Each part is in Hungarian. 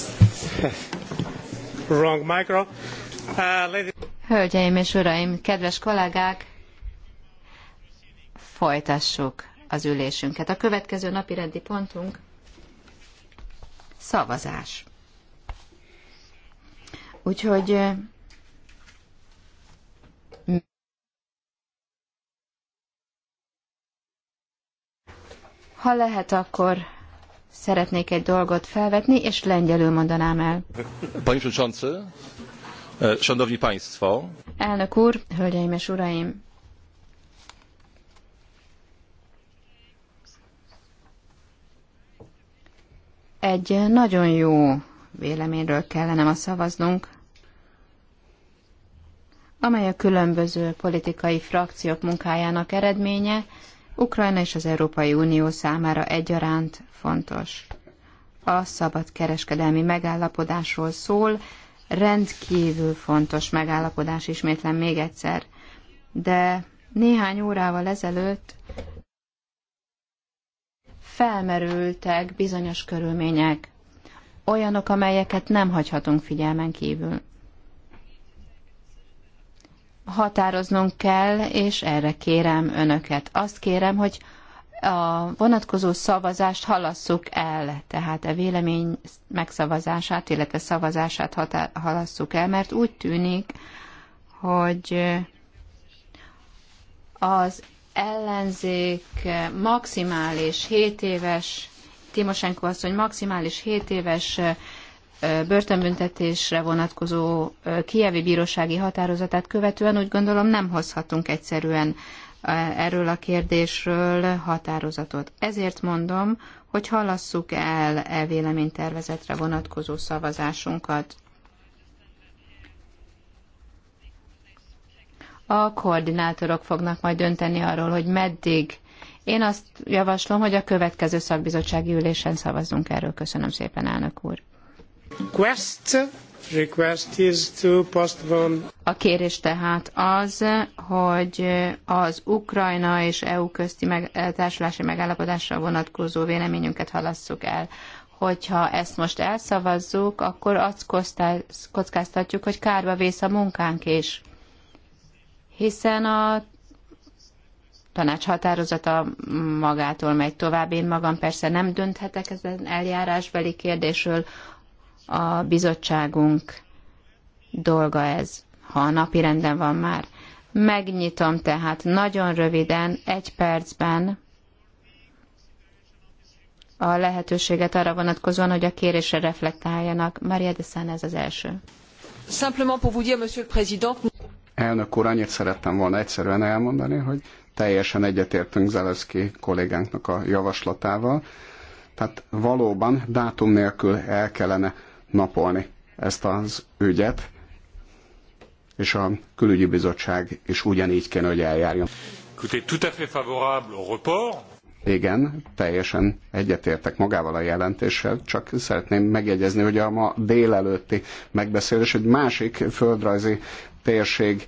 Wrong micro. Uh, Hölgyeim és uraim, kedves kollégák, folytassuk az ülésünket. A következő napi rendi pontunk szavazás. Úgyhogy ha lehet, akkor szeretnék egy dolgot felvetni, és lengyelül mondanám el. Panie Przewodniczący, e, Szanowni Państwo. Elnök úr, hölgyeim és uraim! Egy nagyon jó véleményről kellene ma szavaznunk, amely a különböző politikai frakciók munkájának eredménye, Ukrajna és az Európai Unió számára egyaránt fontos. A szabad kereskedelmi megállapodásról szól, rendkívül fontos megállapodás, ismétlen még egyszer. De néhány órával ezelőtt felmerültek bizonyos körülmények, olyanok, amelyeket nem hagyhatunk figyelmen kívül határoznunk kell, és erre kérem önöket. Azt kérem, hogy a vonatkozó szavazást halasszuk el, tehát a vélemény megszavazását, illetve szavazását halasszuk el, mert úgy tűnik, hogy az ellenzék maximális 7 éves, Timosenko asszony maximális 7 éves börtönbüntetésre vonatkozó kievi bírósági határozatát követően úgy gondolom nem hozhatunk egyszerűen erről a kérdésről határozatot. Ezért mondom, hogy halasszuk el e véleménytervezetre vonatkozó szavazásunkat. A koordinátorok fognak majd dönteni arról, hogy meddig. Én azt javaslom, hogy a következő szakbizottsági ülésen szavazzunk erről. Köszönöm szépen, elnök úr. A kérés tehát az, hogy az Ukrajna és EU közti meg, társulási megállapodásra vonatkozó véleményünket halasszuk el. Hogyha ezt most elszavazzuk, akkor azt kockáztatjuk, hogy kárba vész a munkánk is. Hiszen a tanács határozata magától megy tovább. Én magam persze nem dönthetek ezen eljárásbeli kérdésről a bizottságunk dolga ez, ha a napi renden van már. Megnyitom tehát nagyon röviden, egy percben a lehetőséget arra vonatkozóan, hogy a kérésre reflektáljanak. Maria de Sane, ez az első. Simplement pour vous dire, monsieur le président... Elnök úr, annyit szerettem volna egyszerűen elmondani, hogy teljesen egyetértünk Zelenszky kollégánknak a javaslatával. Tehát valóban dátum nélkül el kellene napolni ezt az ügyet, és a külügyi bizottság is ugyanígy kéne, hogy eljárjon. Igen, teljesen egyetértek magával a jelentéssel, csak szeretném megjegyezni, hogy a ma délelőtti megbeszélés egy másik földrajzi térség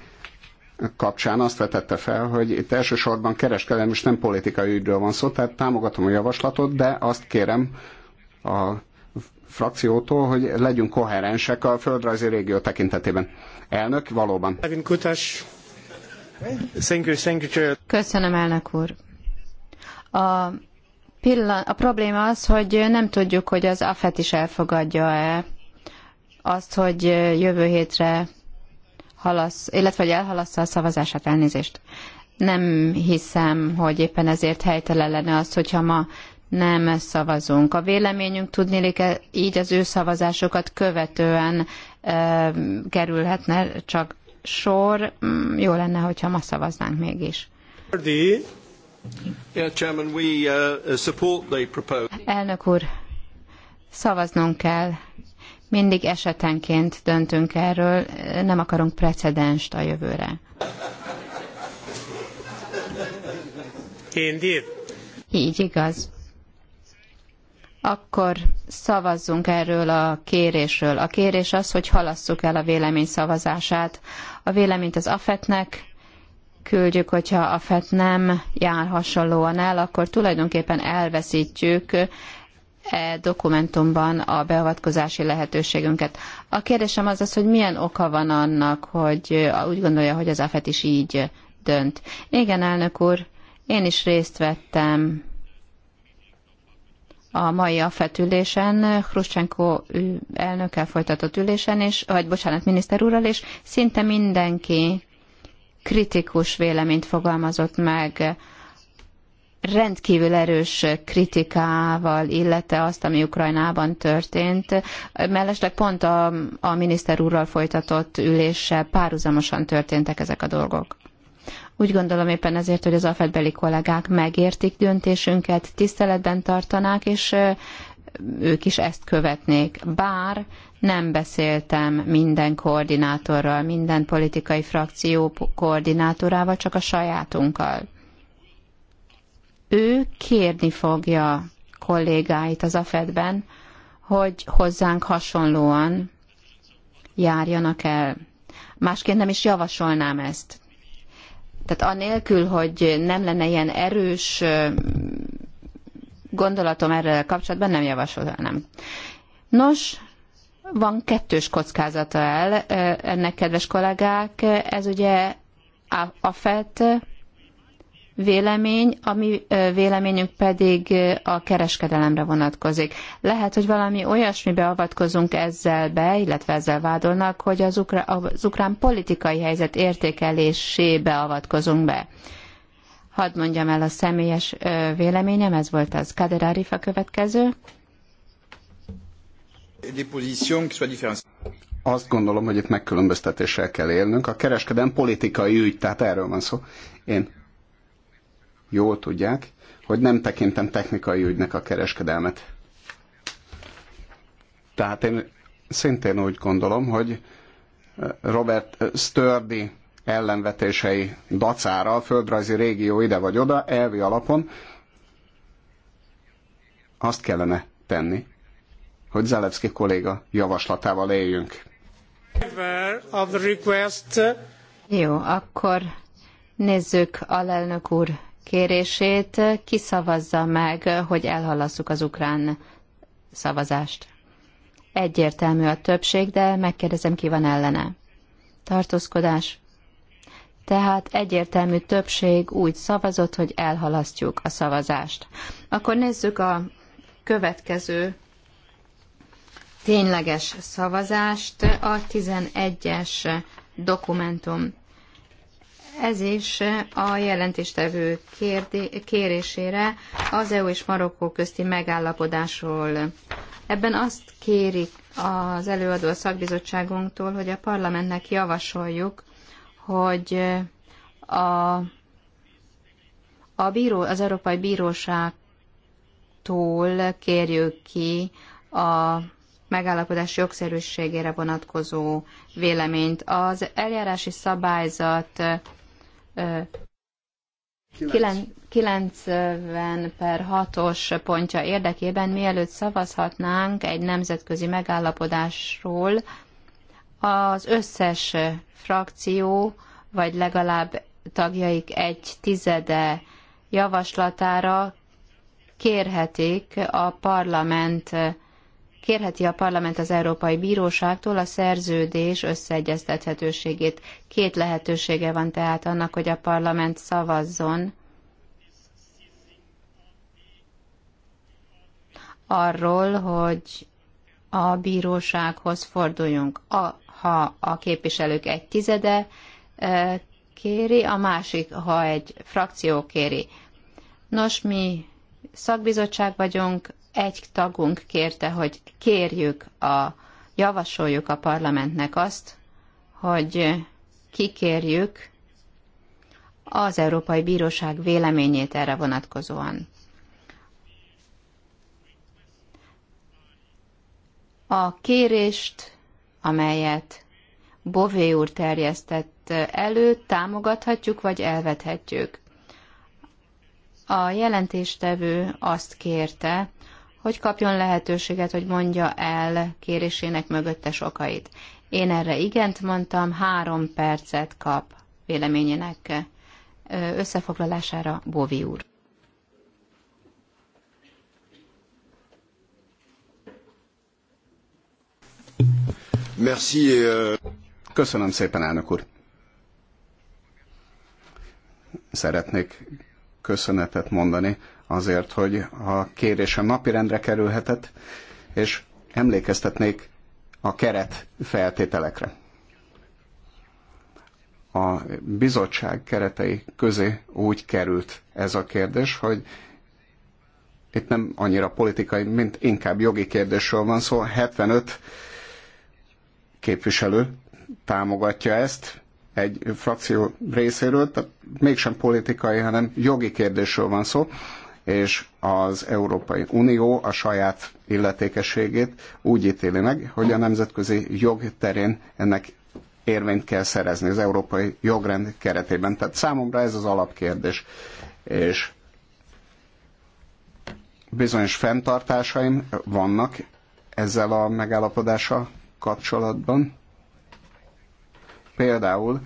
kapcsán azt vetette fel, hogy itt elsősorban kereskedelmi és nem politikai ügyről van szó, tehát támogatom a javaslatot, de azt kérem a frakciótól, hogy legyünk koherensek a földrajzi régió tekintetében. Elnök, valóban. Köszönöm, elnök úr. A, pillan- a probléma az, hogy nem tudjuk, hogy az AFET is elfogadja-e azt, hogy jövő hétre halasz, illetve hogy elhalassza a szavazását, elnézést. Nem hiszem, hogy éppen ezért helytelen lenne az, hogyha ma nem szavazunk. A véleményünk tudnélik így az ő szavazásokat követően e, kerülhetne csak sor. Mm, jó lenne, hogyha ma szavaznánk mégis. Uh, Elnök úr, szavaznunk kell. Mindig esetenként döntünk erről, nem akarunk precedenst a jövőre. Indeed. Így igaz akkor szavazzunk erről a kérésről. A kérés az, hogy halasszuk el a vélemény szavazását. A véleményt az AFET-nek küldjük, hogyha afet nem jár hasonlóan el, akkor tulajdonképpen elveszítjük e dokumentumban a beavatkozási lehetőségünket. A kérdésem az az, hogy milyen oka van annak, hogy úgy gondolja, hogy az AFET is így dönt. Igen, elnök úr, én is részt vettem a mai AFET ülésen, Hruscsenko elnökkel folytatott ülésen, és, vagy bocsánat, miniszter úrral, és szinte mindenki kritikus véleményt fogalmazott meg, rendkívül erős kritikával illette azt, ami Ukrajnában történt. Mellesleg pont a, a miniszter úrral folytatott üléssel párhuzamosan történtek ezek a dolgok. Úgy gondolom éppen ezért, hogy az afedbeli kollégák megértik döntésünket, tiszteletben tartanák, és ők is ezt követnék. Bár nem beszéltem minden koordinátorral, minden politikai frakció koordinátorával, csak a sajátunkkal. Ő kérni fogja kollégáit az AFED-ben, hogy hozzánk hasonlóan járjanak el. Másként nem is javasolnám ezt. Tehát anélkül, hogy nem lenne ilyen erős gondolatom erre kapcsolatban, nem javasolnám. Nos, van kettős kockázata el ennek, kedves kollégák. Ez ugye a FET vélemény, a mi véleményünk pedig a kereskedelemre vonatkozik. Lehet, hogy valami olyasmibe avatkozunk ezzel be, illetve ezzel vádolnak, hogy az, ukra- az ukrán politikai helyzet értékelésébe avatkozunk be. Hadd mondjam el a személyes véleményem, ez volt az Kader Arifa következő. Azt gondolom, hogy itt megkülönböztetéssel kell élnünk. A kereskedelem politikai ügy, tehát erről van szó. Én jól tudják, hogy nem tekintem technikai ügynek a kereskedelmet. Tehát én szintén úgy gondolom, hogy eh, Robert Sturdy ellenvetései dacára a földrajzi régió ide vagy oda, elvi alapon azt kellene tenni, hogy Zelevski kolléga javaslatával éljünk. Jó, akkor nézzük alelnök úr kérését kiszavazza meg, hogy elhalasszuk az ukrán szavazást. Egyértelmű a többség, de megkérdezem, ki van ellene. Tartózkodás. Tehát egyértelmű többség úgy szavazott, hogy elhalasztjuk a szavazást. Akkor nézzük a következő tényleges szavazást, a 11-es dokumentum. Ez is a jelentéstevő kérésére az EU és Marokkó közti megállapodásról. Ebben azt kérik az előadó a szakbizottságunktól, hogy a parlamentnek javasoljuk, hogy a, a bíró, az Európai Bíróságtól kérjük ki a megállapodás jogszerűségére vonatkozó véleményt. Az eljárási szabályzat 90 per 6-os pontja érdekében, mielőtt szavazhatnánk egy nemzetközi megállapodásról, az összes frakció, vagy legalább tagjaik egy tizede javaslatára kérhetik a parlament kérheti a parlament az Európai Bíróságtól a szerződés összeegyeztethetőségét. Két lehetősége van tehát annak, hogy a parlament szavazzon arról, hogy a bírósághoz forduljunk. A, ha a képviselők egy tizede e, kéri, a másik, ha egy frakció kéri. Nos, mi szakbizottság vagyunk, egy tagunk kérte, hogy kérjük a, javasoljuk a parlamentnek azt, hogy kikérjük az Európai Bíróság véleményét erre vonatkozóan. A kérést, amelyet Bové úr terjesztett elő, támogathatjuk vagy elvethetjük. A jelentéstevő azt kérte, hogy kapjon lehetőséget, hogy mondja el kérésének mögöttes okait. Én erre igent mondtam, három percet kap véleményének összefoglalására Bóvi úr. Merci. Euh, Köszönöm szépen, elnök úr. Szeretnék köszönetet mondani azért, hogy a kérésem napirendre kerülhetett, és emlékeztetnék a keret feltételekre. A bizottság keretei közé úgy került ez a kérdés, hogy itt nem annyira politikai, mint inkább jogi kérdésről van szó. 75 képviselő támogatja ezt egy frakció részéről, tehát mégsem politikai, hanem jogi kérdésről van szó, és az Európai Unió a saját illetékességét úgy ítéli meg, hogy a nemzetközi jog terén ennek érvényt kell szerezni az európai jogrend keretében. Tehát számomra ez az alapkérdés. És bizonyos fenntartásaim vannak ezzel a megállapodással kapcsolatban. Például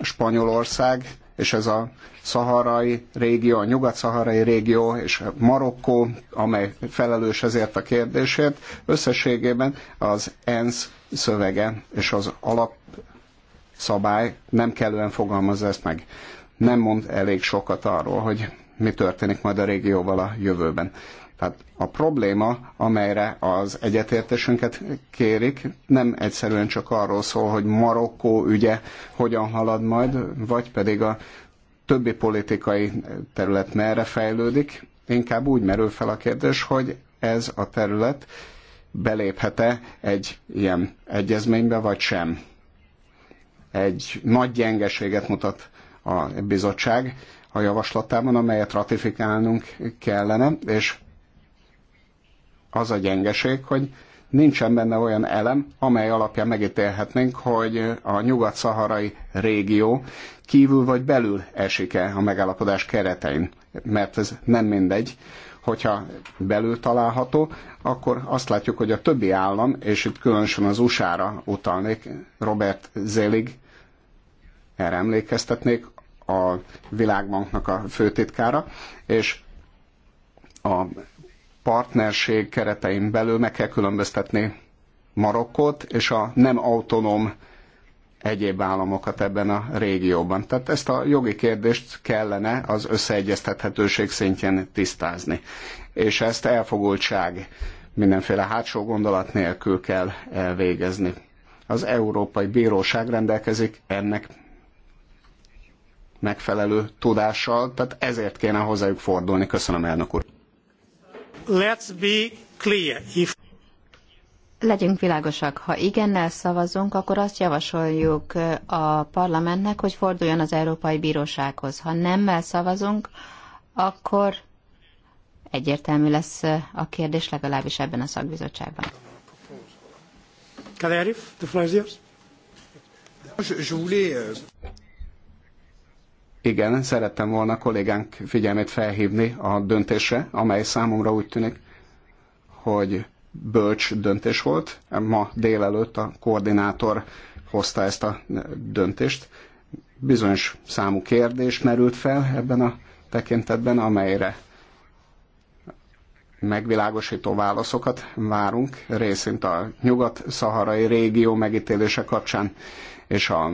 Spanyolország és ez a szaharai régió, a nyugat-szaharai régió és Marokkó, amely felelős ezért a kérdésért, összességében az ENSZ szövege és az alapszabály nem kellően fogalmazza ezt meg. Nem mond elég sokat arról, hogy mi történik majd a régióval a jövőben. Tehát a probléma, amelyre az egyetértésünket kérik, nem egyszerűen csak arról szól, hogy Marokkó ügye hogyan halad majd, vagy pedig a többi politikai terület merre fejlődik. Inkább úgy merül fel a kérdés, hogy ez a terület beléphet-e egy ilyen egyezménybe, vagy sem. Egy nagy gyengeséget mutat a bizottság a javaslatában, amelyet ratifikálnunk kellene, és az a gyengeség, hogy nincsen benne olyan elem, amely alapján megítélhetnénk, hogy a nyugat-szaharai régió kívül vagy belül esik-e a megállapodás keretein, mert ez nem mindegy. Hogyha belül található, akkor azt látjuk, hogy a többi állam, és itt különösen az USA-ra utalnék, Robert Zelig, erre emlékeztetnék, a Világbanknak a főtitkára, és a partnerség keretein belül meg kell különböztetni Marokkot és a nem autonóm egyéb államokat ebben a régióban. Tehát ezt a jogi kérdést kellene az összeegyeztethetőség szintjén tisztázni. És ezt elfogultság mindenféle hátsó gondolat nélkül kell elvégezni. Az Európai Bíróság rendelkezik ennek megfelelő tudással, tehát ezért kéne hozzájuk fordulni. Köszönöm, elnök úr let's be clear. If... Legyünk világosak, ha igennel szavazunk, akkor azt javasoljuk eh, a parlamentnek, hogy forduljon az Európai Bírósághoz. Ha nemmel szavazunk, akkor egyértelmű lesz eh, a kérdés legalábbis ebben a szakbizottságban. Kaderif, the floor is yours. Euh, igen, szerettem volna kollégánk figyelmét felhívni a döntésre, amely számomra úgy tűnik, hogy bölcs döntés volt. Ma délelőtt a koordinátor hozta ezt a döntést. Bizonyos számú kérdés merült fel ebben a tekintetben, amelyre megvilágosító válaszokat várunk, részint a nyugat-szaharai régió megítélése kapcsán, és a,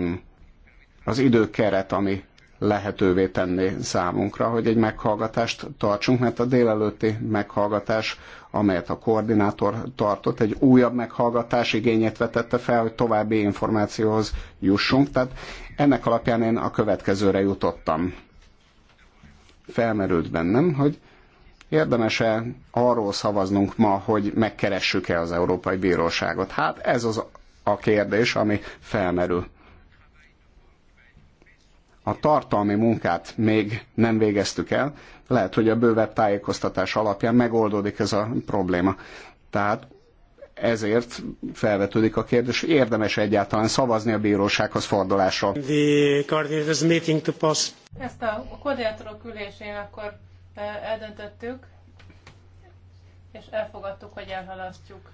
az időkeret, ami lehetővé tenni számunkra, hogy egy meghallgatást tartsunk, mert a délelőtti meghallgatás, amelyet a koordinátor tartott, egy újabb meghallgatás igényét vetette fel, hogy további információhoz jussunk. Tehát ennek alapján én a következőre jutottam. Felmerült bennem, hogy érdemes-e arról szavaznunk ma, hogy megkeressük-e az Európai Bíróságot? Hát ez az a kérdés, ami felmerül a tartalmi munkát még nem végeztük el, lehet, hogy a bővebb tájékoztatás alapján megoldódik ez a probléma. Tehát ezért felvetődik a kérdés, érdemes egyáltalán szavazni a bírósághoz fordulásra. The coordinators meeting to pass. Ezt a, a koordinátorok ülésén akkor e, eldöntöttük, és elfogadtuk, hogy elhalasztjuk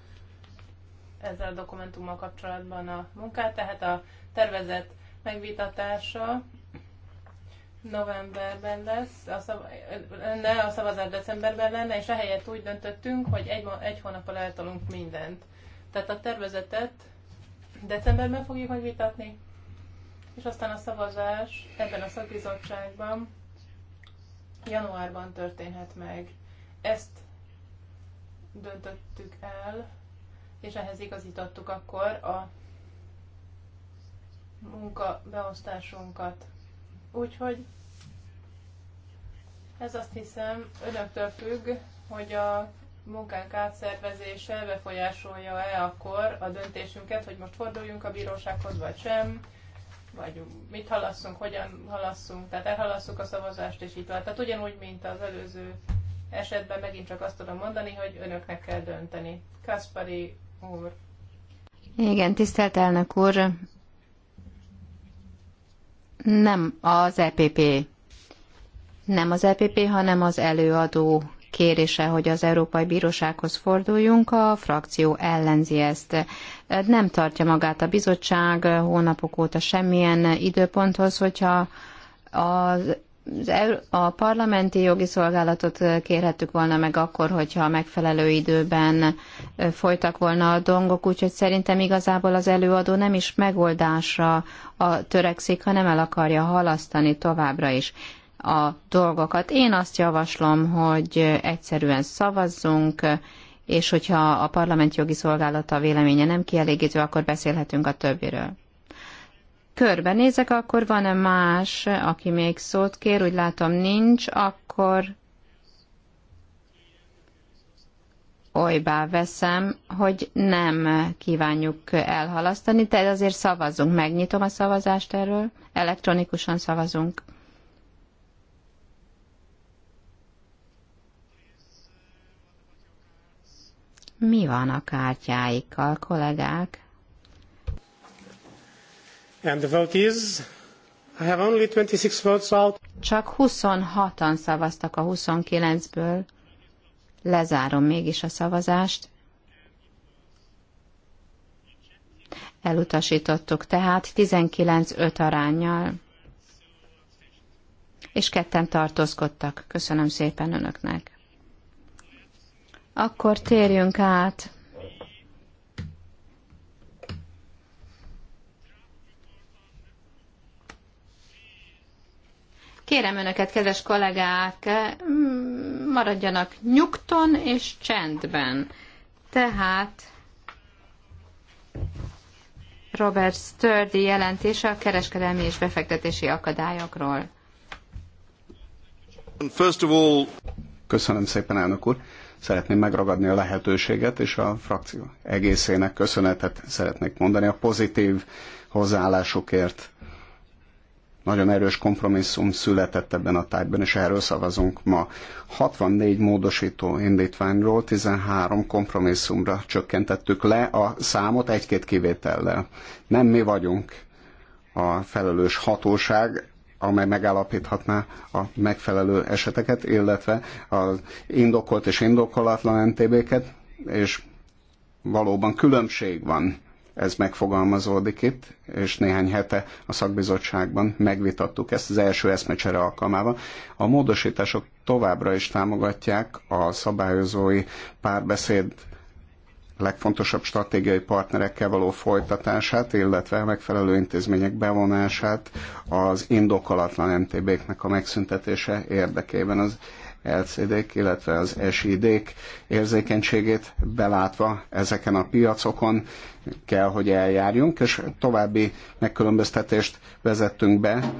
ezzel a dokumentummal kapcsolatban a munkát, tehát a tervezett megvitatása novemberben lesz, a szav- lenne, a szavazás decemberben lenne, és ehelyett úgy döntöttünk, hogy egy, egy hónappal eltolunk mindent. Tehát a tervezetet decemberben fogjuk megvitatni, és aztán a szavazás ebben a szakbizottságban januárban történhet meg. Ezt döntöttük el, és ehhez igazítottuk akkor a munkabeosztásunkat. Úgyhogy ez azt hiszem önöktől függ, hogy a munkánk átszervezése befolyásolja-e akkor a döntésünket, hogy most forduljunk a bírósághoz, vagy sem, vagy mit halasszunk, hogyan halasszunk, tehát elhalasszuk a szavazást, és így tovább. Tehát ugyanúgy, mint az előző esetben megint csak azt tudom mondani, hogy önöknek kell dönteni. Kaspari úr. Igen, tisztelt elnök úr, nem az EPP. Nem az EPP, hanem az előadó kérése, hogy az Európai Bírósághoz forduljunk, a frakció ellenzi ezt. Nem tartja magát a bizottság hónapok óta semmilyen időponthoz, hogyha az a parlamenti jogi szolgálatot kérhettük volna meg akkor, hogyha a megfelelő időben folytak volna a dongok, úgyhogy szerintem igazából az előadó nem is megoldásra a törekszik, hanem el akarja halasztani továbbra is a dolgokat. Én azt javaslom, hogy egyszerűen szavazzunk, és hogyha a parlament jogi szolgálata véleménye nem kielégítő, akkor beszélhetünk a többiről körbenézek, akkor van-e más, aki még szót kér? Úgy látom nincs, akkor olybá veszem, hogy nem kívánjuk elhalasztani, de azért szavazzunk. Megnyitom a szavazást erről, elektronikusan szavazunk. Mi van a kártyáikkal, kollégák? And the vote is... I have only 26 votes out. Csak 26-an szavaztak a 29-ből. Lezárom mégis a szavazást. Elutasítottuk tehát 19-5 arányjal. És ketten tartózkodtak. Köszönöm szépen önöknek. Akkor térjünk át Kérem önöket, kedves kollégák, maradjanak nyugton és csendben. Tehát Robert Sturdy jelentése a kereskedelmi és befektetési akadályokról. First of all Köszönöm szépen, elnök úr. Szeretném megragadni a lehetőséget, és a frakció egészének köszönetet szeretnék mondani a pozitív hozzáállásukért nagyon erős kompromisszum született ebben a tárgyban, és erről szavazunk ma. 64 módosító indítványról 13 kompromisszumra csökkentettük le a számot egy-két kivétellel. Nem mi vagyunk a felelős hatóság, amely megállapíthatná a megfelelő eseteket, illetve az indokolt és indokolatlan NTB-ket, és valóban különbség van ez megfogalmazódik itt, és néhány hete a szakbizottságban megvitattuk ezt az első eszmecsere alkalmával. A módosítások továbbra is támogatják a szabályozói párbeszéd legfontosabb stratégiai partnerekkel való folytatását, illetve a megfelelő intézmények bevonását az indokolatlan MTB-knek a megszüntetése érdekében. Az LCD-k, illetve az SID-k érzékenységét belátva ezeken a piacokon kell, hogy eljárjunk, és további megkülönböztetést vezettünk be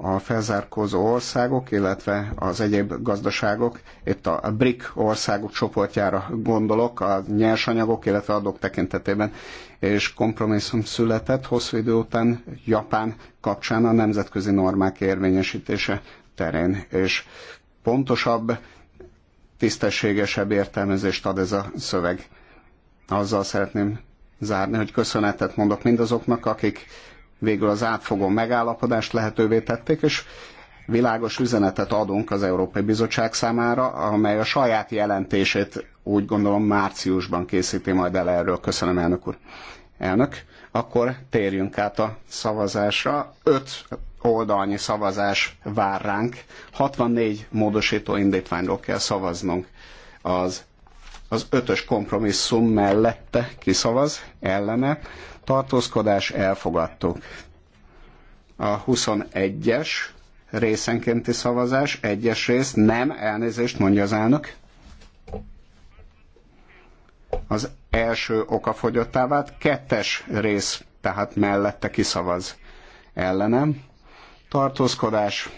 a felzárkózó országok, illetve az egyéb gazdaságok, itt a BRIC országok csoportjára gondolok, a nyersanyagok, illetve adók tekintetében, és kompromisszum született hosszú idő után Japán kapcsán a nemzetközi normák érvényesítése terén, és pontosabb, tisztességesebb értelmezést ad ez a szöveg. Azzal szeretném zárni, hogy köszönetet mondok mindazoknak, akik végül az átfogó megállapodást lehetővé tették, és világos üzenetet adunk az Európai Bizottság számára, amely a saját jelentését úgy gondolom márciusban készíti majd el erről. Köszönöm, elnök úr. Elnök, akkor térjünk át a szavazásra. Öt oldalnyi szavazás vár ránk. 64 módosító indítványról kell szavaznunk. Az, az ötös kompromisszum mellette kiszavaz, ellene. Tartózkodás elfogadtuk. A 21-es részenkénti szavazás, egyes rész, nem, elnézést mondja az elnök. Az első oka fogyottávát, kettes rész, tehát mellette kiszavaz ellenem tartózkodás,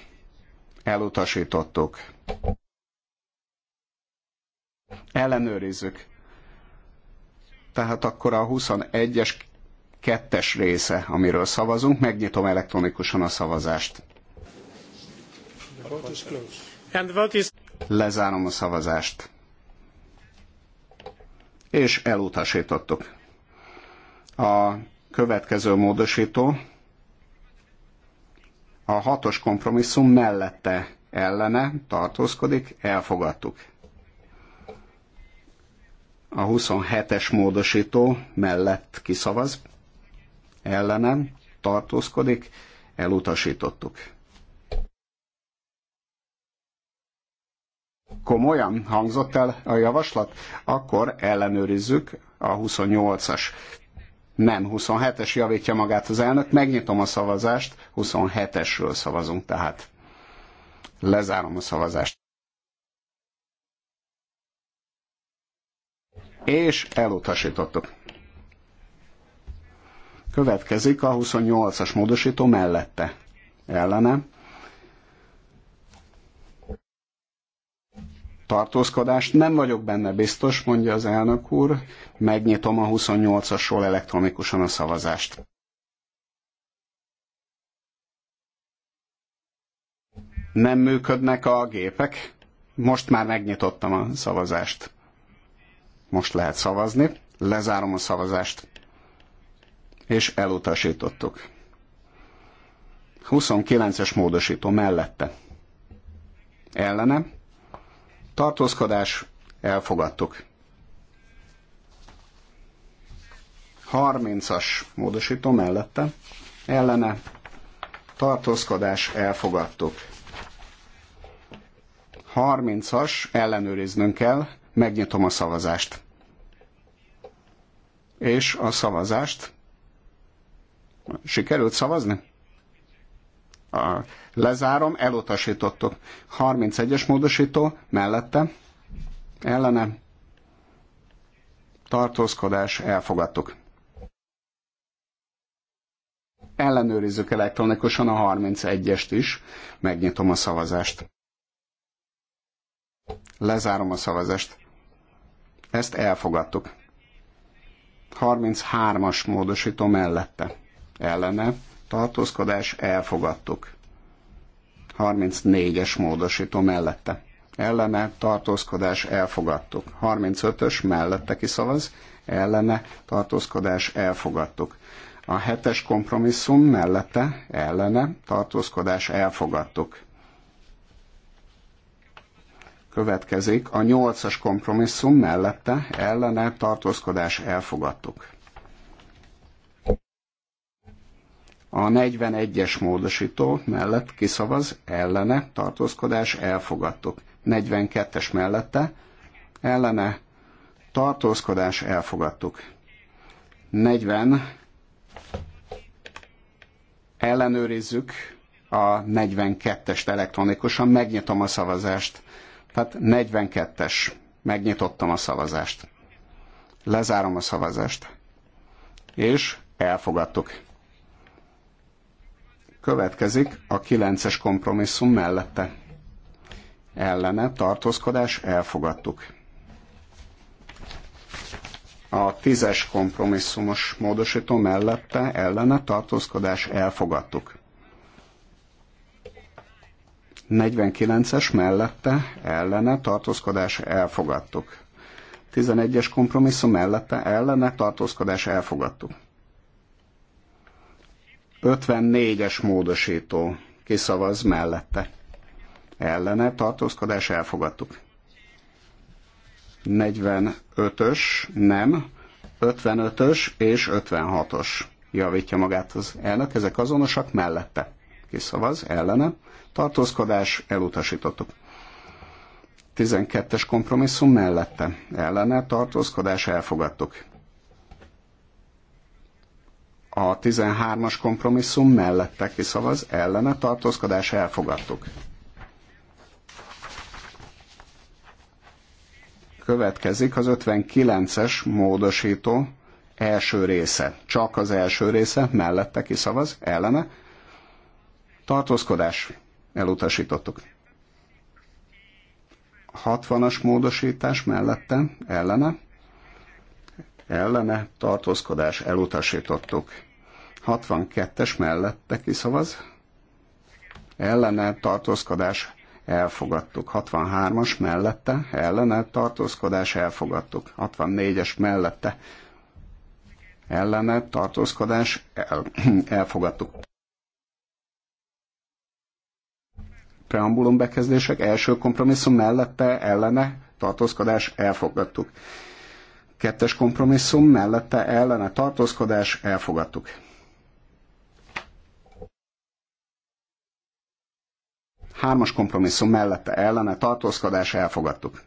elutasítottuk. Ellenőrizzük. Tehát akkor a 21-es kettes része, amiről szavazunk, megnyitom elektronikusan a szavazást. Lezárom a szavazást. És elutasítottuk. A következő módosító a hatos kompromisszum mellette ellene tartózkodik, elfogadtuk. A 27-es módosító mellett kiszavaz, ellene tartózkodik, elutasítottuk. Komolyan hangzott el a javaslat? Akkor ellenőrizzük a 28-as nem, 27-es javítja magát az elnök. Megnyitom a szavazást, 27-esről szavazunk tehát. Lezárom a szavazást. És elutasítottuk. Következik a 28-as módosító mellette. Ellene tartózkodást. Nem vagyok benne biztos, mondja az elnök úr, megnyitom a 28-asról elektronikusan a szavazást. Nem működnek a gépek. Most már megnyitottam a szavazást. Most lehet szavazni. Lezárom a szavazást. És elutasítottuk. 29-es módosító mellette. Ellene Tartózkodás elfogadtuk. 30-as módosító mellette, ellene tartózkodás elfogadtuk. 30-as ellenőriznünk kell, megnyitom a szavazást. És a szavazást sikerült szavazni? A Lezárom, elutasítottuk. 31-es módosító mellette, ellene, tartózkodás, elfogadtuk. Ellenőrizzük elektronikusan a 31-est is, megnyitom a szavazást. Lezárom a szavazást. Ezt elfogadtuk. 33-as módosító mellette. Ellene tartózkodás elfogadtuk. 34-es módosító mellette. Ellene tartózkodás elfogadtuk. 35-ös mellette kiszavaz. Ellene tartózkodás elfogadtuk. A hetes kompromisszum mellette ellene tartózkodás elfogadtuk. Következik a nyolcas kompromisszum mellette ellene tartózkodás elfogadtuk. A 41-es módosító mellett kiszavaz, ellene, tartózkodás, elfogadtuk. 42-es mellette, ellene, tartózkodás, elfogadtuk. 40 ellenőrizzük a 42-est elektronikusan, megnyitom a szavazást. Tehát 42-es, megnyitottam a szavazást. Lezárom a szavazást. És elfogadtuk. Következik a kilences kompromisszum mellette. Ellene tartózkodás elfogadtuk. A 10 kompromisszumos módosító mellette ellene tartózkodás elfogadtuk. 49-es mellette ellene tartózkodás elfogadtuk. 11-es kompromisszum mellette ellene tartózkodás elfogadtuk. 54-es módosító. Kiszavaz mellette. Ellene tartózkodás elfogadtuk. 45-ös nem, 55-ös és 56-os. Javítja magát az elnök, ezek azonosak mellette. Kiszavaz, ellene. Tartózkodás elutasítottuk. 12-es kompromisszum mellette. Ellene tartózkodás elfogadtuk a 13-as kompromisszum mellette kiszavaz, ellene tartózkodás elfogadtuk. Következik az 59-es módosító első része. Csak az első része mellette kiszavaz, ellene. Tartózkodás elutasítottuk. 60-as módosítás mellette, ellene. Ellene tartózkodás elutasítottuk. 62-es mellette kiszavaz, ellene tartózkodás elfogadtuk. 63-as mellette, ellene tartózkodás elfogadtuk. 64-es mellette, ellene tartózkodás el, elfogadtuk. Preambulum bekezdések első kompromisszum mellette, ellene tartózkodás elfogadtuk. Kettes kompromisszum mellette, ellene tartózkodás elfogadtuk. Hármas kompromisszum mellette ellene tartózkodás elfogadtuk.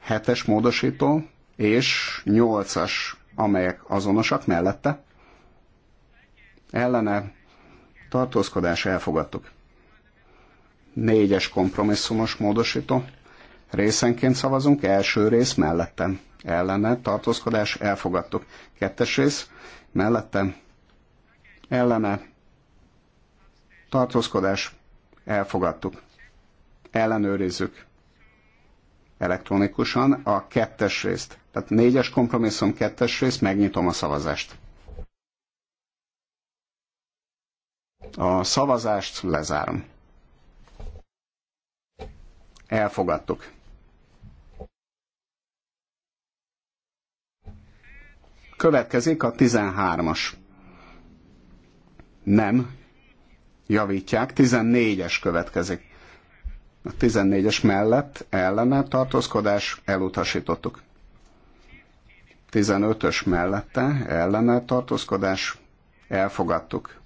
Hetes módosító és nyolcas, amelyek azonosak mellette. Ellene tartózkodás elfogadtuk. Négyes kompromisszumos módosító. Részenként szavazunk, első rész mellette. Ellene tartózkodás elfogadtuk. Kettes rész mellette. Ellene tartózkodás, elfogadtuk. Ellenőrizzük elektronikusan a kettes részt. Tehát négyes kompromisszum kettes részt megnyitom a szavazást. A szavazást lezárom. Elfogadtuk. Következik a 13-as. Nem, javítják, 14-es következik. A 14-es mellett ellene tartózkodás elutasítottuk. 15-ös mellette ellene tartózkodás elfogadtuk.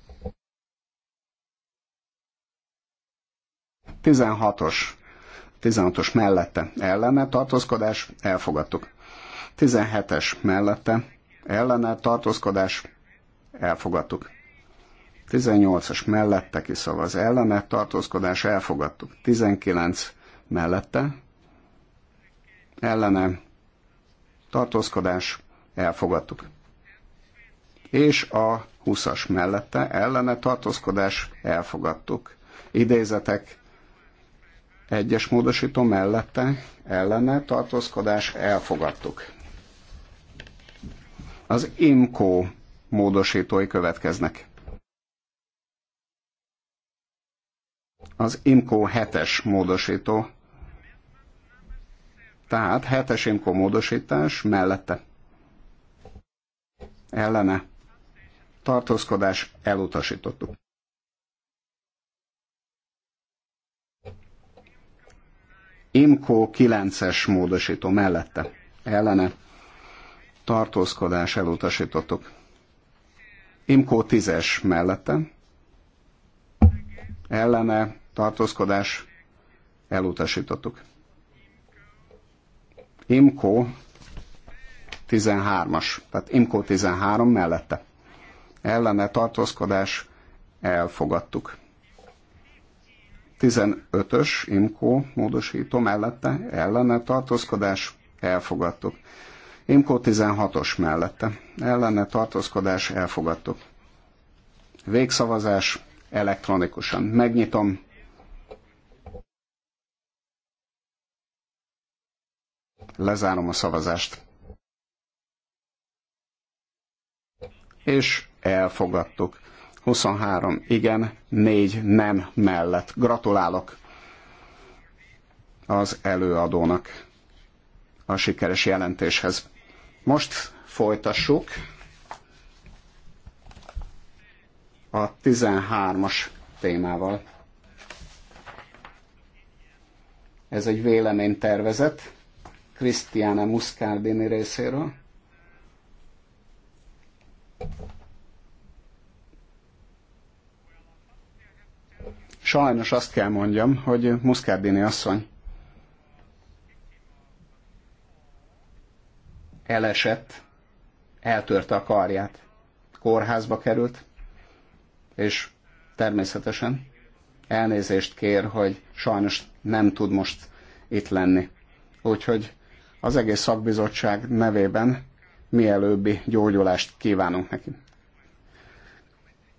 16-os 16-os mellette ellene tartózkodás elfogadtuk. 17-es mellette ellene tartózkodás elfogadtuk. 18-as mellette kiszavaz ellene, tartózkodás elfogadtuk. 19 mellette ellene, tartózkodás elfogadtuk. És a 20-as mellette ellene tartózkodás elfogadtuk. Idézetek egyes módosító mellette ellene tartózkodás elfogadtuk. Az IMCO módosítói következnek. az IMCO 7-es módosító. Tehát 7-es IMCO módosítás mellette. Ellene. Tartózkodás elutasítottuk. IMCO 9-es módosító mellette. Ellene. Tartózkodás elutasítottuk. IMCO 10-es mellette. Ellene tartózkodás elutasítottuk. Imko 13-as, tehát Imko 13 mellette. Ellene tartózkodás elfogadtuk. 15-ös Imco módosító mellette, ellene tartózkodás elfogadtuk. Imko 16-os mellette, ellene tartózkodás elfogadtuk. Végszavazás elektronikusan. Megnyitom Lezárom a szavazást. És elfogadtuk. 23 igen, 4 nem mellett. Gratulálok az előadónak a sikeres jelentéshez. Most folytassuk a 13-as témával. Ez egy véleménytervezet Krisztiána Muscardini részéről. Sajnos azt kell mondjam, hogy Muscardini asszony elesett, eltörte a karját, kórházba került, és természetesen elnézést kér, hogy sajnos nem tud most itt lenni. Úgyhogy az egész szakbizottság nevében mielőbbi gyógyulást kívánunk neki.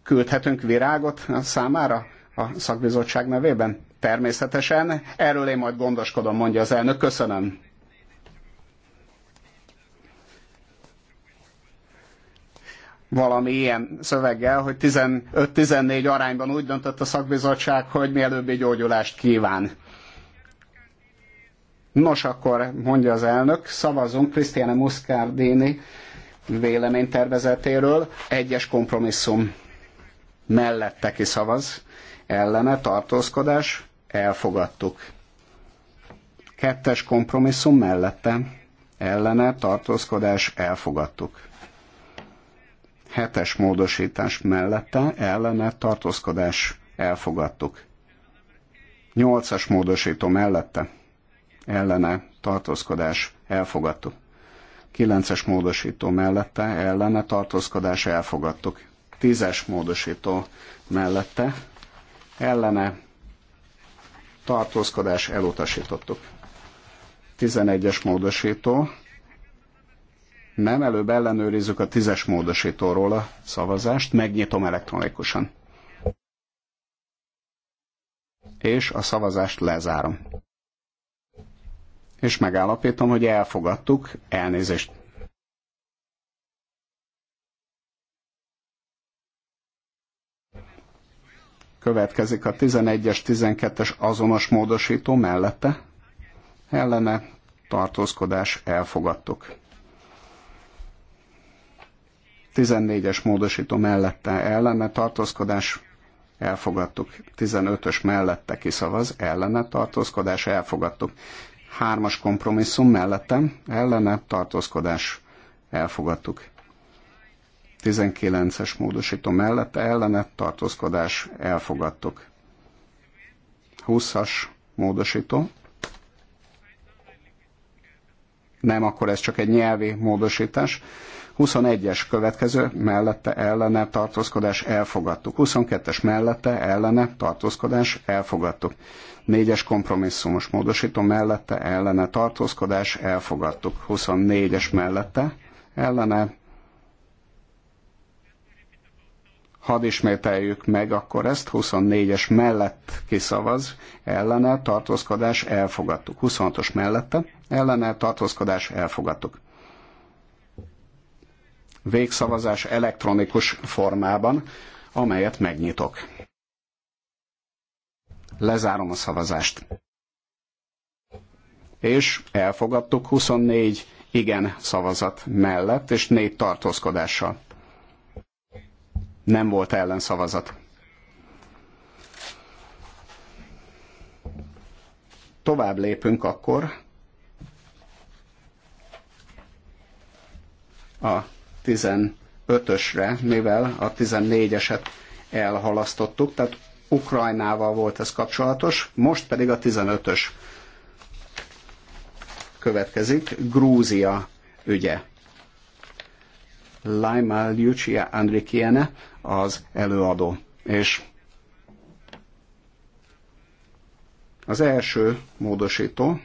Küldhetünk virágot számára a szakbizottság nevében? Természetesen. Erről én majd gondoskodom, mondja az elnök. Köszönöm. valami ilyen szöveggel, hogy 15-14 arányban úgy döntött a szakbizottság, hogy mielőbbi gyógyulást kíván. Nos, akkor mondja az elnök, szavazunk Krisztiane Muscardini véleménytervezetéről. Egyes kompromisszum mellette ki szavaz, ellene tartózkodás, elfogadtuk. Kettes kompromisszum mellette, ellene tartózkodás, elfogadtuk. Hetes módosítás mellette, ellene tartózkodás, elfogadtuk. Nyolcas módosító mellette, ellene tartózkodás elfogadtuk. Kilences módosító mellette ellene tartózkodás elfogadtuk. Tízes módosító mellette ellene tartózkodás elutasítottuk. Tizenegyes módosító. Nem, előbb ellenőrizzük a tízes módosítóról a szavazást, megnyitom elektronikusan. És a szavazást lezárom és megállapítom, hogy elfogadtuk, elnézést. Következik a 11-es, 12-es azonos módosító mellette. Ellene tartózkodás elfogadtuk. 14-es módosító mellette ellene tartózkodás elfogadtuk. 15-ös mellette kiszavaz, ellene tartózkodás elfogadtuk. Hármas kompromisszum mellettem ellene tartózkodás elfogadtuk. 19-es módosító mellette ellene tartózkodás elfogadtuk. 20-as módosító. Nem, akkor ez csak egy nyelvi módosítás. 21-es következő mellette ellene tartózkodás elfogadtuk. 22-es mellette ellene tartózkodás elfogadtuk. 4-es kompromisszumos módosító mellette ellene tartózkodás elfogadtuk. 24-es mellette ellene hadd ismételjük meg akkor ezt, 24-es mellett kiszavaz, ellene tartózkodás elfogadtuk. 26-os mellette ellene tartózkodás elfogadtuk végszavazás elektronikus formában, amelyet megnyitok. Lezárom a szavazást. És elfogadtuk 24 igen szavazat mellett, és négy tartózkodással. Nem volt ellenszavazat. Tovább lépünk akkor a 15-ösre, mivel a 14-eset elhalasztottuk, tehát Ukrajnával volt ez kapcsolatos, most pedig a 15-ös következik, Grúzia ügye. Laima Lucia Andrikiene az előadó. És az első módosító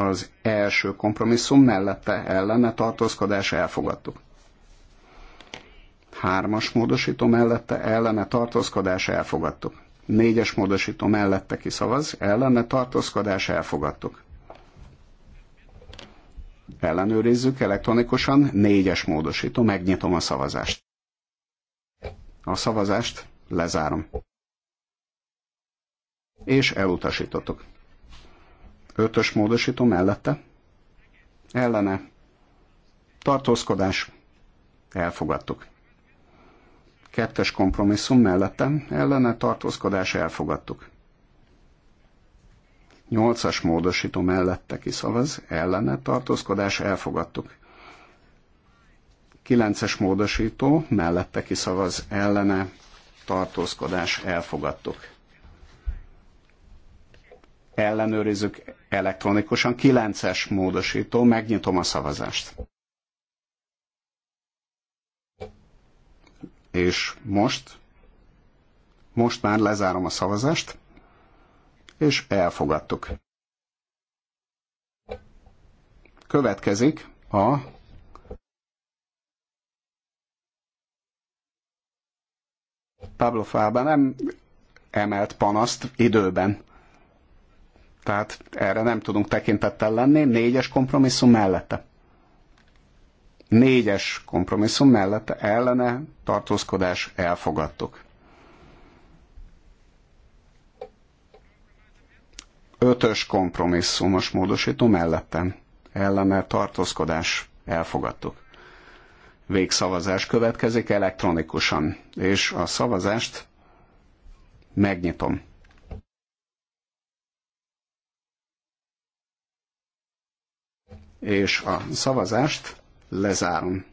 az első kompromisszum mellette ellene tartózkodás elfogadtuk. Hármas módosító mellette ellene tartózkodás elfogadtuk. Négyes módosító mellette kiszavaz, ellene tartózkodás elfogadtuk. Ellenőrizzük elektronikusan, négyes módosító, megnyitom a szavazást. A szavazást lezárom. És elutasítottuk. Ötös módosító mellette. Ellene. Tartózkodás. Elfogadtuk. Kettes kompromisszum mellette. Ellene tartózkodás elfogadtuk. Nyolcas módosító mellette kiszavaz. Ellene tartózkodás elfogadtuk. Kilences módosító mellette kiszavaz. Ellene tartózkodás elfogadtuk ellenőrizzük elektronikusan. kilences módosító, megnyitom a szavazást. És most, most már lezárom a szavazást, és elfogadtuk. Következik a Pablo Fába nem emelt panaszt időben. Tehát erre nem tudunk tekintettel lenni, négyes kompromisszum mellette. Négyes kompromisszum mellette ellene tartózkodás elfogadtuk. Ötös kompromisszumos módosító mellettem ellene tartózkodás elfogadtuk. Végszavazás következik elektronikusan, és a szavazást megnyitom. és a szavazást lezárom.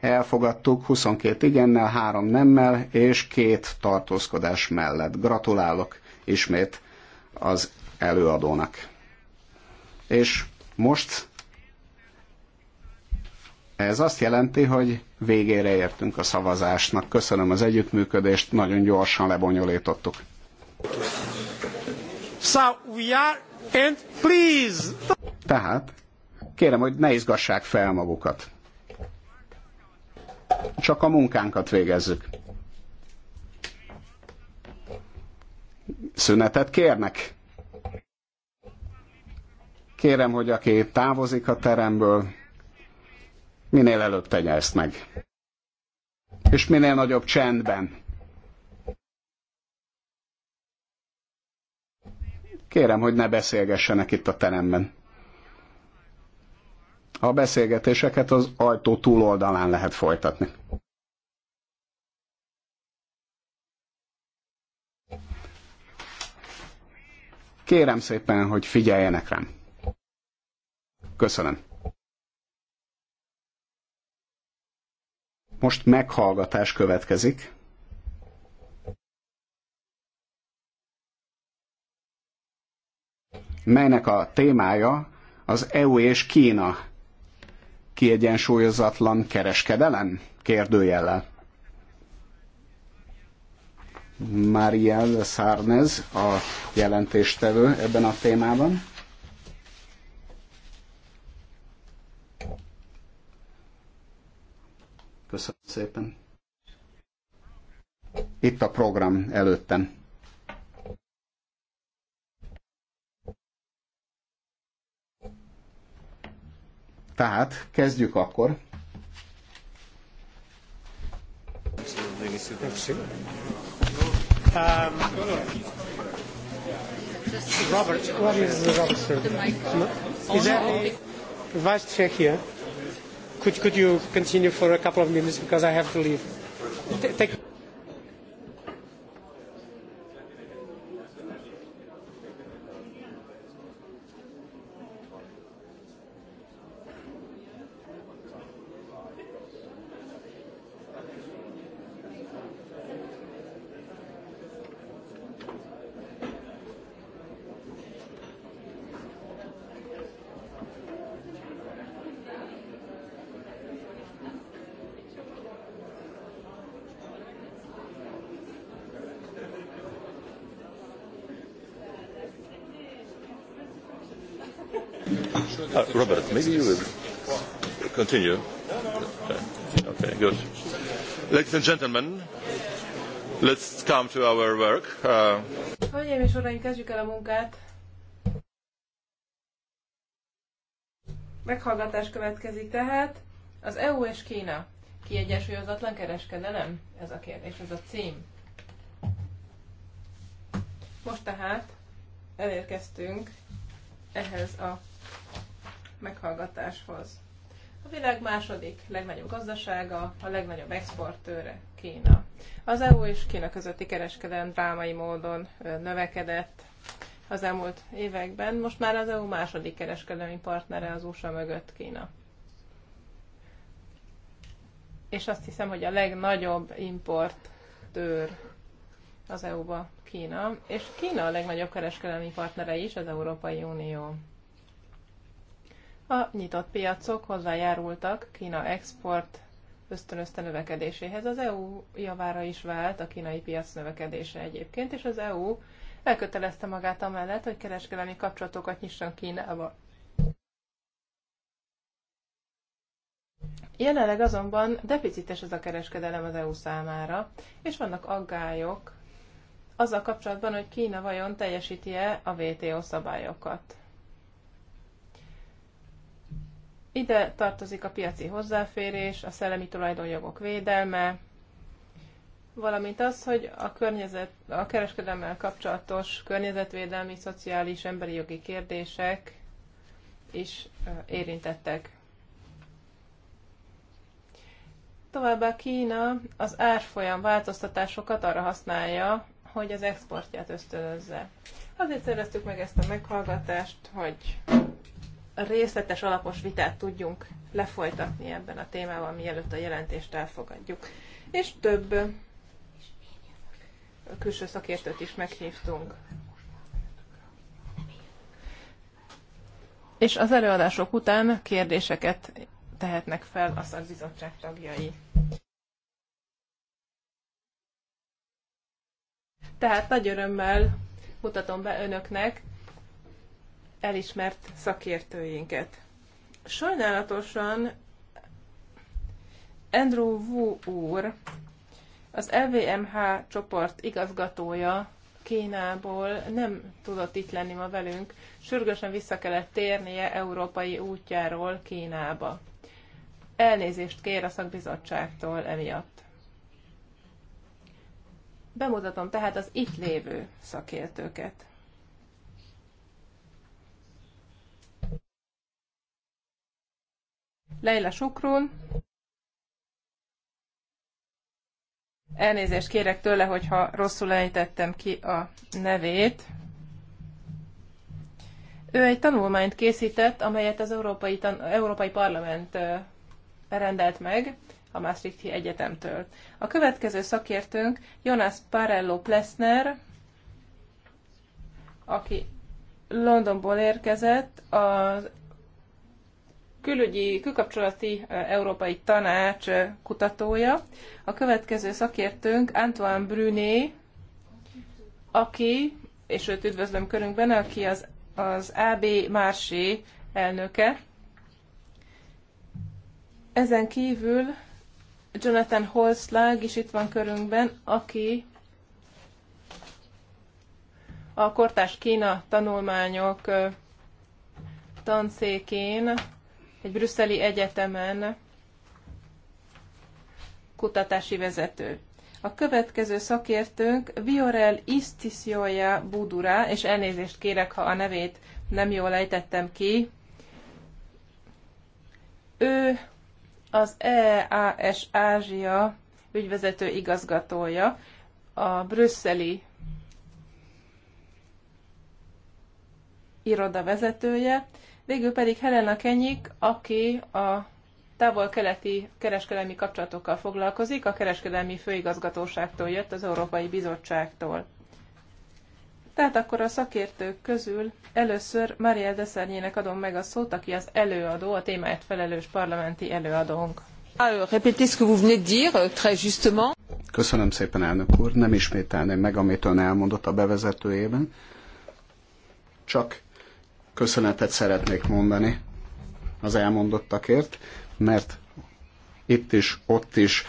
Elfogadtuk 22 igennel, 3 nemmel és két tartózkodás mellett. Gratulálok ismét az előadónak. És most ez azt jelenti, hogy végére értünk a szavazásnak. Köszönöm az együttműködést, nagyon gyorsan lebonyolítottuk. So we are And please... Tehát, kérem, hogy ne izgassák fel magukat. Csak a munkánkat végezzük. Szünetet kérnek? Kérem, hogy aki távozik a teremből, minél előbb tegye ezt meg. És minél nagyobb csendben. Kérem, hogy ne beszélgessenek itt a teremben. A beszélgetéseket az ajtó túloldalán lehet folytatni. Kérem szépen, hogy figyeljenek rám. Köszönöm. Most meghallgatás következik. melynek a témája az EU és Kína kiegyensúlyozatlan kereskedelem kérdőjellel. Marielle Sarnez a jelentéstevő ebben a témában. Köszönöm szépen. Itt a program előttem. Tehát kezdjük akkor. Um, Robert, what is the sir? Is there vice chair here? Could could you continue for a couple of minutes because I have to leave? Take Maybe you will continue. Okay, good. Ladies and gentlemen, let's come to our work. Uh, Hölgyeim és uraim, kezdjük el a munkát. Meghallgatás következik tehát. Az EU és Kína. Kiegyensúlyozatlan kereskedelem? Ez a kérdés, ez a cím. Most tehát elérkeztünk ehhez a meghallgatáshoz. A világ második legnagyobb gazdasága, a legnagyobb exportőre Kína. Az EU és Kína közötti kereskedelem drámai módon növekedett az elmúlt években. Most már az EU második kereskedelmi partnere az USA mögött Kína. És azt hiszem, hogy a legnagyobb importőr az EU-ba Kína, és Kína a legnagyobb kereskedelmi partnere is az Európai Unió. A nyitott piacok hozzájárultak Kína export ösztönözte növekedéséhez. Az EU javára is vált a kínai piac növekedése egyébként, és az EU elkötelezte magát amellett, hogy kereskedelmi kapcsolatokat nyisson Kínával. Jelenleg azonban deficites ez a kereskedelem az EU számára, és vannak aggályok azzal kapcsolatban, hogy Kína vajon teljesíti-e a WTO szabályokat. Ide tartozik a piaci hozzáférés, a szellemi tulajdonjogok védelme, valamint az, hogy a, környezet, a kereskedelmmel kapcsolatos környezetvédelmi, szociális, emberi jogi kérdések is érintettek. Továbbá Kína az árfolyam változtatásokat arra használja, hogy az exportját ösztönözze. Azért szereztük meg ezt a meghallgatást, hogy részletes, alapos vitát tudjunk lefolytatni ebben a témában, mielőtt a jelentést elfogadjuk. És több külső szakértőt is meghívtunk. És az előadások után kérdéseket tehetnek fel a szakbizottság tagjai. Tehát nagy örömmel mutatom be önöknek elismert szakértőinket. Sajnálatosan Andrew Wu úr, az LVMH csoport igazgatója Kínából nem tudott itt lenni ma velünk, sürgősen vissza kellett térnie európai útjáról Kínába. Elnézést kér a szakbizottságtól emiatt. Bemutatom tehát az itt lévő szakértőket. Leila Sukrun. Elnézést kérek tőle, hogyha rosszul ejtettem ki a nevét. Ő egy tanulmányt készített, amelyet az Európai, Tan- Európai Parlament rendelt meg a Maastrichti Egyetemtől. A következő szakértőnk Jonas Parello Plessner, aki Londonból érkezett, az külügyi, külkapcsolati európai tanács kutatója. A következő szakértőnk Antoine Bruné, aki, és őt üdvözlöm körünkben, aki az, az AB Mársi elnöke. Ezen kívül Jonathan Holzlag is itt van körünkben, aki a Kortás Kína tanulmányok tanszékén egy brüsszeli egyetemen kutatási vezető. A következő szakértőnk Viorel Istisioja Budura, és elnézést kérek, ha a nevét nem jól ejtettem ki. Ő az EAS Ázsia ügyvezető igazgatója, a brüsszeli iroda vezetője, Végül pedig Helena Kenyik, aki a távol-keleti kereskedelmi kapcsolatokkal foglalkozik, a kereskedelmi főigazgatóságtól jött, az Európai Bizottságtól. Tehát akkor a szakértők közül először Mariel Deszernyének adom meg a szót, aki az előadó, a témáért felelős parlamenti előadónk. Ah, euh, Köszönöm szépen, elnök úr. Nem ismételném meg, amit ön elmondott a bevezetőjében. Csak köszönetet szeretnék mondani az elmondottakért, mert itt is, ott is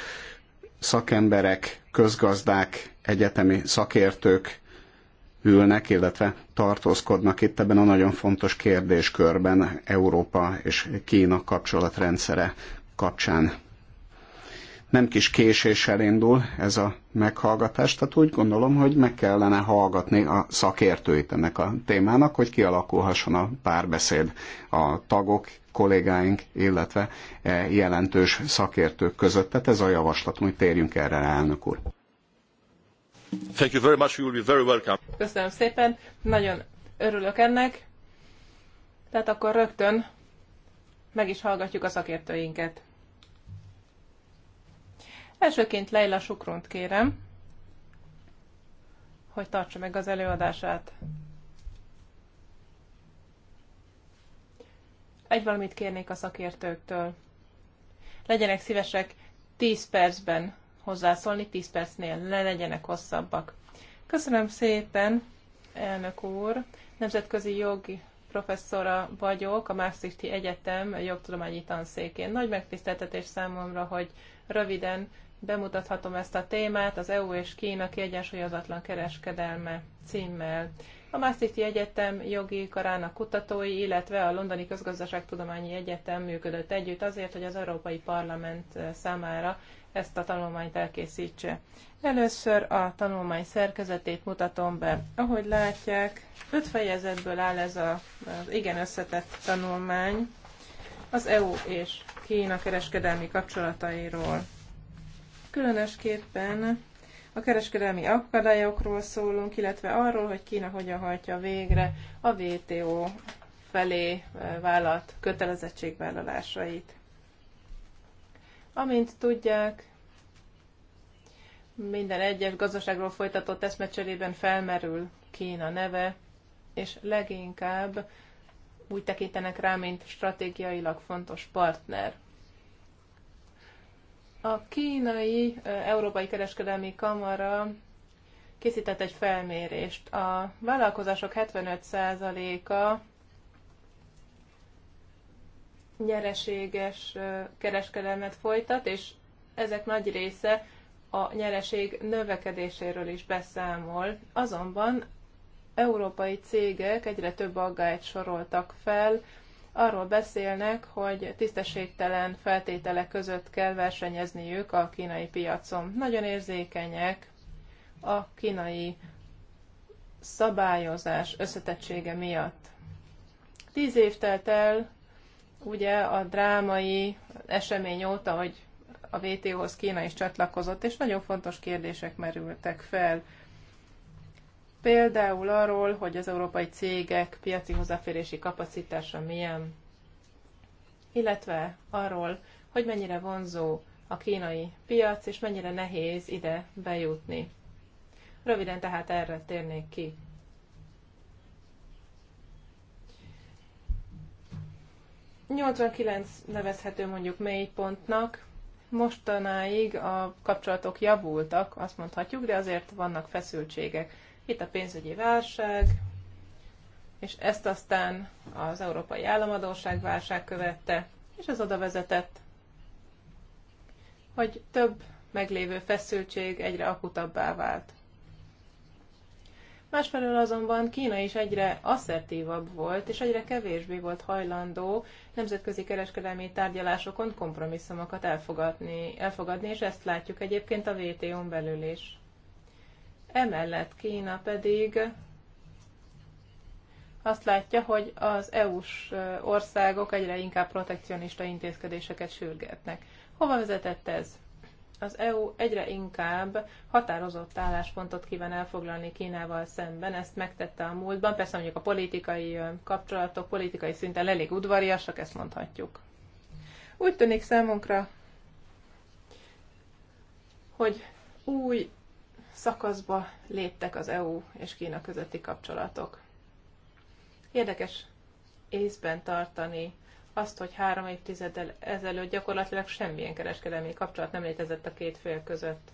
szakemberek, közgazdák, egyetemi szakértők ülnek, illetve tartózkodnak itt ebben a nagyon fontos kérdéskörben Európa és Kína kapcsolatrendszere kapcsán nem kis késéssel indul ez a meghallgatás, tehát úgy gondolom, hogy meg kellene hallgatni a szakértőit ennek a témának, hogy kialakulhasson a párbeszéd a tagok, kollégáink, illetve e, jelentős szakértők között. Tehát ez a javaslatom, hogy térjünk erre, elnök úr. Thank you very much. You will be very welcome. Köszönöm szépen, nagyon örülök ennek. Tehát akkor rögtön meg is hallgatjuk a szakértőinket. Elsőként Leila Sukront kérem, hogy tartsa meg az előadását. Egy valamit kérnék a szakértőktől. Legyenek szívesek 10 percben hozzászólni, 10 percnél ne legyenek hosszabbak. Köszönöm szépen, elnök úr. Nemzetközi jogi professzora vagyok a Maastrichti Egyetem jogtudományi tanszékén. Nagy megtiszteltetés számomra, hogy röviden bemutathatom ezt a témát, az EU és Kína kiegyensúlyozatlan kereskedelme címmel. A Maastrichti Egyetem jogi karának kutatói, illetve a Londoni Közgazdaságtudományi Egyetem működött együtt azért, hogy az Európai Parlament eh, számára ezt a tanulmányt elkészítse. Először a tanulmány szerkezetét mutatom be. Ahogy látják, öt fejezetből áll ez a, az igen összetett tanulmány az EU és Kína kereskedelmi kapcsolatairól. Különösképpen a kereskedelmi akadályokról szólunk, illetve arról, hogy Kína hogyan hajtja végre a WTO felé vállalt kötelezettségvállalásait. Amint tudják, minden egyes gazdaságról folytatott eszmecserében felmerül Kína neve, és leginkább úgy tekintenek rá, mint stratégiailag fontos partner. A kínai Európai Kereskedelmi Kamara készített egy felmérést. A vállalkozások 75%-a nyereséges kereskedelmet folytat, és ezek nagy része a nyereség növekedéséről is beszámol. Azonban európai cégek egyre több aggályt soroltak fel arról beszélnek, hogy tisztességtelen feltételek között kell versenyezniük a kínai piacon. Nagyon érzékenyek a kínai szabályozás összetettsége miatt. Tíz év telt el, ugye a drámai esemény óta, hogy a WTO-hoz Kína is csatlakozott, és nagyon fontos kérdések merültek fel Például arról, hogy az európai cégek piaci hozzáférési kapacitása milyen, illetve arról, hogy mennyire vonzó a kínai piac, és mennyire nehéz ide bejutni. Röviden tehát erre térnék ki. ...89 nevezhető mondjuk mélypontnak. Mostanáig a kapcsolatok javultak, azt mondhatjuk, de azért vannak feszültségek itt a pénzügyi válság, és ezt aztán az európai államadóságválság követte, és ez oda vezetett, hogy több meglévő feszültség egyre akutabbá vált. Másfelől azonban Kína is egyre asszertívabb volt, és egyre kevésbé volt hajlandó nemzetközi kereskedelmi tárgyalásokon kompromisszumokat elfogadni, elfogadni és ezt látjuk egyébként a WTO-n belül is. Emellett Kína pedig azt látja, hogy az EU-s országok egyre inkább protekcionista intézkedéseket sürgetnek. Hova vezetett ez? Az EU egyre inkább határozott álláspontot kíván elfoglalni Kínával szemben, ezt megtette a múltban, persze mondjuk a politikai kapcsolatok politikai szinten elég udvariasak, ezt mondhatjuk. Úgy tűnik számunkra, hogy új szakaszba léptek az EU és Kína közötti kapcsolatok. Érdekes észben tartani azt, hogy három évtizeddel ezelőtt gyakorlatilag semmilyen kereskedelmi kapcsolat nem létezett a két fél között.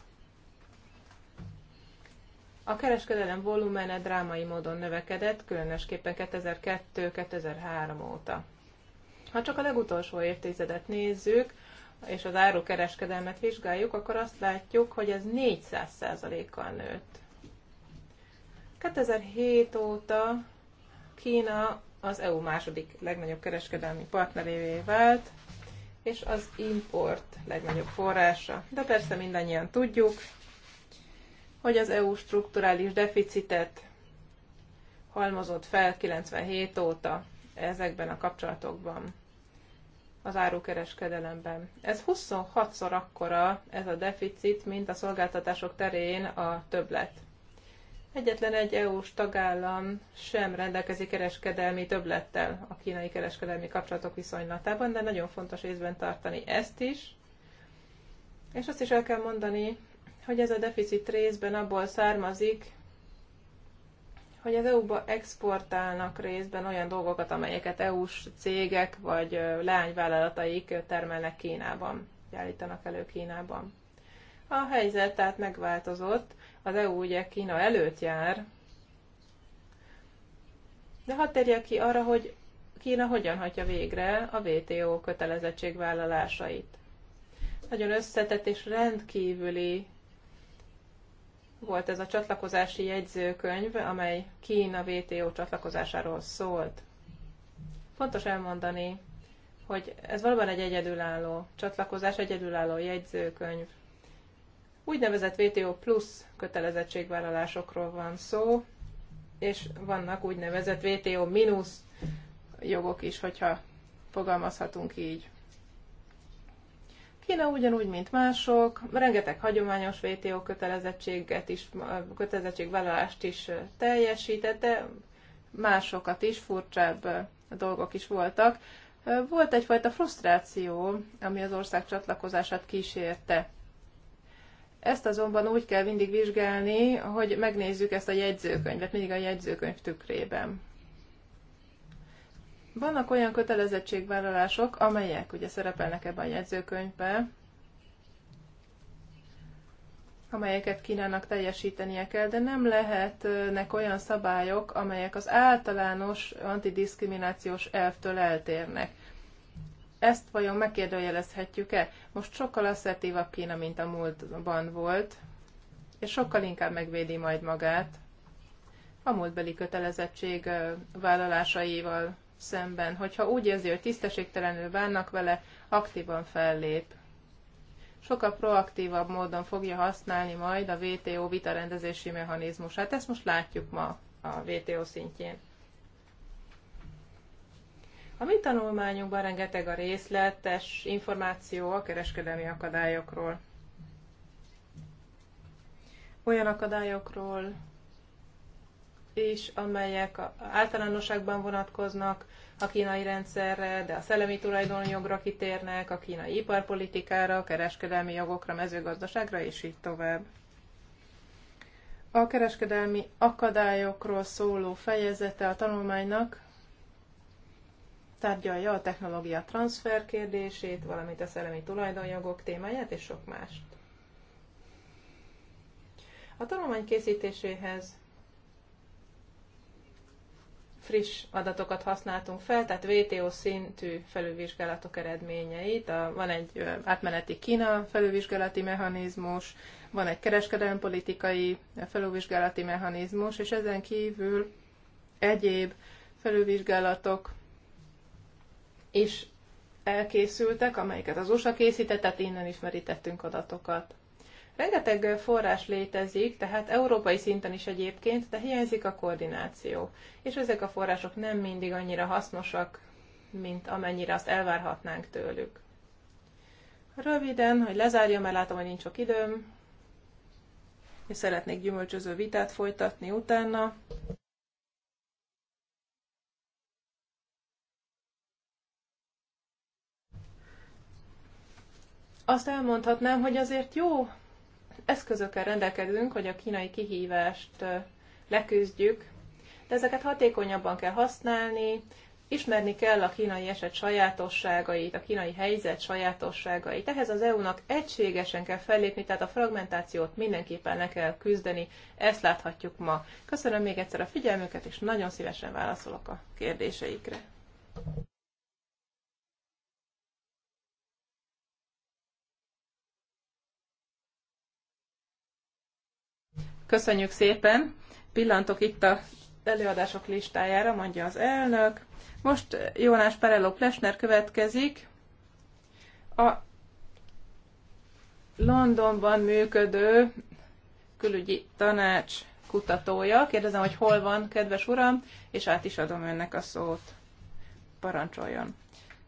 A kereskedelem volumene drámai módon növekedett, különösképpen 2002-2003 óta. Ha csak a legutolsó évtizedet nézzük, és az árukereskedelmet vizsgáljuk, akkor azt látjuk, hogy ez 400%-kal nőtt. 2007 óta Kína az EU második legnagyobb kereskedelmi partnerévé vált, és az import legnagyobb forrása. De persze mindannyian tudjuk, hogy az EU strukturális deficitet halmozott fel 97 óta ezekben a kapcsolatokban az árukereskedelemben. Ez 26-szor akkora ez a deficit, mint a szolgáltatások terén a többlet. Egyetlen egy EU-s tagállam sem rendelkezik kereskedelmi többlettel a kínai kereskedelmi kapcsolatok viszonylatában, de nagyon fontos észben tartani ezt is. És azt is el kell mondani, hogy ez a deficit részben abból származik, hogy az EU-ba exportálnak részben olyan dolgokat, amelyeket EU-s cégek vagy leányvállalataik termelnek Kínában, gyártanak elő Kínában. A helyzet tehát megváltozott, az EU ugye Kína előtt jár, de hadd térjek ki arra, hogy Kína hogyan hagyja végre a WTO kötelezettségvállalásait. Nagyon összetett és rendkívüli volt ez a csatlakozási jegyzőkönyv, amely Kína WTO csatlakozásáról szólt. Fontos elmondani, hogy ez valóban egy egyedülálló csatlakozás, egyedülálló jegyzőkönyv. Úgynevezett WTO plusz kötelezettségvállalásokról van szó, és vannak úgynevezett WTO mínusz jogok is, hogyha fogalmazhatunk így. Kína ugyanúgy, mint mások, rengeteg hagyományos VTO kötelezettséget is, kötelezettségvállalást is teljesített, de másokat is, furcsább dolgok is voltak. Volt egyfajta frusztráció, ami az ország csatlakozását kísérte. Ezt azonban úgy kell mindig vizsgálni, hogy megnézzük ezt a jegyzőkönyvet, mindig a jegyzőkönyv tükrében. Vannak olyan kötelezettségvállalások, amelyek ugye szerepelnek ebben a jegyzőkönyvben, amelyeket kínálnak teljesítenie kell, de nem lehetnek olyan szabályok, amelyek az általános antidiszkriminációs elvtől eltérnek. Ezt vajon megkérdőjelezhetjük-e? Most sokkal asszertívabb Kína, mint a múltban volt, és sokkal inkább megvédi majd magát a múltbeli kötelezettség vállalásaival szemben. Hogyha úgy érzi, hogy tisztességtelenül bánnak vele, aktívan fellép. Sokkal proaktívabb módon fogja használni majd a VTO vitarendezési mechanizmusát. Ezt most látjuk ma a VTO szintjén. A mi tanulmányunkban rengeteg a részletes információ a kereskedelmi akadályokról. Olyan akadályokról, is, amelyek általánosságban vonatkoznak a kínai rendszerre, de a szellemi tulajdonjogra kitérnek, a kínai iparpolitikára, a kereskedelmi jogokra, mezőgazdaságra, és így tovább. A kereskedelmi akadályokról szóló fejezete a tanulmánynak tárgyalja a technológia transfer kérdését, valamint a szellemi tulajdonjogok témáját és sok mást. A tanulmány készítéséhez friss adatokat használtunk fel, tehát WTO szintű felülvizsgálatok eredményeit. A, van egy átmeneti Kína felülvizsgálati mechanizmus, van egy kereskedelmi politikai felülvizsgálati mechanizmus, és ezen kívül egyéb felülvizsgálatok is elkészültek, amelyeket az USA készített, tehát innen ismerítettünk adatokat. Rengeteg forrás létezik, tehát európai szinten is egyébként, de hiányzik a koordináció. És ezek a források nem mindig annyira hasznosak, mint amennyire azt elvárhatnánk tőlük. Röviden, hogy lezárjam, mert látom, hogy nincs sok időm, és szeretnék gyümölcsöző vitát folytatni utána. Azt elmondhatnám, hogy azért jó eszközökkel rendelkezünk, hogy a kínai kihívást leküzdjük, de ezeket hatékonyabban kell használni, ismerni kell a kínai eset sajátosságait, a kínai helyzet sajátosságait. Ehhez az EU-nak egységesen kell fellépni, tehát a fragmentációt mindenképpen le kell küzdeni. Ezt láthatjuk ma. Köszönöm még egyszer a figyelmüket, és nagyon szívesen válaszolok a kérdéseikre. Köszönjük szépen! Pillantok itt a előadások listájára, mondja az elnök. Most Jónás Pereló Plesner következik. A Londonban működő külügyi tanács kutatója. Kérdezem, hogy hol van, kedves uram, és át is adom önnek a szót. Parancsoljon!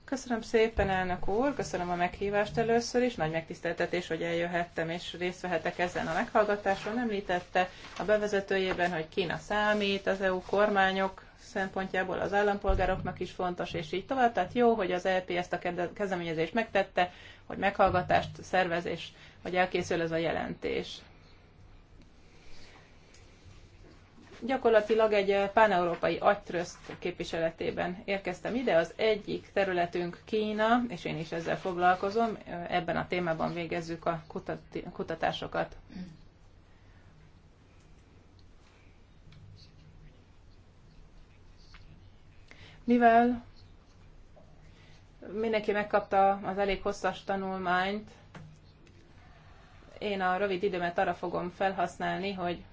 Köszönöm szépen, elnök úr, köszönöm a meghívást először is, nagy megtiszteltetés, hogy eljöhettem és részt vehetek ezen a meghallgatáson. Említette a bevezetőjében, hogy Kína számít, az EU kormányok szempontjából az állampolgároknak is fontos, és így tovább. Tehát jó, hogy az LP e ezt a kezdeményezést megtette, hogy meghallgatást szervez, és hogy elkészül ez a jelentés. gyakorlatilag egy eh, páneurópai agytrözt képviseletében érkeztem ide. Az egyik területünk Kína, és én is ezzel foglalkozom, eh, ebben a témában végezzük a kutat- kutatásokat. Mivel mindenki megkapta az elég hosszas tanulmányt, én a rövid időmet arra fogom felhasználni, hogy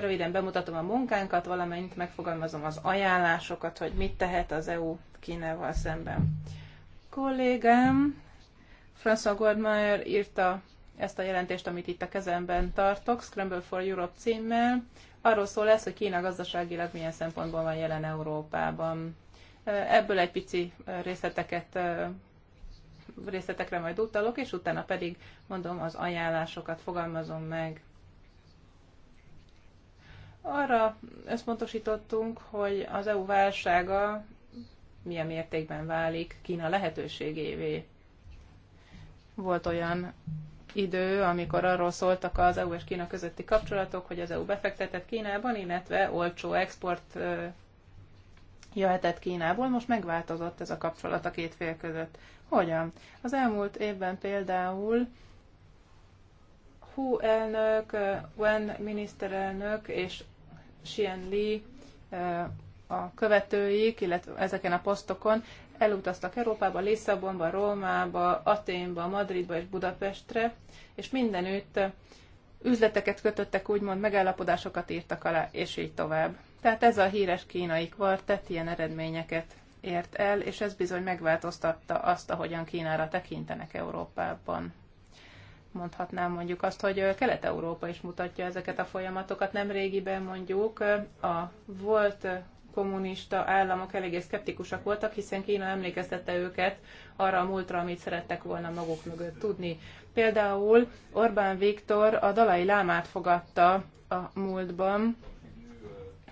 röviden bemutatom a munkánkat, valamint megfogalmazom az ajánlásokat, hogy mit tehet az EU Kínával szemben. Kollégám François Goldmeier írta ezt a jelentést, amit itt a kezemben tartok, Scramble for Europe címmel. Arról szól lesz, hogy Kína gazdaságilag milyen szempontból van jelen Európában. Ebből egy pici részleteket részletekre majd utalok, és utána pedig mondom az ajánlásokat fogalmazom meg. Arra összpontosítottunk, hogy az EU válsága milyen mértékben válik Kína lehetőségévé. Volt olyan idő, amikor arról szóltak az EU és Kína közötti kapcsolatok, hogy az EU befektetett Kínában, illetve olcsó export jöhetett Kínából. Most megváltozott ez a kapcsolat a két fél között. Hogyan? Az elmúlt évben például Hu elnök, Wen miniszterelnök és Xian Li eh, a követőik, illetve ezeken a posztokon elutaztak Európába, Lisszabonba, Rómába, Aténba, Madridba és Budapestre, és mindenütt üzleteket kötöttek, úgymond megállapodásokat írtak alá, és így tovább. Tehát ez a híres kínai kvartett ilyen eredményeket ért el, és ez bizony megváltoztatta azt, ahogyan Kínára tekintenek Európában mondhatnám mondjuk azt, hogy Kelet-Európa is mutatja ezeket a folyamatokat. Nem régiben mondjuk a volt kommunista államok eléggé szkeptikusak voltak, hiszen Kína emlékeztette őket arra a múltra, amit szerettek volna maguk mögött tudni. Például Orbán Viktor a Dalai Lámát fogadta a múltban,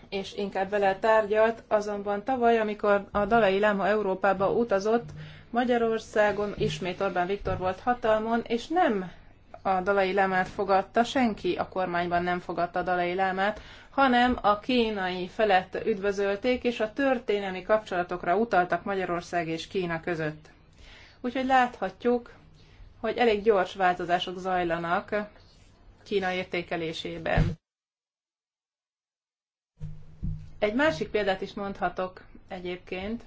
és inkább vele tárgyalt, azonban tavaly, amikor a Dalai Láma Európába utazott, Magyarországon ismét Orbán Viktor volt hatalmon, és nem a dalai lámát fogadta, senki a kormányban nem fogadta a dalai lámát, hanem a kínai felett üdvözölték, és a történelmi kapcsolatokra utaltak Magyarország és Kína között. Úgyhogy láthatjuk, hogy elég gyors változások zajlanak Kína értékelésében. Egy másik példát is mondhatok egyébként,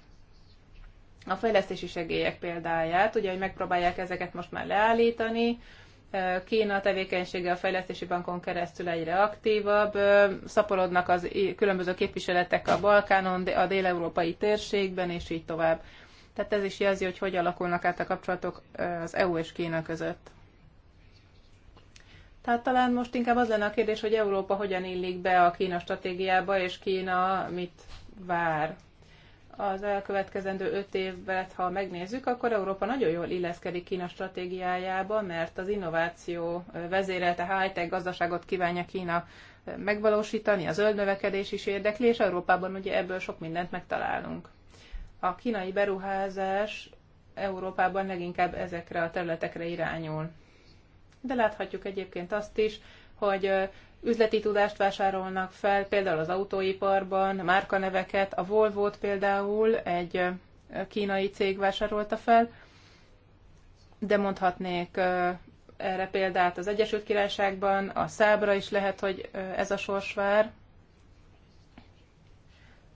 a fejlesztési segélyek példáját, ugye, hogy megpróbálják ezeket most már leállítani, Kína tevékenysége a Fejlesztési Bankon keresztül egyre aktívabb, szaporodnak az különböző képviseletek a Balkánon, a déleurópai térségben, és így tovább. Tehát ez is jelzi, hogy hogy alakulnak át a kapcsolatok az EU és Kína között. Tehát talán most inkább az lenne a kérdés, hogy Európa hogyan illik be a Kína stratégiába, és Kína mit vár az elkövetkezendő öt évet, ha megnézzük, akkor Európa nagyon jól illeszkedik Kína stratégiájába, mert az innováció vezérelte high-tech gazdaságot kívánja Kína megvalósítani, a zöld növekedés is érdekli, és Európában ugye ebből sok mindent megtalálunk. A kínai beruházás Európában leginkább ezekre a területekre irányul. De láthatjuk egyébként azt is, hogy üzleti tudást vásárolnak fel, például az autóiparban, márkaneveket, a Volvo-t például egy kínai cég vásárolta fel, de mondhatnék erre példát az Egyesült Királyságban, a Szábra is lehet, hogy ez a sorsvár,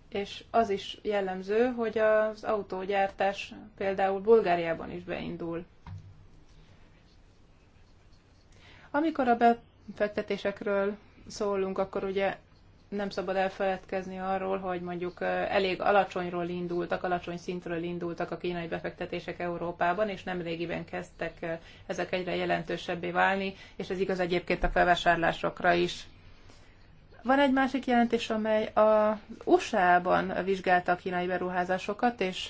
és az is jellemző, hogy az autógyártás például Bulgáriában is beindul. Amikor a fektetésekről szólunk, akkor ugye nem szabad elfeledkezni arról, hogy mondjuk elég alacsonyról indultak, alacsony szintről indultak a kínai befektetések Európában, és nemrégiben kezdtek ezek egyre jelentősebbé válni, és ez igaz egyébként a felvásárlásokra is. Van egy másik jelentés, amely a USA-ban vizsgálta a kínai beruházásokat, és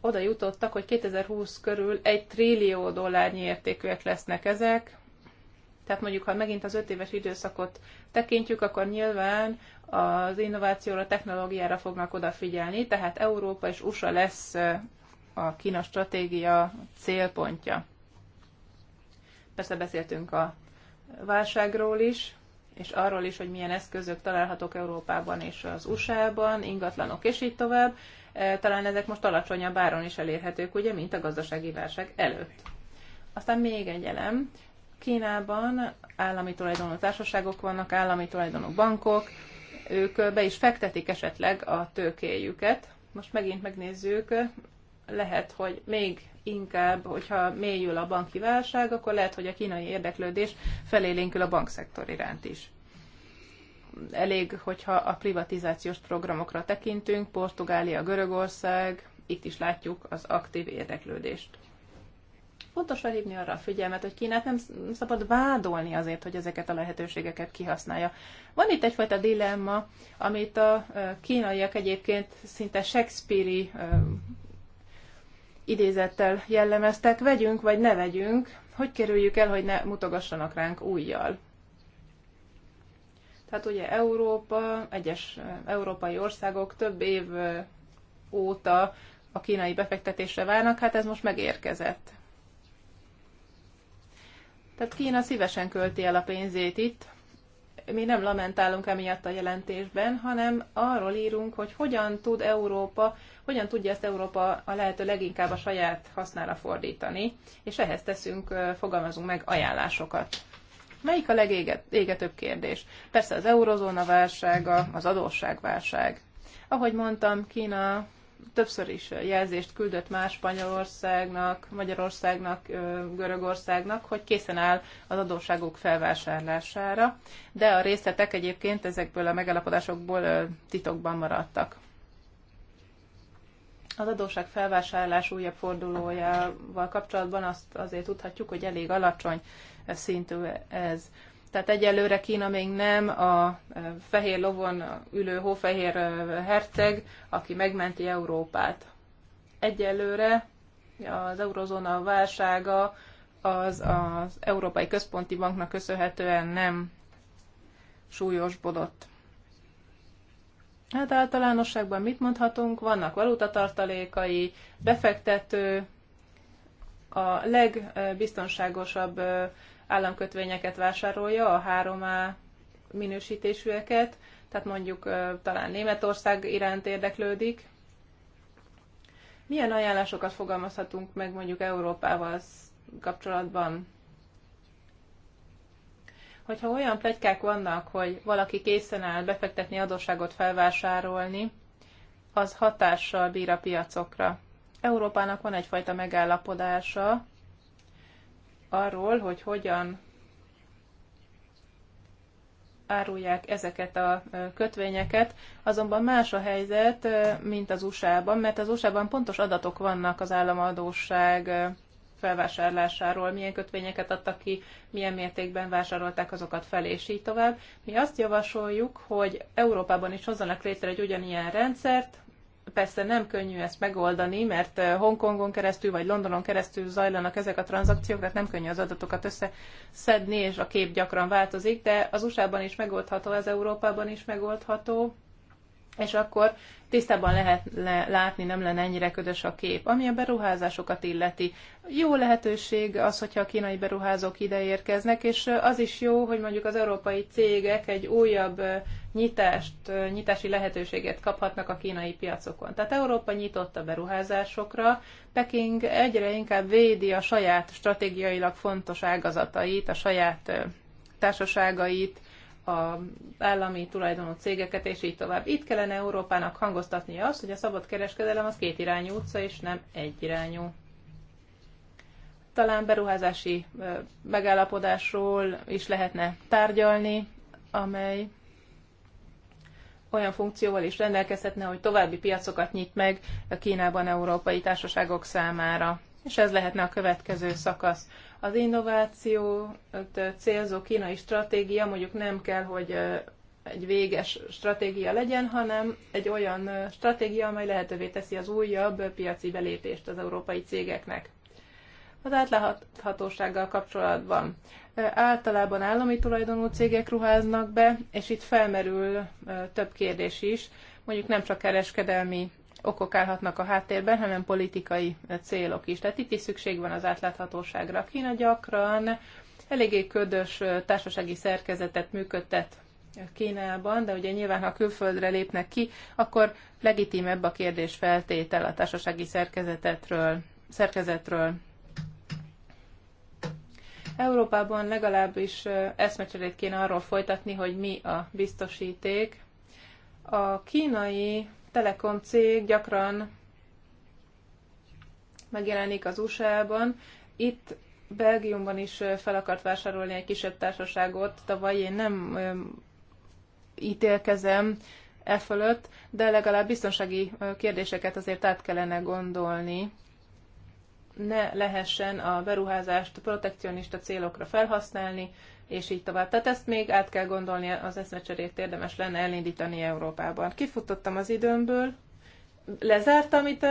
oda jutottak, hogy 2020 körül egy trillió dollárnyi értékűek lesznek ezek, tehát mondjuk, ha megint az öt éves időszakot tekintjük, akkor nyilván az innovációra, technológiára fognak odafigyelni, tehát Európa és USA lesz a Kína stratégia célpontja. Persze beszéltünk a válságról is, és arról is, hogy milyen eszközök találhatók Európában és az USA-ban, ingatlanok és így tovább. Talán ezek most alacsonyabb áron is elérhetők, ugye, mint a gazdasági válság előtt. Aztán még egy elem, Kínában állami tulajdonú társaságok vannak, állami tulajdonú bankok, ők be is fektetik esetleg a tőkéjüket. Most megint megnézzük, lehet, hogy még inkább, hogyha mélyül a banki válság, akkor lehet, hogy a kínai érdeklődés felélénkül a bankszektor iránt is. Elég, hogyha a privatizációs programokra tekintünk, Portugália, Görögország, itt is látjuk az aktív érdeklődést. Fontos felhívni arra a figyelmet, hogy Kínát nem szabad vádolni azért, hogy ezeket a lehetőségeket kihasználja. Van itt egyfajta dilemma, amit a kínaiak egyébként szinte Shakespeare-i idézettel jellemeztek, vegyünk vagy ne vegyünk, hogy kerüljük el, hogy ne mutogassanak ránk újjal. Tehát ugye Európa, egyes európai országok több év óta a kínai befektetésre várnak, hát ez most megérkezett. Tehát Kína szívesen költi el a pénzét itt, mi nem lamentálunk emiatt a jelentésben, hanem arról írunk, hogy hogyan tud Európa, hogyan tudja ezt Európa a lehető leginkább a saját hasznára fordítani, és ehhez teszünk, fogalmazunk meg ajánlásokat. Melyik a legégetőbb kérdés? Persze az eurozóna válsága, az adósságválság. Ahogy mondtam, Kína többször is jelzést küldött már Spanyolországnak, Magyarországnak, Görögországnak, hogy készen áll az adósságok felvásárlására, de a részletek egyébként ezekből a megalapodásokból titokban maradtak. Az adósság felvásárlás újabb fordulójával kapcsolatban azt azért tudhatjuk, hogy elég alacsony szintű ez. Tehát egyelőre Kína még nem a e, fehér lovon ülő hófehér e, herceg, aki megmenti Európát. Egyelőre az eurozóna válsága az az Európai Központi Banknak köszönhetően nem súlyosbodott. Hát általánosságban mit mondhatunk? Vannak valutatartalékai, befektető, a legbiztonságosabb e, államkötvényeket vásárolja, a 3A minősítésűeket, tehát mondjuk talán Németország iránt érdeklődik. Milyen ajánlásokat fogalmazhatunk meg mondjuk Európával kapcsolatban? Hogyha olyan plegykák vannak, hogy valaki készen áll befektetni adósságot felvásárolni, az hatással bír a piacokra. Európának van egyfajta megállapodása, arról, hogy hogyan árulják ezeket a kötvényeket, azonban más a helyzet, mint az USA-ban, mert az USA-ban pontos adatok vannak az államadóság felvásárlásáról, milyen kötvényeket adtak ki, milyen mértékben vásárolták azokat fel, és így tovább. Mi azt javasoljuk, hogy Európában is hozzanak létre egy ugyanilyen rendszert, Persze nem könnyű ezt megoldani, mert eh, Hongkongon keresztül vagy Londonon keresztül zajlanak ezek a tranzakciók, tehát nem könnyű az adatokat összeszedni, és a kép gyakran változik, de az USA-ban is megoldható, az Európában is megoldható, és akkor tisztában lehet le, látni, nem lenne ennyire ködös a kép. Ami a beruházásokat illeti, jó lehetőség az, hogyha a kínai beruházók ide érkeznek, és eh, az is jó, hogy mondjuk az európai cégek egy újabb eh, nyitást, nyitási lehetőséget kaphatnak a kínai piacokon. Tehát Európa nyitott a beruházásokra, Peking egyre inkább védi a saját stratégiailag fontos ágazatait, a saját társaságait, a állami tulajdonú cégeket, és így tovább. Itt kellene Európának hangoztatni azt, hogy a szabad kereskedelem az két irányú utca, és nem egy irányú. Talán beruházási megállapodásról is lehetne tárgyalni, amely olyan funkcióval is rendelkezhetne, hogy további piacokat nyit meg a Kínában európai társaságok számára. És ez lehetne a következő szakasz. Az innováció célzó kínai stratégia mondjuk nem kell, hogy egy véges stratégia legyen, hanem egy olyan stratégia, amely lehetővé teszi az újabb piaci belépést az európai cégeknek. Az átláthatósággal kapcsolatban általában állami tulajdonú cégek ruháznak be, és itt felmerül több kérdés is, mondjuk nem csak kereskedelmi okok állhatnak a háttérben, hanem politikai célok is. Tehát itt is szükség van az átláthatóságra. Kína gyakran eléggé ködös társasági szerkezetet működtet Kínában, de ugye nyilván, ha külföldre lépnek ki, akkor legitimebb a kérdés feltétel a társasági szerkezetetről, szerkezetről Európában legalábbis eszmecserét kéne arról folytatni, hogy mi a biztosíték. A kínai telekom cég gyakran megjelenik az USA-ban. Itt Belgiumban is fel akart vásárolni egy kisebb társaságot. Tavaly én nem ítélkezem e fölött, de legalább biztonsági kérdéseket azért át kellene gondolni ne lehessen a beruházást protekcionista célokra felhasználni, és így tovább. Tehát ezt még át kell gondolni, az eszmecserét érdemes lenne elindítani Európában. Kifutottam az időmből, lezárt, amit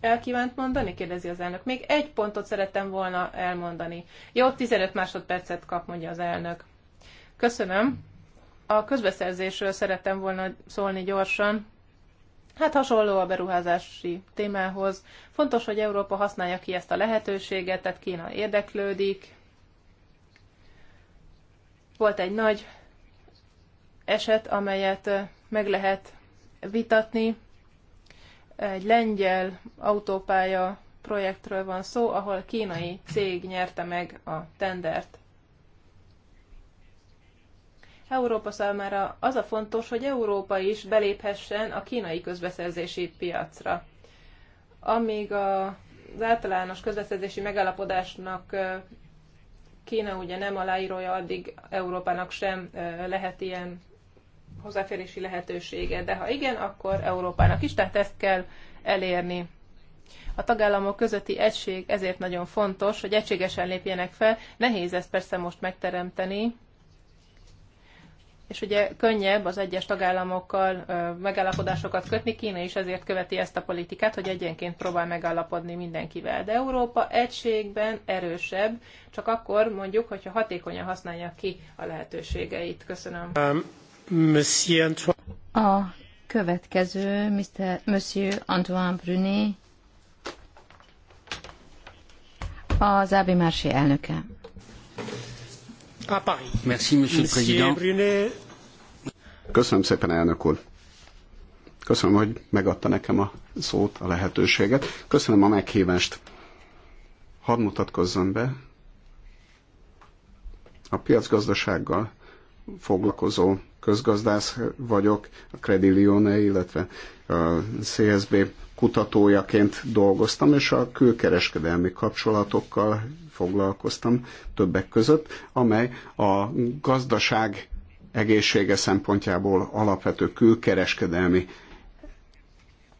elkívánt mondani? kérdezi az elnök. Még egy pontot szerettem volna elmondani. Jó, 15 másodpercet kap, mondja az elnök. Köszönöm. A közbeszerzésről szerettem volna szólni gyorsan. Hát hasonló a beruházási témához. Fontos, hogy Európa használja ki ezt a lehetőséget, tehát Kína érdeklődik. Volt egy nagy eset, amelyet meg lehet vitatni. Egy lengyel autópálya projektről van szó, ahol kínai cég nyerte meg a tendert. Európa számára az a fontos, hogy Európa is beléphessen a kínai közbeszerzési piacra. Amíg a, az általános közbeszerzési megállapodásnak Kína ugye nem aláírója, addig Európának sem lehet ilyen hozzáférési lehetősége, de ha igen, akkor Európának is, tehát ezt kell elérni. A tagállamok közötti egység ezért nagyon fontos, hogy egységesen lépjenek fel. Nehéz ezt persze most megteremteni, és ugye könnyebb az egyes tagállamokkal megállapodásokat kötni, Kína is ezért követi ezt a politikát, hogy egyenként próbál megállapodni mindenkivel. De Európa egységben erősebb, csak akkor mondjuk, hogyha hatékonyan használja ki a lehetőségeit. Köszönöm. Um, a következő, Mr. Monsieur Antoine Brunet, az Ábi Mársi elnöke. À Paris. Merci, Monsieur, Monsieur le Président. Brunet, Köszönöm szépen, elnök úr. Köszönöm, hogy megadta nekem a szót, a lehetőséget. Köszönöm a meghívást. Hadd mutatkozzon be. A piacgazdasággal foglalkozó közgazdász vagyok, a Lione, illetve a CSB kutatójaként dolgoztam, és a külkereskedelmi kapcsolatokkal foglalkoztam többek között, amely a gazdaság egészsége szempontjából alapvető külkereskedelmi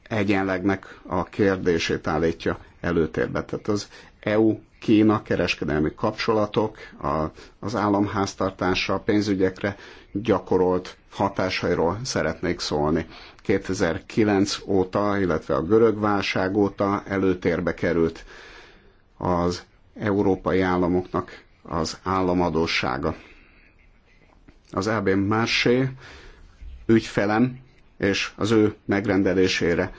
egyenlegnek a kérdését állítja előtérbe. Tehát az EU-Kína kereskedelmi kapcsolatok, az államháztartása, a pénzügyekre gyakorolt hatásairól szeretnék szólni. 2009 óta, illetve a görög válság óta előtérbe került az európai államoknak az államadósága az AB Marché ügyfelem és az ő megrendelésére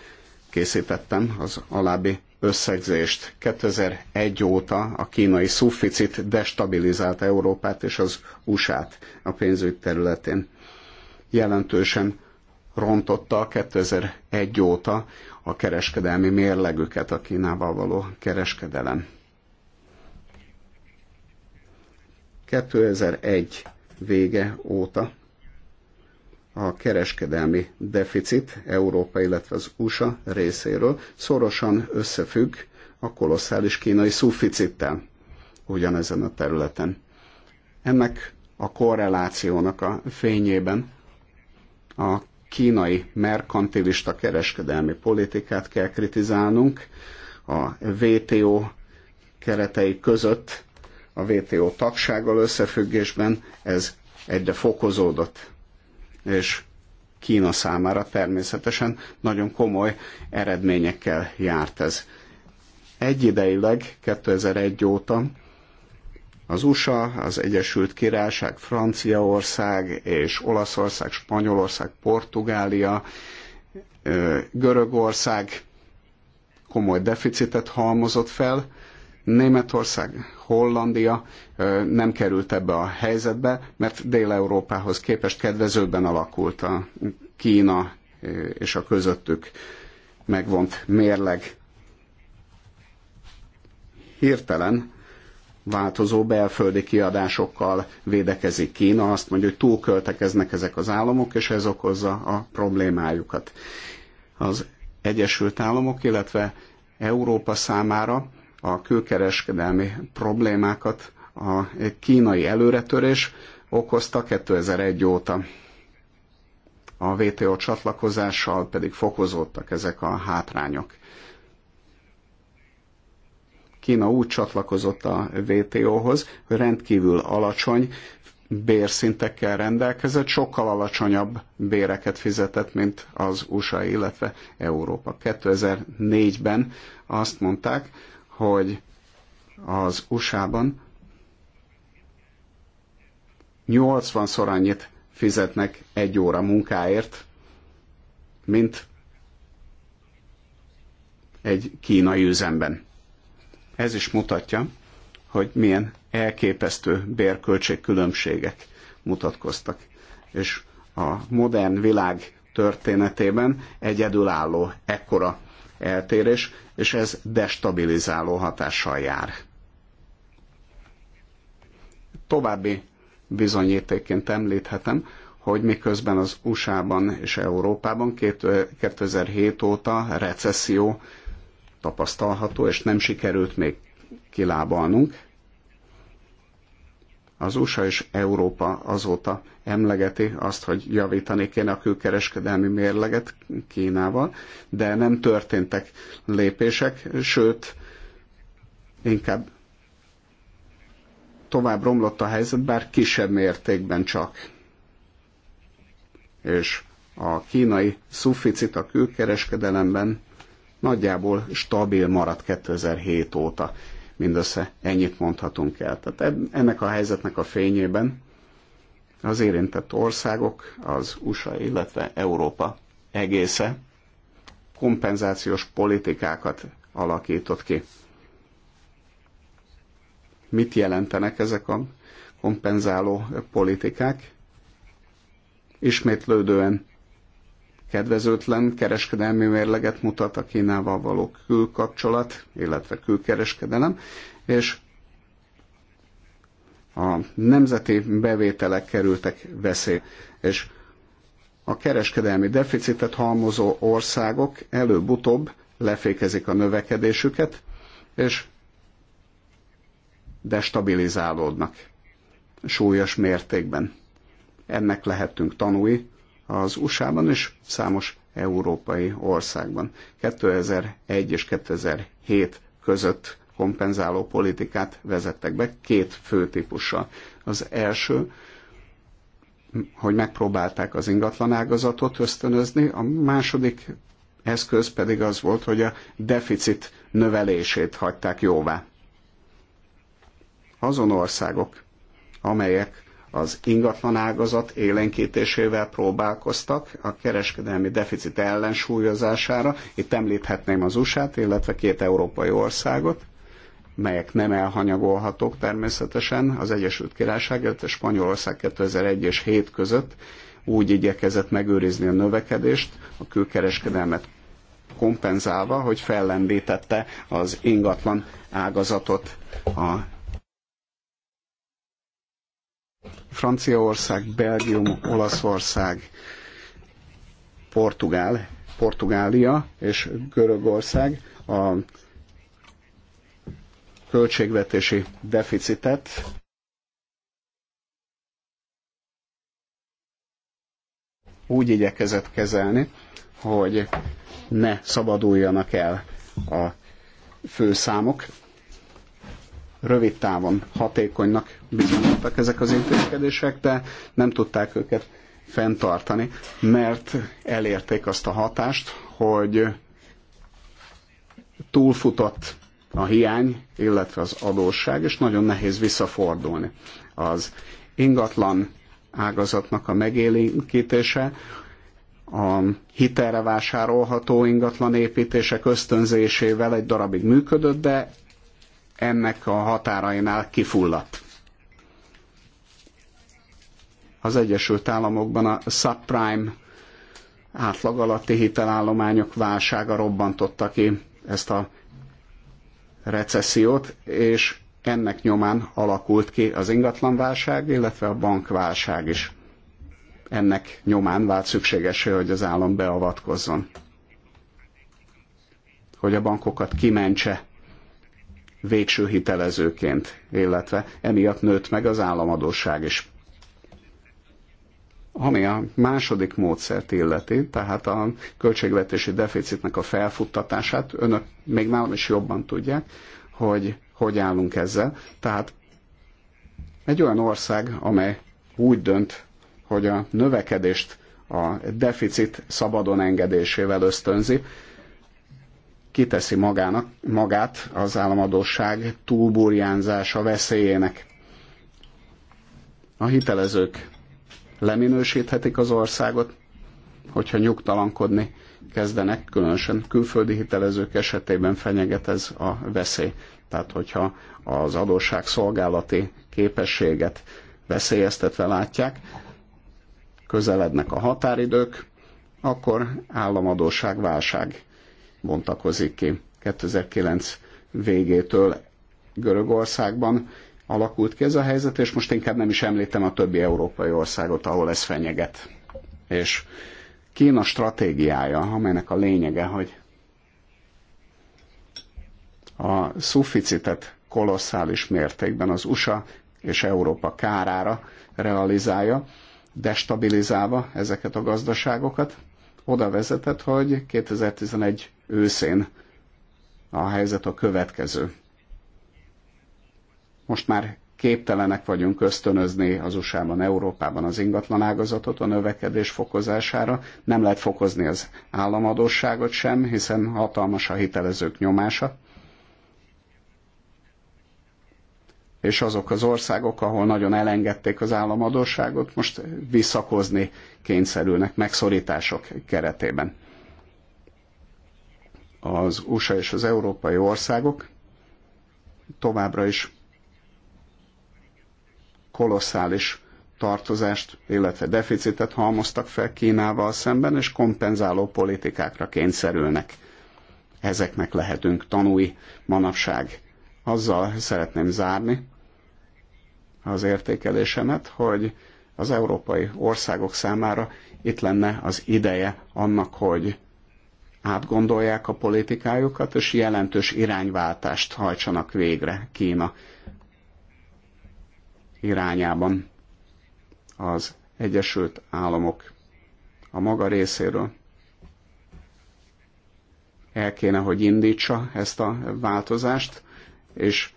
készítettem az alábbi összegzést. 2001 óta a kínai szufficit destabilizálta Európát és az USA-t a pénzügy területén. Jelentősen rontotta 2001 óta a kereskedelmi mérlegüket a Kínával való kereskedelem. 2001 vége óta a kereskedelmi deficit Európa, illetve az USA részéről szorosan összefügg a kolosszális kínai szuficittel ugyanezen a területen. Ennek a korrelációnak a fényében a kínai merkantilista kereskedelmi politikát kell kritizálnunk, a WTO keretei között a WTO tagsággal összefüggésben ez egyre fokozódott, és Kína számára természetesen nagyon komoly eredményekkel járt ez. Egyidejileg 2001 óta az USA, az Egyesült Királyság, Franciaország és Olaszország, Spanyolország, Portugália, Görögország komoly deficitet halmozott fel, Németország, Hollandia nem került ebbe a helyzetbe, mert Dél-Európához képest kedvezőbben alakult a Kína és a közöttük megvont mérleg. Hirtelen változó belföldi kiadásokkal védekezik Kína, azt mondja, hogy túlköltekeznek ezek az államok, és ez okozza a problémájukat. Az Egyesült Államok, illetve Európa számára a külkereskedelmi problémákat a kínai előretörés okozta 2001 óta. A WTO csatlakozással pedig fokozódtak ezek a hátrányok. Kína úgy csatlakozott a WTO-hoz, hogy rendkívül alacsony bérszintekkel rendelkezett, sokkal alacsonyabb béreket fizetett, mint az USA, illetve Európa. 2004-ben azt mondták, hogy az USA-ban 80-szor annyit fizetnek egy óra munkáért, mint egy kínai üzemben. Ez is mutatja, hogy milyen elképesztő bérköltség különbségek mutatkoztak. És a modern világ történetében egyedülálló ekkora eltérés, és ez destabilizáló hatással jár. További bizonyítékként említhetem, hogy miközben az USA-ban és Európában 2007 óta recesszió tapasztalható, és nem sikerült még kilábalnunk, az USA és Európa azóta emlegeti azt, hogy javítani kéne a külkereskedelmi mérleget Kínával, de nem történtek lépések, sőt, inkább tovább romlott a helyzet, bár kisebb mértékben csak. És a kínai szuficit a külkereskedelemben nagyjából stabil maradt 2007 óta mindössze ennyit mondhatunk el. Tehát ennek a helyzetnek a fényében az érintett országok, az USA, illetve Európa egésze kompenzációs politikákat alakított ki. Mit jelentenek ezek a kompenzáló politikák? Ismétlődően kedvezőtlen kereskedelmi mérleget mutat a Kínával való külkapcsolat, illetve külkereskedelem, és a nemzeti bevételek kerültek veszély, és a kereskedelmi deficitet halmozó országok előbb-utóbb lefékezik a növekedésüket, és destabilizálódnak súlyos mértékben. Ennek lehetünk tanúi az USA-ban és számos európai országban. 2001 és 2007 között kompenzáló politikát vezettek be két fő típussal. Az első, hogy megpróbálták az ingatlanágazatot ösztönözni, a második eszköz pedig az volt, hogy a deficit növelését hagyták jóvá. Azon országok, amelyek az ingatlan ágazat élenkítésével próbálkoztak a kereskedelmi deficit ellensúlyozására. Itt említhetném az USA-t, illetve két európai országot, melyek nem elhanyagolhatók természetesen. Az Egyesült Királyság, illetve Spanyolország 2001 és 7 között úgy igyekezett megőrizni a növekedést, a külkereskedelmet kompenzálva, hogy fellendítette az ingatlan ágazatot a Franciaország, Belgium, Olaszország, Portugál, Portugália és Görögország a költségvetési deficitet úgy igyekezett kezelni, hogy ne szabaduljanak el a főszámok. Rövid távon hatékonynak bizonyultak ezek az intézkedések, de nem tudták őket fenntartani, mert elérték azt a hatást, hogy túlfutott a hiány, illetve az adósság, és nagyon nehéz visszafordulni. Az ingatlan ágazatnak a megélénkítése, a hitelre vásárolható ingatlan építések ösztönzésével egy darabig működött, de ennek a határainál kifulladt az Egyesült Államokban a subprime átlag alatti hitelállományok válsága robbantotta ki ezt a recessziót, és ennek nyomán alakult ki az ingatlanválság, illetve a bankválság is. Ennek nyomán vált szükséges, hogy az állam beavatkozzon. Hogy a bankokat kimentse végső hitelezőként, illetve emiatt nőtt meg az államadóság is. Ami a második módszert illeti, tehát a költségvetési deficitnek a felfuttatását, önök még nálam is jobban tudják, hogy hogy állunk ezzel. Tehát egy olyan ország, amely úgy dönt, hogy a növekedést a deficit szabadon engedésével ösztönzi, kiteszi magának, magát az államadóság túlburjánzása veszélyének. A hitelezők leminősíthetik az országot, hogyha nyugtalankodni kezdenek, különösen külföldi hitelezők esetében fenyeget ez a veszély. Tehát, hogyha az adósság szolgálati képességet veszélyeztetve látják, közelednek a határidők, akkor államadóság válság bontakozik ki. 2009 végétől Görögországban alakult ki ez a helyzet, és most inkább nem is említem a többi európai országot, ahol ez fenyeget. És Kína stratégiája, amelynek a lényege, hogy a szuficitet kolosszális mértékben az USA és Európa kárára realizálja, destabilizálva ezeket a gazdaságokat, oda vezetett, hogy 2011 őszén a helyzet a következő. Most már képtelenek vagyunk ösztönözni az USA-ban, Európában az ingatlanágazatot a növekedés fokozására, nem lehet fokozni az államadósságot sem, hiszen hatalmas a hitelezők nyomása. És azok az országok, ahol nagyon elengedték az államadósságot, most visszakozni kényszerülnek megszorítások keretében. Az USA és az európai országok továbbra is kolosszális tartozást, illetve deficitet halmoztak fel Kínával szemben, és kompenzáló politikákra kényszerülnek. Ezeknek lehetünk tanúi manapság. Azzal szeretném zárni az értékelésemet, hogy az európai országok számára itt lenne az ideje annak, hogy átgondolják a politikájukat, és jelentős irányváltást hajtsanak végre Kína irányában az Egyesült Államok a maga részéről el kéne, hogy indítsa ezt a változást, és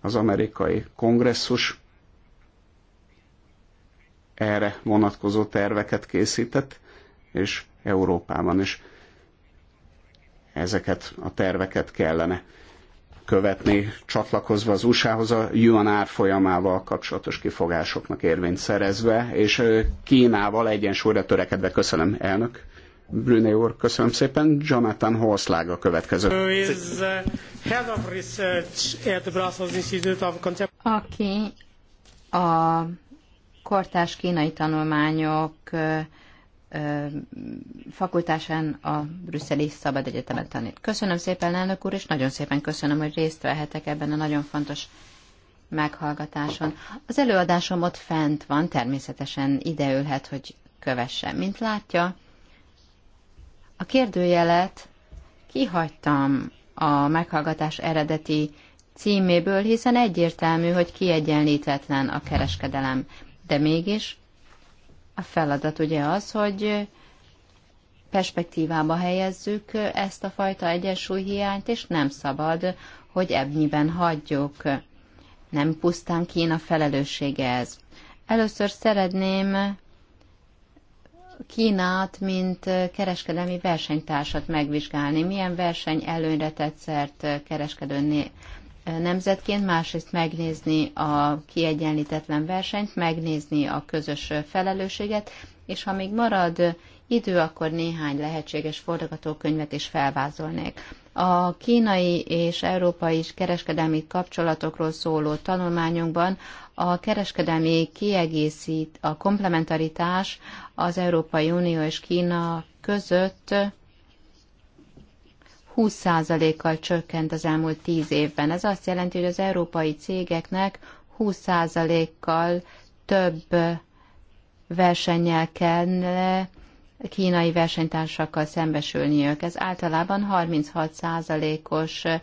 az amerikai kongresszus erre vonatkozó terveket készített, és Európában is ezeket a terveket kellene követni, csatlakozva az USA-hoz a yuan árfolyamával kapcsolatos kifogásoknak érvényt szerezve, és Kínával egyensúlyra törekedve. Köszönöm, elnök. Brüné úr, köszönöm szépen. Jonathan Horszlág a következő. Aki a kortás kínai tanulmányok fakultásán a Brüsszeli Szabad Egyetemet tanít. Köszönöm szépen, elnök úr, és nagyon szépen köszönöm, hogy részt vehetek ebben a nagyon fontos meghallgatáson. Az előadásom ott fent van, természetesen ideülhet, hogy kövesse. Mint látja, a kérdőjelet kihagytam a meghallgatás eredeti címéből, hiszen egyértelmű, hogy kiegyenlítetlen a kereskedelem. De mégis a feladat ugye az, hogy perspektívába helyezzük ezt a fajta egyensúlyhiányt, és nem szabad, hogy ebnyiben hagyjuk. Nem pusztán Kína felelőssége ez. Először szeretném Kínát, mint kereskedelmi versenytársat megvizsgálni. Milyen verseny előnyre tetszert kereskedőnél nemzetként, másrészt megnézni a kiegyenlítetlen versenyt, megnézni a közös felelősséget, és ha még marad idő, akkor néhány lehetséges forgatókönyvet is felvázolnék. A kínai és európai kereskedelmi kapcsolatokról szóló tanulmányunkban a kereskedelmi kiegészít, a komplementaritás az Európai Unió és Kína között 20%-kal csökkent az elmúlt 10 évben. Ez azt jelenti, hogy az európai cégeknek 20%-kal több versennyel kell kínai versenytársakkal szembesülniük. Ez általában 36%-os eh,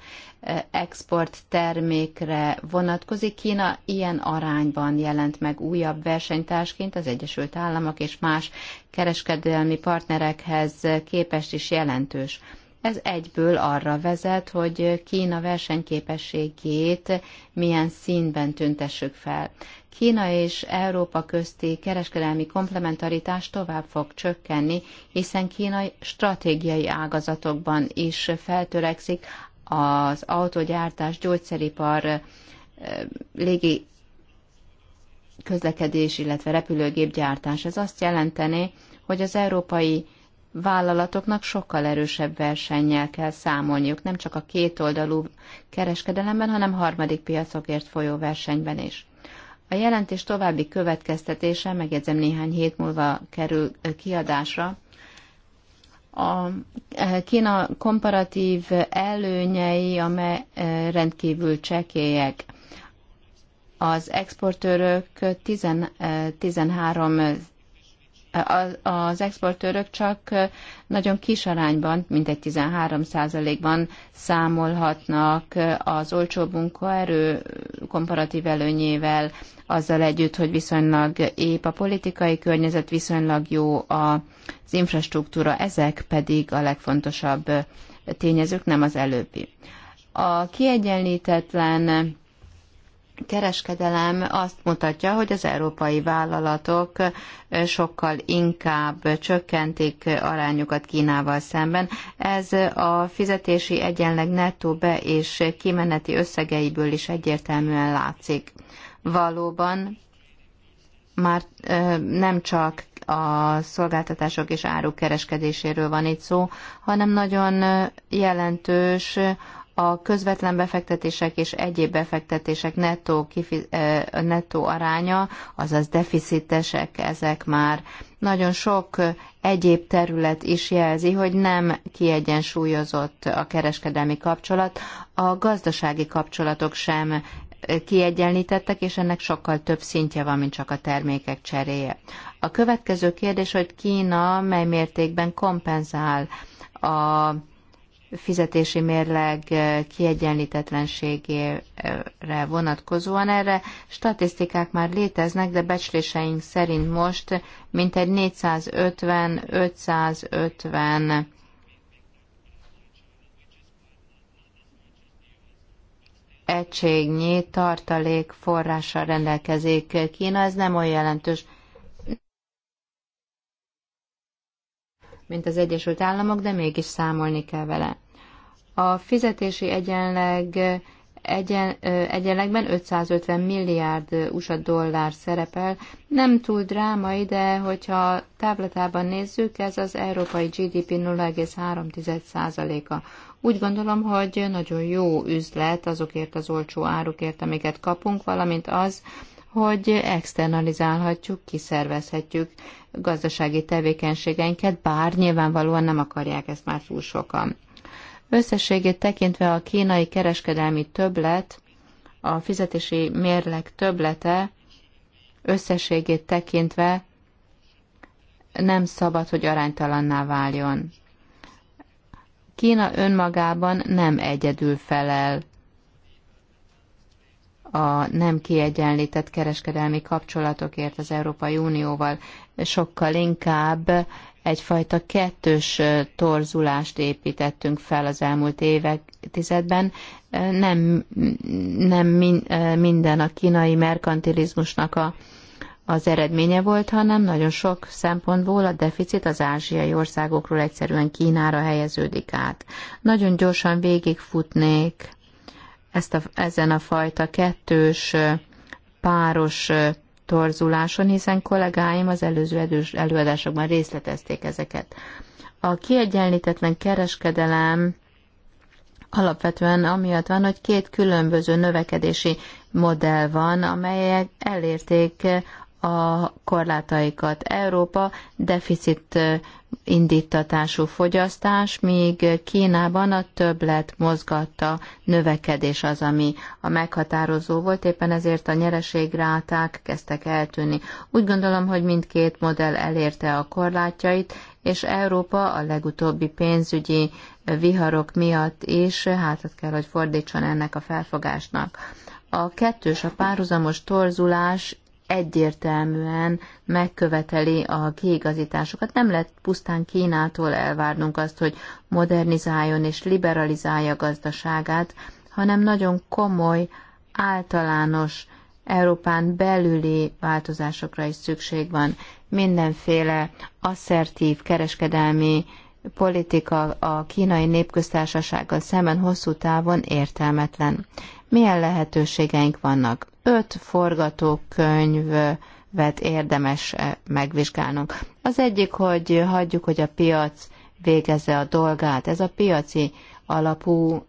export termékre vonatkozik. Kína ilyen arányban jelent meg újabb versenytársként az Egyesült Államok és más kereskedelmi partnerekhez képest is jelentős. Ez egyből arra vezet, hogy Kína versenyképességét milyen színben tüntessük fel. Kína és Európa közti kereskedelmi komplementaritás tovább fog csökkenni, hiszen kínai stratégiai ágazatokban is feltörekszik az autogyártás, gyógyszeripar, légi közlekedés, illetve repülőgépgyártás. Ez azt jelenteni, hogy az európai vállalatoknak sokkal erősebb versennyel kell számolniuk, nem csak a kétoldalú kereskedelemben, hanem harmadik piacokért folyó versenyben is. A jelentés további következtetése, megjegyzem néhány hét múlva kerül kiadásra, a e, Kína komparatív előnyei, amely e, rendkívül csekélyek. Az exportőrök 10, 13 e, az exportőrök csak nagyon kis arányban, mintegy 13%-ban számolhatnak az olcsó munkaerő komparatív előnyével, azzal együtt, hogy viszonylag épp a politikai környezet, viszonylag jó az infrastruktúra, ezek pedig a legfontosabb tényezők, nem az előbbi. A kiegyenlítetlen kereskedelem azt mutatja, hogy az európai vállalatok sokkal inkább csökkentik arányukat Kínával szemben. Ez a fizetési egyenleg nettó be és kimeneti összegeiből is egyértelműen látszik. Valóban már nem csak a szolgáltatások és áruk kereskedéséről van itt szó, hanem nagyon jelentős a közvetlen befektetések és egyéb befektetések nettó, kifiz, nettó aránya, azaz deficitesek ezek már. Nagyon sok egyéb terület is jelzi, hogy nem kiegyensúlyozott a kereskedelmi kapcsolat, a gazdasági kapcsolatok sem kiegyenlítettek, és ennek sokkal több szintje van, mint csak a termékek cseréje. A következő kérdés, hogy Kína mely mértékben kompenzál a fizetési mérleg eh, kiegyenlítetlenségére vonatkozóan. Erre statisztikák már léteznek, de becsléseink szerint most mintegy 450-550 egységnyi tartalék forrással rendelkezik Kína, ez nem olyan jelentős mint az Egyesült Államok, de mégis számolni kell vele. A fizetési egyenleg egyen, egyenlegben 550 milliárd USA dollár szerepel. Nem túl drámai, de hogyha táblatában nézzük, ez az európai GDP 0,3%-a. Úgy gondolom, hogy nagyon jó üzlet azokért az olcsó árukért, amiket kapunk, valamint az, hogy externalizálhatjuk, kiszervezhetjük gazdasági tevékenységeinket, bár nyilvánvalóan nem akarják ezt már túl sokan. Összességét tekintve a kínai kereskedelmi többlet, a fizetési mérleg töblete összességét tekintve nem szabad, hogy aránytalanná váljon. Kína önmagában nem egyedül felel a nem kiegyenlített kereskedelmi kapcsolatokért az Európai Unióval sokkal inkább egyfajta kettős torzulást építettünk fel az elmúlt évek tizedben. Nem, nem minden a kínai merkantilizmusnak a, az eredménye volt, hanem nagyon sok szempontból a deficit az ázsiai országokról egyszerűen Kínára helyeződik át. Nagyon gyorsan végigfutnék ezt a, ezen a fajta kettős páros torzuláson, hiszen kollégáim az előző előadásokban részletezték ezeket. A kiegyenlítetlen kereskedelem alapvetően amiatt van, hogy két különböző növekedési modell van, amelyek elérték a korlátaikat. Európa deficit indítatású fogyasztás, míg Kínában a többlet mozgatta növekedés az, ami a meghatározó volt, éppen ezért a nyereségráták kezdtek eltűnni. Úgy gondolom, hogy mindkét modell elérte a korlátjait, és Európa a legutóbbi pénzügyi viharok miatt is hátat kell, hogy fordítson ennek a felfogásnak. A kettős, a párhuzamos torzulás egyértelműen megköveteli a kiigazításokat. Nem lehet pusztán Kínától elvárnunk azt, hogy modernizáljon és liberalizálja gazdaságát, hanem nagyon komoly, általános Európán belüli változásokra is szükség van. Mindenféle asszertív kereskedelmi politika a kínai népköztársasággal szemben hosszú távon értelmetlen. Milyen lehetőségeink vannak? öt forgatókönyvet érdemes -e megvizsgálnunk. Az egyik, hogy hagyjuk, hogy a piac végezze a dolgát. Ez a piaci alapú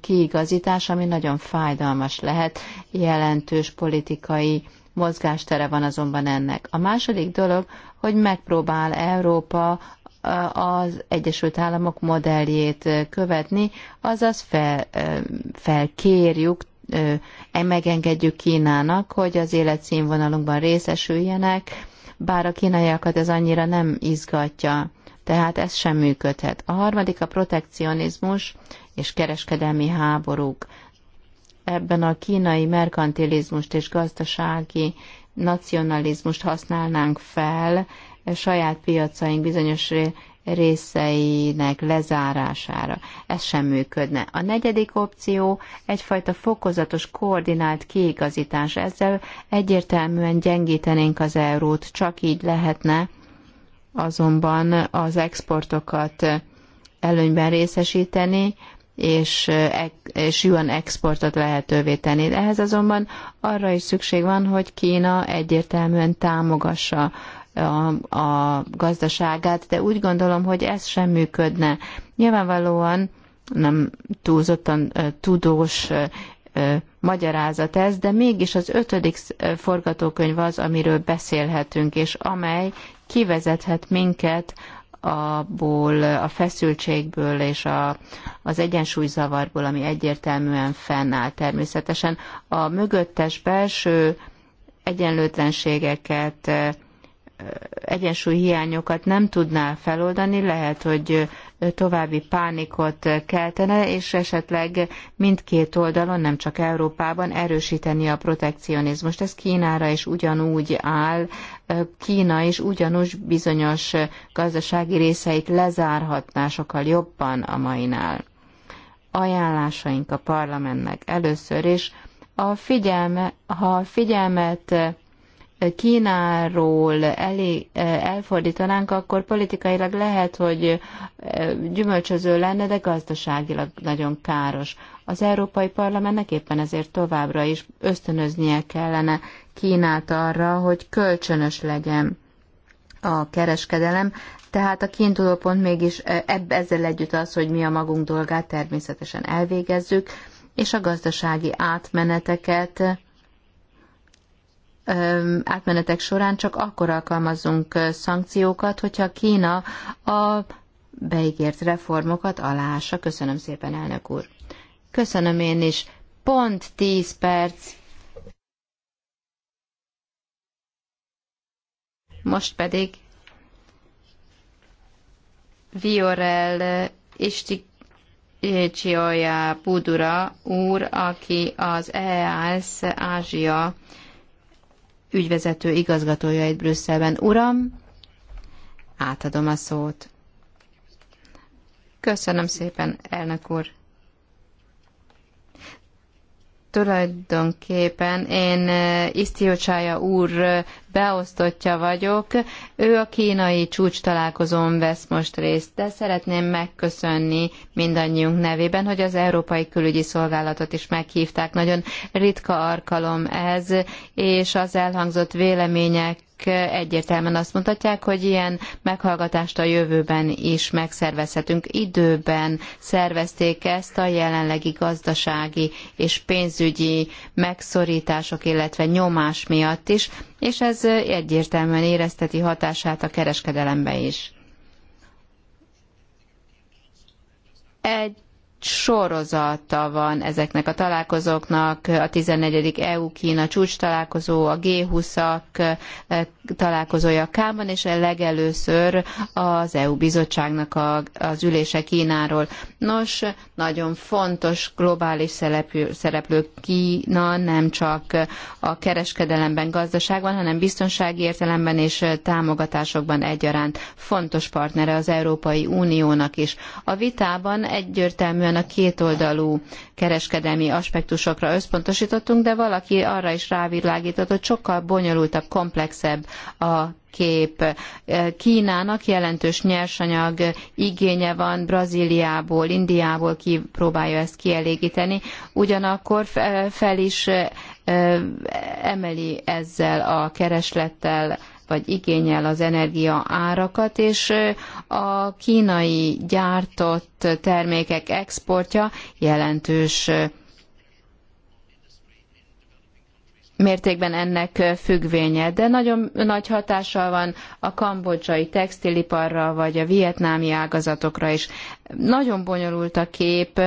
kiigazítás, ami nagyon fájdalmas lehet, jelentős politikai mozgástere van azonban ennek. A második dolog, hogy megpróbál Európa az Egyesült Államok modelljét követni, azaz fel, felkérjük E, megengedjük Kínának, hogy az életszínvonalunkban részesüljenek, bár a kínaiakat ez annyira nem izgatja, tehát ez sem működhet. A harmadik a protekcionizmus és kereskedelmi háborúk. Ebben a kínai merkantilizmust és gazdasági nacionalizmust használnánk fel saját piacaink bizonyos részeinek lezárására. Ez sem működne. A negyedik opció egyfajta fokozatos, koordinált kiigazítás. Ezzel egyértelműen gyengítenénk az eurót, csak így lehetne azonban az exportokat előnyben részesíteni, és, és yuan exportot lehetővé tenni. Ehhez azonban arra is szükség van, hogy Kína egyértelműen támogassa a, a gazdaságát, de úgy gondolom, hogy ez sem működne. Nyilvánvalóan nem túlzottan tudós magyarázat ez, de mégis az ötödik forgatókönyv az, amiről beszélhetünk, és amely kivezethet minket abból a feszültségből és a, az egyensúlyzavarból, ami egyértelműen fennáll természetesen. A mögöttes belső egyenlőtlenségeket egyensúly hiányokat nem tudná feloldani, lehet, hogy további pánikot keltene, és esetleg mindkét oldalon, nem csak Európában erősíteni a protekcionizmust. Ez Kínára is ugyanúgy áll, Kína is ugyanúgy bizonyos gazdasági részeit lezárhatná sokkal jobban a mainál. Ajánlásaink a parlamentnek először is, a figyelme, ha a figyelmet Kínáról elég, eh, elfordítanánk, akkor politikailag lehet, hogy eh, gyümölcsöző lenne, de gazdaságilag nagyon káros. Az Európai Parlamentnek éppen ezért továbbra is ösztönöznie kellene Kínát arra, hogy kölcsönös legyen a kereskedelem, tehát a kiinduló pont mégis eh, ebb, ezzel együtt az, hogy mi a magunk dolgát természetesen elvégezzük, és a gazdasági átmeneteket átmenetek során csak akkor alkalmazzunk szankciókat, hogyha Kína a beígért reformokat alása. Köszönöm szépen, elnök úr. Köszönöm én is. Pont 10 perc. Most pedig Viorel Isticsioja Budura úr, aki az EAS Ázsia ügyvezető igazgatója itt Brüsszelben. Uram, átadom a szót. Köszönöm szépen, elnök úr. Tulajdonképpen én eh, Isztiócsája úr eh, beosztottja vagyok. Ő a kínai csúcs találkozón vesz most részt, de szeretném megköszönni mindannyiunk nevében, hogy az Európai Külügyi Szolgálatot is meghívták. Nagyon ritka alkalom ez, és az elhangzott vélemények egyértelműen azt mutatják, hogy ilyen meghallgatást a jövőben is megszervezhetünk. Időben szervezték ezt a jelenlegi gazdasági és pénzügyi megszorítások, illetve nyomás miatt is, és ez egyértelműen érezteti hatását a kereskedelembe is. Egy sorozata van ezeknek a találkozóknak, a 14. EU-Kína csúcs találkozó, a G20-ak találkozója Kámban, és a legelőször az EU bizottságnak a, az ülése Kínáról. Nos, nagyon fontos globális szereplő, szereplő Kína nem csak a kereskedelemben, gazdaságban, hanem biztonsági értelemben és támogatásokban egyaránt fontos partnere az Európai Uniónak is. A vitában egyértelműen a kétoldalú kereskedelmi aspektusokra összpontosítottunk, de valaki arra is rávilágított, hogy sokkal bonyolultabb, komplexebb a kép. Kínának jelentős nyersanyag igénye van, Brazíliából, Indiából kipróbálja ezt kielégíteni, ugyanakkor fel is emeli ezzel a kereslettel vagy igényel az energia árakat, és a kínai gyártott termékek exportja jelentős mértékben ennek függvénye, de nagyon nagy hatással van a kambodzsai textiliparra, vagy a vietnámi ágazatokra is. Nagyon bonyolult a kép,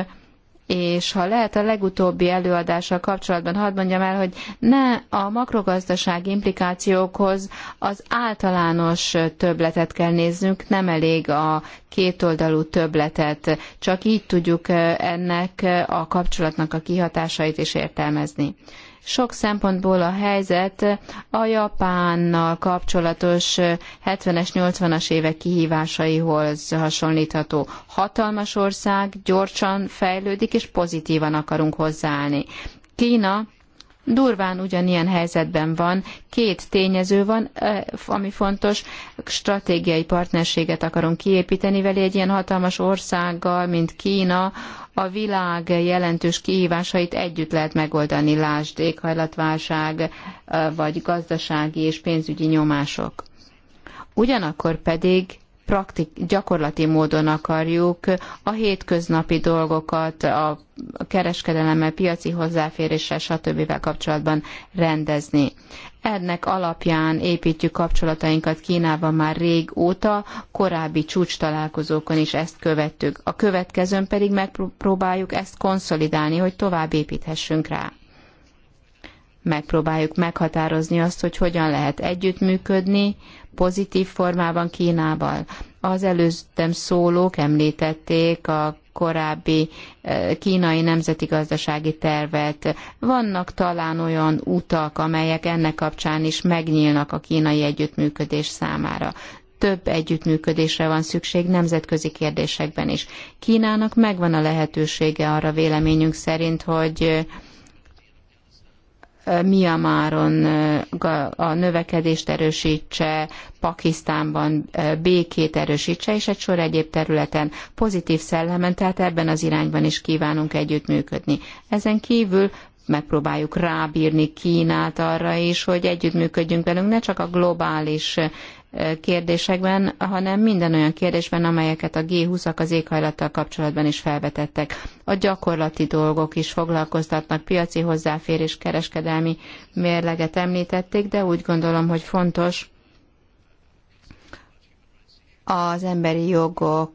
és ha lehet a legutóbbi előadással kapcsolatban hadd mondjam el, hogy ne a makrogazdaság implikációkhoz az általános többletet kell néznünk, nem elég a kétoldalú többletet, csak így tudjuk ennek a kapcsolatnak a kihatásait is értelmezni. Sok szempontból a helyzet a Japánnal kapcsolatos 70-es, 80-as évek kihívásaihoz hasonlítható. Hatalmas ország, gyorsan fejlődik, és pozitívan akarunk hozzáállni. Kína durván ugyanilyen helyzetben van. Két tényező van, eh, ami fontos, stratégiai partnerséget akarunk kiépíteni vele egy ilyen hatalmas országgal, mint Kína, a világ jelentős kihívásait együtt lehet megoldani, lásd, éghajlatválság, vagy gazdasági és pénzügyi nyomások. Ugyanakkor pedig praktik, gyakorlati módon akarjuk a hétköznapi dolgokat a kereskedelemmel, piaci hozzáféréssel, stb. kapcsolatban rendezni. Ennek alapján építjük kapcsolatainkat Kínában már régóta, korábbi csúcs találkozókon is ezt követtük. A következőn pedig megpróbáljuk ezt konszolidálni, hogy tovább építhessünk rá. Megpróbáljuk meghatározni azt, hogy hogyan lehet együttműködni pozitív formában Kínával. Az előttem szólók említették a korábbi kínai nemzeti gazdasági tervet. Vannak talán olyan utak, amelyek ennek kapcsán is megnyílnak a kínai együttműködés számára több együttműködésre van szükség nemzetközi kérdésekben is. Kínának megvan a lehetősége arra véleményünk szerint, hogy Miamáron a növekedést erősítse, Pakisztánban békét erősítse, és egy sor egyéb területen pozitív szellemen, tehát ebben az irányban is kívánunk együttműködni. Ezen kívül megpróbáljuk rábírni Kínát arra is, hogy együttműködjünk velünk, ne csak a globális kérdésekben, hanem minden olyan kérdésben, amelyeket a G20-ak az éghajlattal kapcsolatban is felvetettek. A gyakorlati dolgok is foglalkoztatnak, piaci hozzáférés, kereskedelmi mérleget említették, de úgy gondolom, hogy fontos, az emberi jogok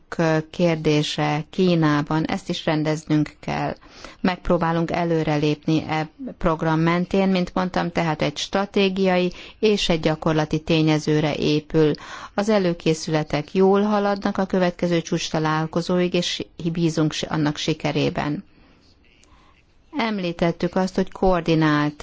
kérdése Kínában, ezt is rendeznünk kell. Megpróbálunk előrelépni e program mentén, mint mondtam, tehát egy stratégiai és egy gyakorlati tényezőre épül. Az előkészületek jól haladnak a következő csúcs találkozóig, és bízunk annak sikerében. Említettük azt, hogy koordinált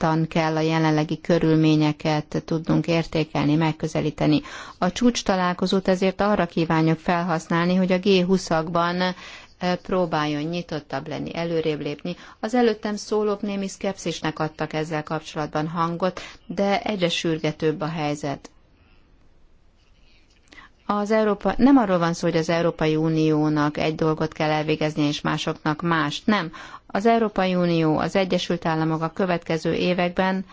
nyitottan kell a jelenlegi körülményeket tudnunk értékelni, megközelíteni. A csúcs találkozót ezért arra kívánjuk felhasználni, hogy a G20-akban e, próbáljon nyitottabb lenni, előrébb lépni. Az előttem szólók némi szkepszisnek adtak ezzel kapcsolatban hangot, de egyre sürgetőbb a helyzet. Az Európa, nem arról van szó, hogy az Európai Uniónak egy dolgot kell elvégezni, és másoknak mást. Nem. Az Európai Unió, az Egyesült Államok a következő években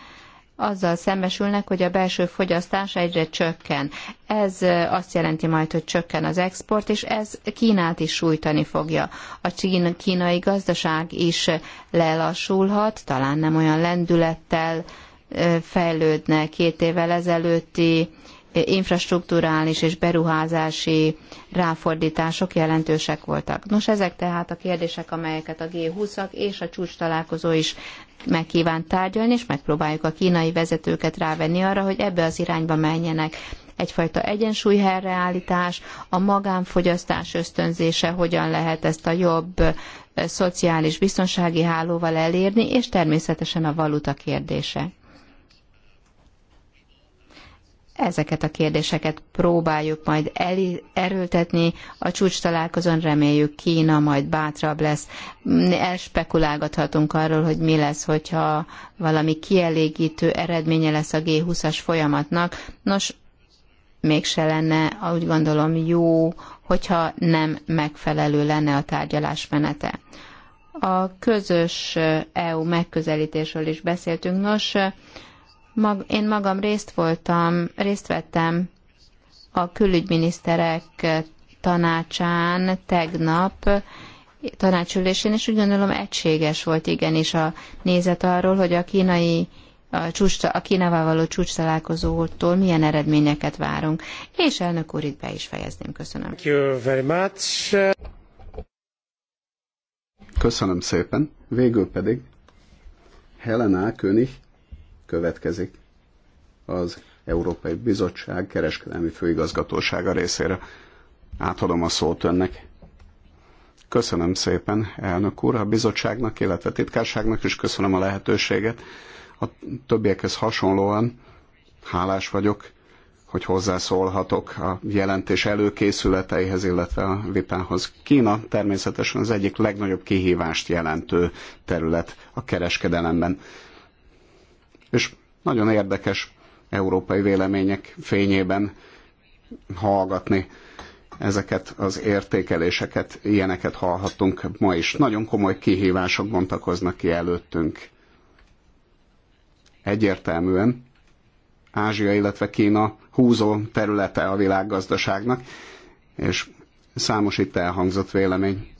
azzal szembesülnek, hogy a belső fogyasztás egyre csökken. Ez azt jelenti majd, hogy csökken az export, és ez Kínát is sújtani fogja. A kínai gazdaság is lelassulhat, talán nem olyan lendülettel fejlődne két évvel ezelőtti infrastruktúrális és beruházási ráfordítások jelentősek voltak. Nos, ezek tehát a kérdések, amelyeket a G20-ak és a csúcs találkozó is megkívánt tárgyalni, és megpróbáljuk a kínai vezetőket rávenni arra, hogy ebbe az irányba menjenek egyfajta egyensúly helyreállítás, a magánfogyasztás ösztönzése, hogyan lehet ezt a jobb eh, szociális biztonsági hálóval elérni, és természetesen a valuta kérdése ezeket a kérdéseket próbáljuk majd el, erőltetni. A csúcs találkozón reméljük Kína majd bátrabb lesz. Elspekulálgathatunk arról, hogy mi lesz, hogyha valami kielégítő eredménye lesz a G20-as folyamatnak. Nos, mégse lenne, úgy gondolom, jó, hogyha nem megfelelő lenne a tárgyalás menete. A közös EU eh, e megközelítésről is beszéltünk. Nos, Mag, én magam részt voltam, részt vettem a külügyminiszterek tanácsán tegnap, tanácsülésén, és úgy gondolom egységes volt igenis a nézet arról, hogy a kínai a, csúcs, a Kínával való csúcs találkozótól milyen eredményeket várunk. És elnök úr, itt be is fejezném. Köszönöm. Thank you very much. Köszönöm szépen. Végül pedig Helena König következik az Európai Bizottság kereskedelmi főigazgatósága részére. Átadom a szót önnek. Köszönöm szépen, elnök úr, a bizottságnak, illetve a titkárságnak is köszönöm a lehetőséget. A többiekhez hasonlóan hálás vagyok, hogy hozzászólhatok a jelentés előkészületeihez, illetve a vitához. Kína természetesen az egyik legnagyobb kihívást jelentő terület a kereskedelemben és nagyon érdekes európai vélemények fényében hallgatni ezeket az értékeléseket, ilyeneket hallhattunk ma is. Nagyon komoly kihívások bontakoznak ki előttünk. Egyértelműen Ázsia, illetve Kína húzó területe a világgazdaságnak, és számos itt elhangzott vélemény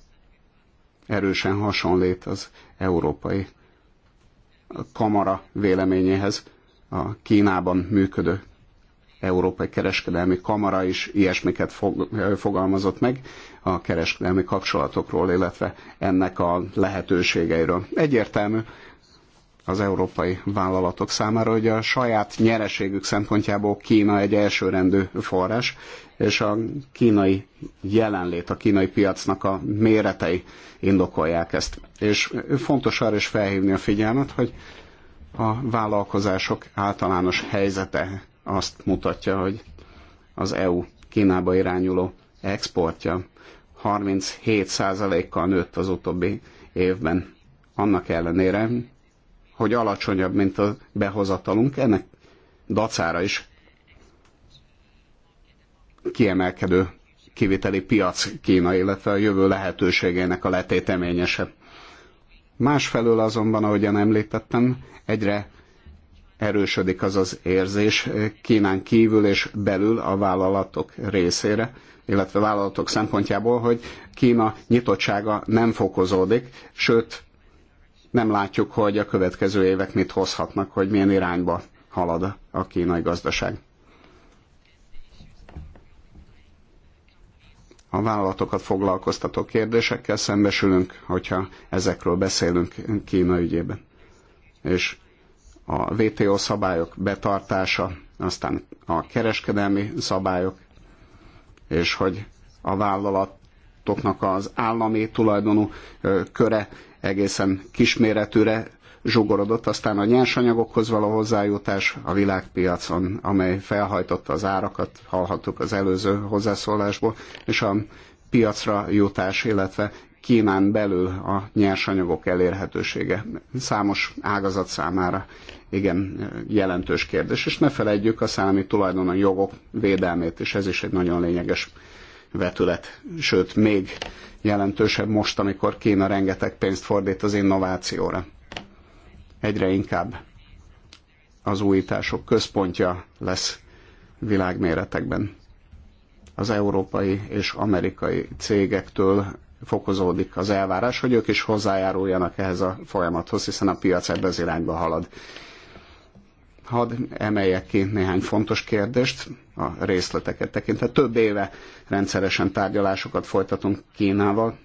erősen hasonlít az európai kamara véleményéhez a Kínában működő Európai Kereskedelmi Kamara is ilyesmiket fog, eh, fogalmazott meg a kereskedelmi kapcsolatokról, illetve ennek a lehetőségeiről. Egyértelmű, az európai vállalatok számára, hogy a saját nyereségük szempontjából Kína egy elsőrendű forrás, és a kínai jelenlét, a kínai piacnak a méretei indokolják ezt. És fontos arra is felhívni a figyelmet, hogy a vállalkozások általános helyzete azt mutatja, hogy az EU Kínába irányuló exportja 37%-kal nőtt az utóbbi évben. Annak ellenére, hogy alacsonyabb, mint a behozatalunk, ennek dacára is kiemelkedő kiviteli piac Kína, illetve a jövő lehetőségeinek a letéteményese. Másfelől azonban, ahogyan említettem, egyre erősödik az az érzés Kínán kívül és belül a vállalatok részére, illetve vállalatok szempontjából, hogy Kína nyitottsága nem fokozódik, sőt nem látjuk, hogy a következő évek mit hozhatnak, hogy milyen irányba halad a kínai gazdaság. A vállalatokat foglalkoztató kérdésekkel szembesülünk, hogyha ezekről beszélünk Kína ügyében. És a WTO szabályok betartása, aztán a kereskedelmi szabályok, és hogy a vállalatoknak az állami tulajdonú köre egészen kisméretűre zsugorodott, aztán a nyersanyagokhoz való hozzájutás a világpiacon, amely felhajtotta az árakat, hallhattuk az előző hozzászólásból, és a piacra jutás, illetve Kínán belül a nyersanyagok elérhetősége számos ágazat számára igen jelentős kérdés. És ne felejtjük a tulajdon tulajdonon jogok védelmét, és ez is egy nagyon lényeges vetület, sőt még jelentősebb most, amikor Kína rengeteg pénzt fordít az innovációra. Egyre inkább az újítások központja lesz világméretekben. Az európai és amerikai cégektől fokozódik az elvárás, hogy ők is hozzájáruljanak ehhez a folyamathoz, hiszen a piac ebbe az irányba halad hadd emeljek ki néhány fontos kérdést a részleteket tekintve. Több éve rendszeresen tárgyalásokat folytatunk Kínával,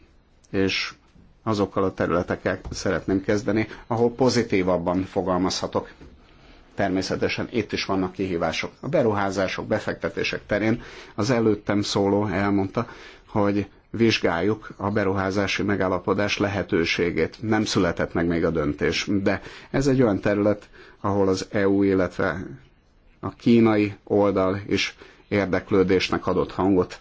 és azokkal a területekkel szeretném kezdeni, ahol pozitívabban fogalmazhatok. Természetesen itt is vannak kihívások. A beruházások, befektetések terén az előttem szóló elmondta, hogy vizsgáljuk a beruházási megállapodás lehetőségét. Nem született meg még a döntés, de ez egy olyan terület, ahol az EU, illetve a kínai oldal is érdeklődésnek adott hangot.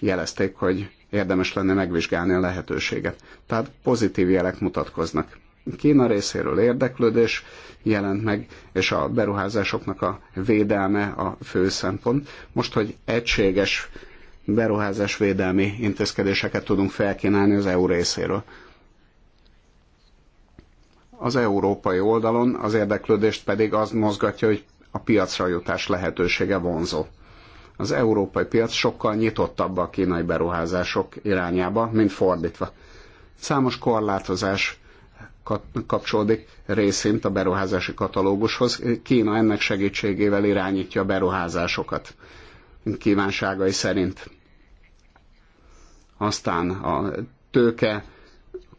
Jelezték, hogy érdemes lenne megvizsgálni a lehetőséget. Tehát pozitív jelek mutatkoznak. Kína részéről érdeklődés jelent meg, és a beruházásoknak a védelme a fő szempont. Most, hogy egységes beruházás védelmi intézkedéseket tudunk felkínálni az EU részéről az európai oldalon, az érdeklődést pedig az mozgatja, hogy a piacra jutás lehetősége vonzó. Az európai piac sokkal nyitottabb a kínai beruházások irányába, mint fordítva. Számos korlátozás kapcsolódik részint a beruházási katalógushoz. Kína ennek segítségével irányítja a beruházásokat kívánságai szerint. Aztán a tőke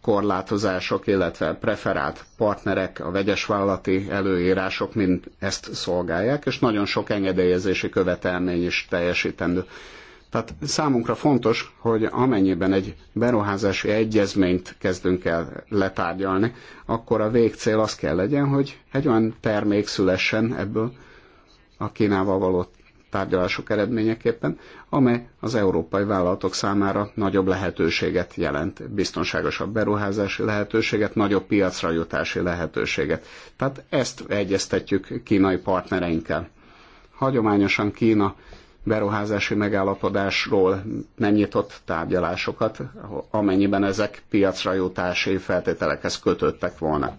korlátozások, illetve preferált partnerek, a vegyes vállalati előírások mind ezt szolgálják, és nagyon sok engedélyezési követelmény is teljesítendő. Tehát számunkra fontos, hogy amennyiben egy beruházási egyezményt kezdünk el letárgyalni, akkor a végcél az kell legyen, hogy egy olyan termék szülessen ebből a Kínával való tárgyalások eredményeképpen, amely az európai vállalatok számára nagyobb lehetőséget jelent, biztonságosabb beruházási lehetőséget, nagyobb piacra jutási lehetőséget. Tehát ezt egyeztetjük kínai partnereinkkel. Hagyományosan Kína beruházási megállapodásról nem nyitott tárgyalásokat, amennyiben ezek piacra jutási feltételekhez kötöttek volna.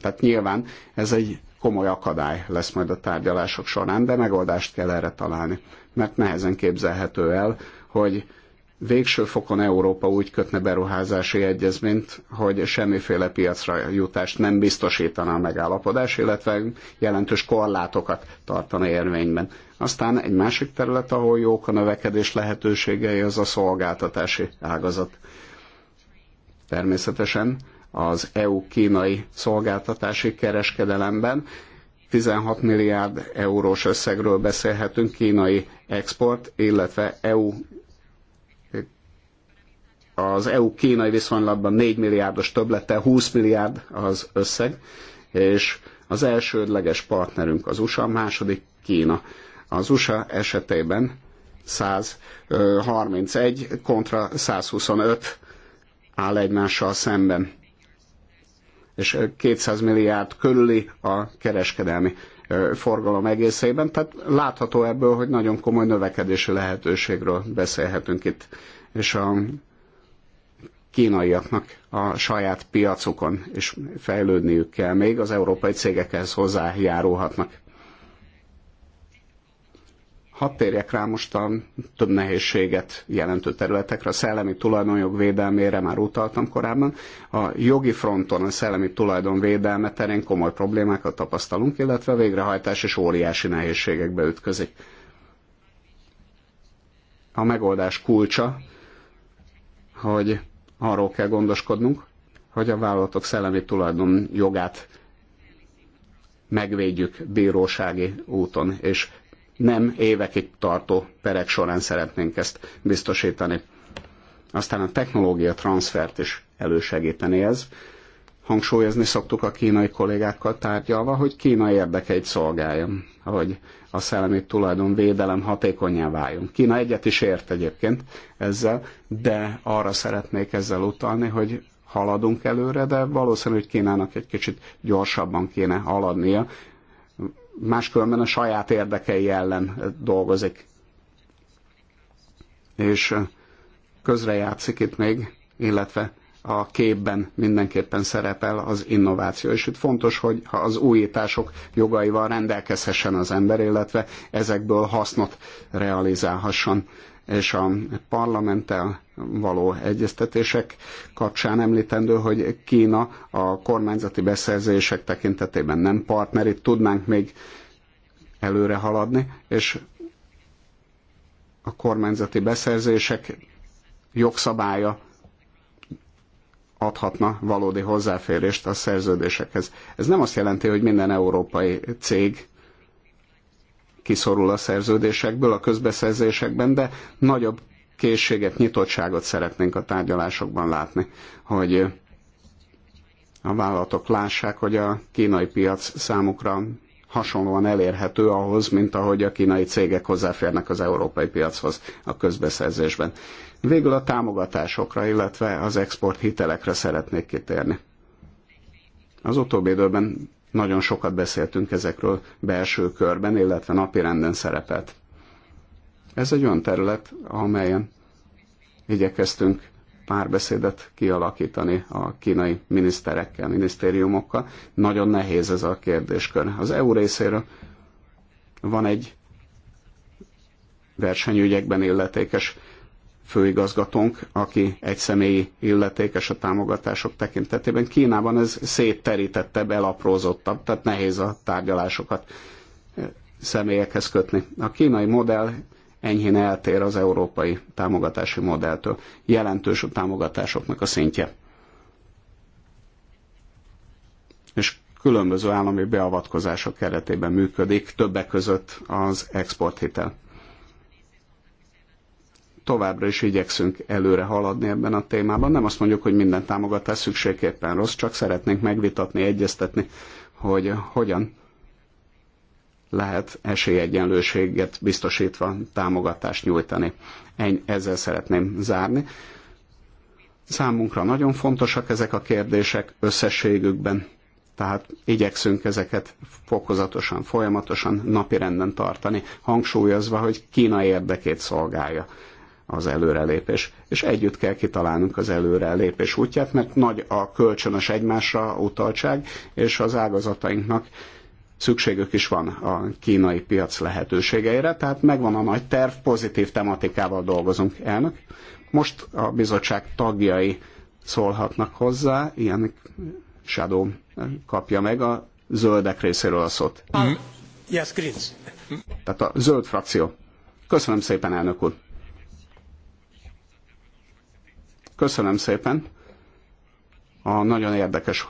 Tehát nyilván ez egy komoly akadály lesz majd a tárgyalások során, de megoldást kell erre találni, mert nehezen képzelhető el, hogy végső fokon Európa úgy kötne beruházási egyezményt, hogy semmiféle piacra jutást nem biztosítana a megállapodás, illetve jelentős korlátokat tartana érvényben. Aztán egy másik terület, ahol jók a növekedés lehetőségei, az a szolgáltatási ágazat. Természetesen az EU-kínai szolgáltatási kereskedelemben. 16 milliárd eurós összegről beszélhetünk kínai export, illetve EU az EU-kínai viszonylatban 4 milliárdos többlettel 20 milliárd az összeg, és az elsődleges partnerünk az USA, a második Kína. Az USA esetében 131 kontra 125 áll egymással szemben és 200 milliárd körüli a kereskedelmi forgalom egészében, tehát látható ebből, hogy nagyon komoly növekedési lehetőségről beszélhetünk itt, és a kínaiaknak a saját piacokon, és fejlődniük kell még, az európai cégekhez hozzájárulhatnak. Hadd térjek rá mostan több nehézséget jelentő területekre, a szellemi tulajdonjog védelmére már utaltam korábban. A jogi fronton a szellemi tulajdon védelme terén komoly problémákat tapasztalunk, illetve a végrehajtás és óriási nehézségekbe ütközik. A megoldás kulcsa, hogy arról kell gondoskodnunk, hogy a vállalatok szellemi tulajdon jogát megvédjük bírósági úton, és nem évekig tartó perek során szeretnénk ezt biztosítani. Aztán a technológia transfert is elősegíteni ez. Hangsúlyozni szoktuk a kínai kollégákkal tárgyalva, hogy Kína érdekeit szolgáljon, hogy a szellemi tulajdon védelem hatékonyá váljon. Kína egyet is ért egyébként ezzel, de arra szeretnék ezzel utalni, hogy haladunk előre, de valószínű, hogy Kínának egy kicsit gyorsabban kéne haladnia máskülönben a saját érdekei ellen eh, dolgozik. És eh, közrejátszik itt még, illetve a képben mindenképpen szerepel az innováció. És itt fontos, hogy ha az újítások jogaival rendelkezhessen az ember, illetve ezekből hasznot realizálhasson és a parlamenttel való egyeztetések kapcsán említendő, hogy Kína a kormányzati beszerzések tekintetében nem partner, itt tudnánk még előre haladni, és a kormányzati beszerzések jogszabálya adhatna valódi hozzáférést a szerződésekhez. Ez nem azt jelenti, hogy minden európai cég kiszorul a szerződésekből, a közbeszerzésekben, de nagyobb készséget, nyitottságot szeretnénk a tárgyalásokban látni, hogy a vállalatok lássák, hogy a kínai piac számukra hasonlóan elérhető ahhoz, mint ahogy a kínai cégek hozzáférnek az európai piachoz a közbeszerzésben. Végül a támogatásokra, illetve az export hitelekre szeretnék kitérni. Az utóbbi időben nagyon sokat beszéltünk ezekről belső körben, illetve napirenden szerepelt. Ez egy olyan terület, amelyen igyekeztünk párbeszédet kialakítani a kínai miniszterekkel, minisztériumokkal. Nagyon nehéz ez a kérdéskör. Az EU részéről van egy versenyügyekben illetékes főigazgatónk, aki egy személyi illetékes a támogatások tekintetében. Kínában ez szétterítettebb, elaprózottabb, tehát nehéz a tárgyalásokat eh, személyekhez kötni. A kínai modell enyhén eltér az európai támogatási modelltől. Jelentős a támogatásoknak a szintje. És különböző állami beavatkozások keretében működik, többek között az exporthitel továbbra is igyekszünk előre haladni ebben a témában. Nem azt mondjuk, hogy minden támogatás szükségképpen rossz, csak szeretnénk megvitatni, egyeztetni, hogy hogyan lehet esélyegyenlőséget biztosítva támogatást nyújtani. ezzel szeretném zárni. Számunkra nagyon fontosak ezek a kérdések összességükben, tehát igyekszünk ezeket fokozatosan, folyamatosan napirenden tartani, hangsúlyozva, hogy Kína érdekét szolgálja az előrelépés, és együtt kell kitalálnunk az előrelépés útját, mert nagy a kölcsönös egymásra utaltság, és az ágazatainknak szükségük is van a kínai piac lehetőségeire, tehát megvan a nagy terv, pozitív tematikával dolgozunk elnök. Most a bizottság tagjai szólhatnak hozzá, ilyen Shadow kapja meg a zöldek részéről a szót. Yes, Greens. Tehát a zöld frakció. Köszönöm szépen, elnök úr. Köszönöm szépen a nagyon érdekes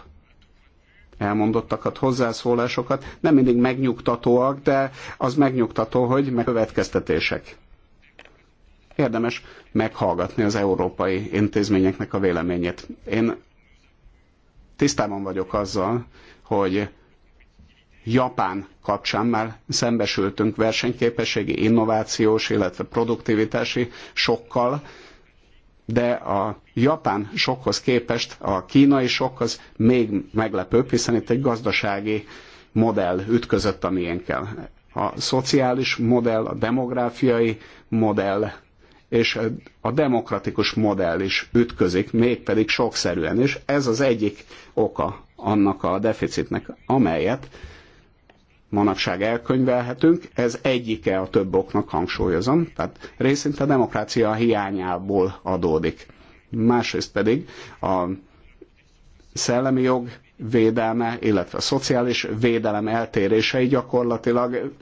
elmondottakat, hozzászólásokat. Nem mindig megnyugtatóak, de az megnyugtató, hogy megkövetkeztetések. Érdemes meghallgatni az európai intézményeknek a véleményét. Én tisztában vagyok azzal, hogy Japán kapcsán már szembesültünk versenyképességi, innovációs, illetve produktivitási sokkal, de a japán sokhoz képest a kínai sokhoz még meglepőbb, hiszen itt egy gazdasági modell ütközött a miénkkel. A szociális modell, a demográfiai modell és a demokratikus modell is ütközik, mégpedig sokszerűen, és ez az egyik oka annak a deficitnek, amelyet manapság elkönyvelhetünk, ez egyike a több oknak hangsúlyozom, tehát részint a demokrácia hiányából adódik. Másrészt pedig a szellemi jog védelme, illetve a szociális védelem eltérései gyakorlatilag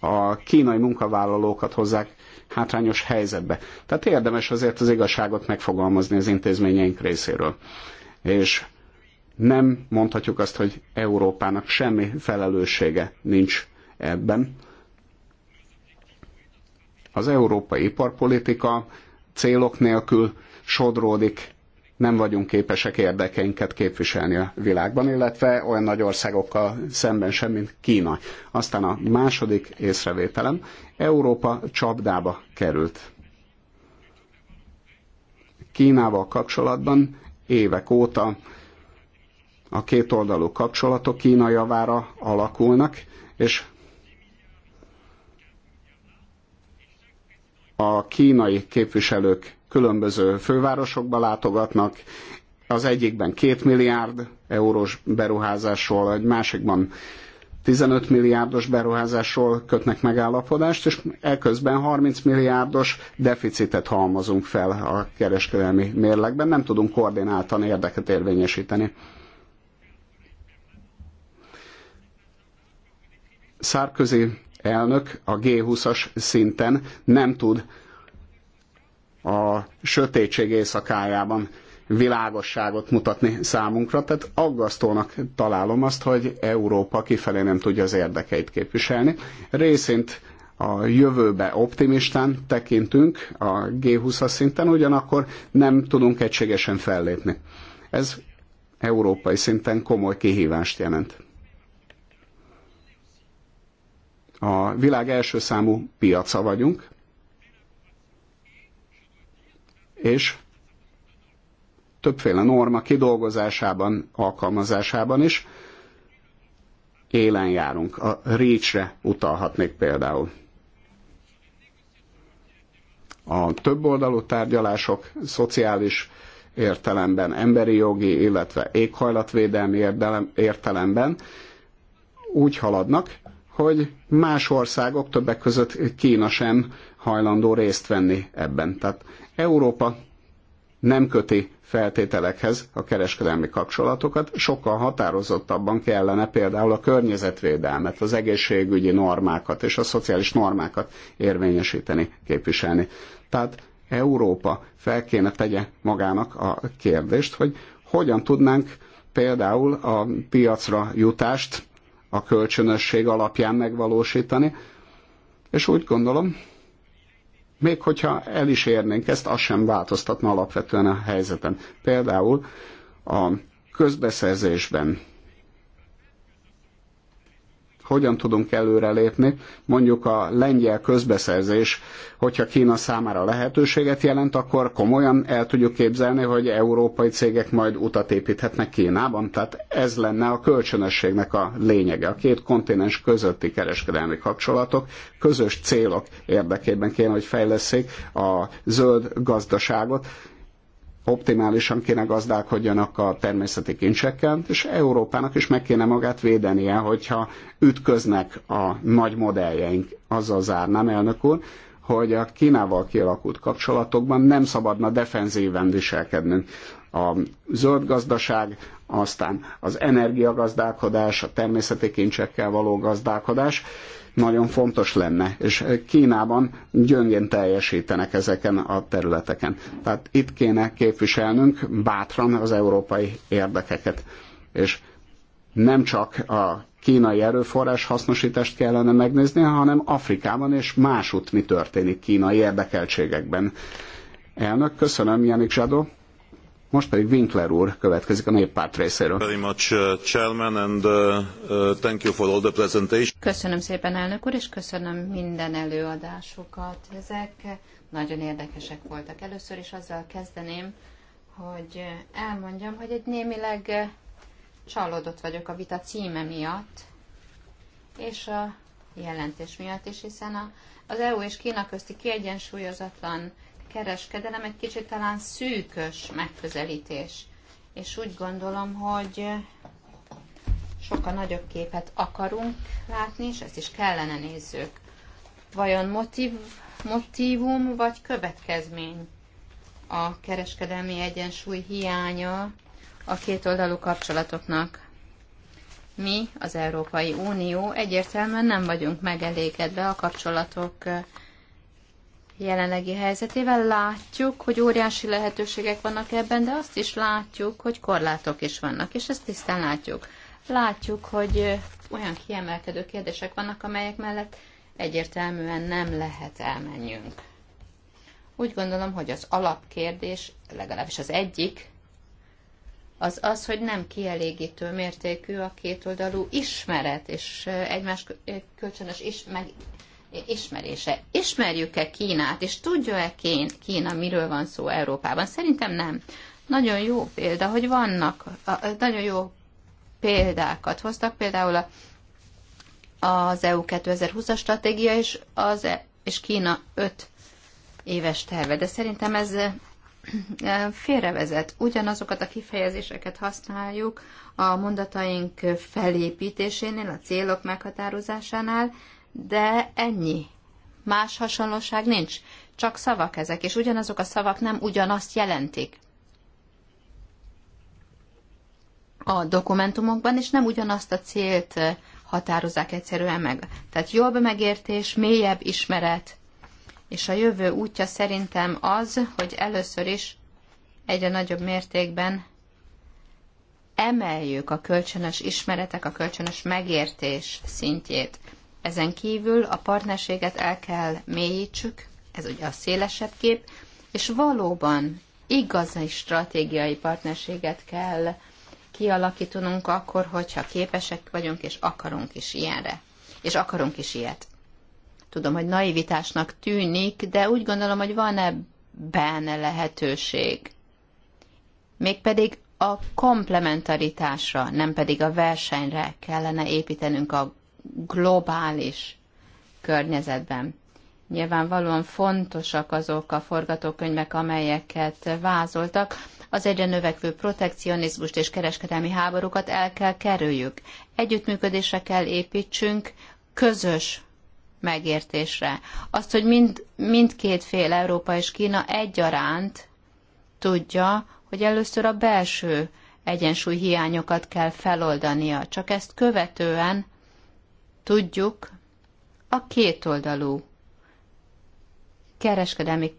a kínai munkavállalókat hozzák hátrányos helyzetbe. Tehát érdemes azért az igazságot megfogalmazni az intézményeink részéről. És nem mondhatjuk azt, hogy Európának semmi felelőssége nincs ebben. Az európai iparpolitika célok nélkül sodródik, nem vagyunk képesek érdekeinket képviselni a világban, illetve olyan nagy országokkal szemben sem, mint Kína. Aztán a második észrevételem, Európa csapdába került. Kínával kapcsolatban évek óta a kétoldalú kapcsolatok Kína javára alakulnak, és a kínai képviselők különböző fővárosokba látogatnak, az egyikben 2 milliárd eurós beruházásról, egy másikban 15 milliárdos beruházásról kötnek megállapodást, és elközben 30 milliárdos deficitet halmozunk fel a kereskedelmi mérlegben, nem tudunk koordináltan érdeket érvényesíteni. Szárközi elnök a G20-as szinten nem tud a sötétség éjszakájában világosságot mutatni számunkra, tehát aggasztónak találom azt, hogy Európa kifelé nem tudja az érdekeit képviselni. Részint a jövőbe optimistán tekintünk a G20-as szinten, ugyanakkor nem tudunk egységesen fellépni. Ez európai szinten komoly kihívást jelent. a világ első számú piaca vagyunk, és többféle norma kidolgozásában, alkalmazásában is élen járunk. A reach utalhatnék például. A többoldalú tárgyalások szociális értelemben, emberi jogi, illetve éghajlatvédelmi értelemben úgy haladnak, hogy más országok, többek között Kína sem hajlandó részt venni ebben. Tehát Európa nem köti feltételekhez a kereskedelmi kapcsolatokat, sokkal határozottabban kellene például a környezetvédelmet, az egészségügyi normákat és a szociális normákat érvényesíteni, képviselni. Tehát Európa fel kéne tegye magának a kérdést, hogy hogyan tudnánk például a piacra jutást a kölcsönösség alapján megvalósítani. És úgy gondolom, még hogyha el is érnénk ezt, az sem változtatna alapvetően a helyzeten. Például a közbeszerzésben hogyan tudunk előrelépni, mondjuk a lengyel közbeszerzés, hogyha Kína számára lehetőséget jelent, akkor komolyan el tudjuk képzelni, hogy európai cégek majd utat építhetnek Kínában. Tehát ez lenne a kölcsönösségnek a lényege. A két kontinens közötti kereskedelmi kapcsolatok közös célok érdekében kéne, hogy fejleszék a zöld gazdaságot, optimálisan kéne gazdálkodjanak a természeti kincsekkel, és Európának is meg kéne magát védenie, hogyha ütköznek a nagy modelljeink. Azzal zárnám, elnök úr, hogy a Kínával kialakult kapcsolatokban nem szabadna defenzíven viselkednünk. A zöld gazdaság, aztán az energiagazdálkodás, a természeti kincsekkel való gazdálkodás nagyon fontos lenne, és Kínában gyöngén teljesítenek ezeken a területeken. Tehát itt kéne képviselnünk bátran az európai érdekeket, és nem csak a kínai erőforrás hasznosítást kellene megnézni, hanem Afrikában és másút mi történik kínai érdekeltségekben. Elnök, köszönöm, Janik Zsadó. Most pedig Winkler úr következik a néppárt részéről. Very much, uh, chairman, and uh, uh, thank you for all the presentation. Köszönöm szépen, elnök úr, és köszönöm minden előadásukat. Ezek nagyon érdekesek voltak. Először is azzal kezdeném, hogy elmondjam, hogy egy némileg csalódott vagyok a vita címe miatt, és a jelentés miatt is, hiszen az EU és Kína közti kiegyensúlyozatlan kereskedelem egy kicsit talán szűkös megközelítés. És úgy gondolom, hogy sokkal nagyobb képet akarunk látni, és ezt is kellene nézzük. Vajon motiv, motivum vagy következmény a kereskedelmi egyensúly hiánya a kétoldalú kapcsolatoknak? Mi, az Európai Unió egyértelműen nem vagyunk megelégedve a kapcsolatok jelenlegi helyzetével. Látjuk, hogy óriási lehetőségek vannak ebben, de azt is látjuk, hogy korlátok is vannak, és ezt tisztán látjuk. Látjuk, hogy olyan kiemelkedő kérdések vannak, amelyek mellett egyértelműen nem lehet elmenjünk. Úgy gondolom, hogy az alapkérdés, legalábbis az egyik, az az, hogy nem kielégítő mértékű a kétoldalú ismeret és egymás kölcsönös is, meg ismerése. Ismerjük-e Kínát, és tudja-e Kína, miről van szó Európában? Szerintem nem. Nagyon jó példa, hogy vannak, nagyon jó példákat hoztak, például a, az EU 2020-as stratégia és, az, e- és Kína 5 éves terve. De szerintem ez félrevezet. Ugyanazokat a kifejezéseket használjuk a mondataink felépítésénél, a célok meghatározásánál, de ennyi. Más hasonlóság nincs. Csak szavak ezek, és ugyanazok a szavak nem ugyanazt jelentik. A dokumentumokban, is nem ugyanazt a célt eh, határozzák egyszerűen meg. Tehát jobb megértés, mélyebb ismeret, és a jövő útja szerintem az, hogy először is egyre nagyobb mértékben emeljük a kölcsönös ismeretek, a kölcsönös megértés szintjét. Ezen kívül a partnerséget el kell mélyítsük, ez ugye a szélesebb kép, és valóban igazi stratégiai partnerséget kell kialakítanunk akkor, hogyha képesek vagyunk, és akarunk is ilyenre. És akarunk is ilyet. Tudom, hogy naivitásnak tűnik, de úgy gondolom, hogy van ebben lehetőség. Mégpedig a komplementaritásra, nem pedig a versenyre kellene építenünk a globális környezetben. Nyilvánvalóan fontosak azok a forgatókönyvek, amelyeket vázoltak. Az egyre növekvő protekcionizmust és kereskedelmi háborúkat el kell kerüljük. Együttműködésre kell építsünk, közös megértésre. Azt, hogy mind, mindkét fél Európa és Kína egyaránt tudja, hogy először a belső egyensúly hiányokat kell feloldania, csak ezt követően tudjuk a kétoldalú kereskedelmi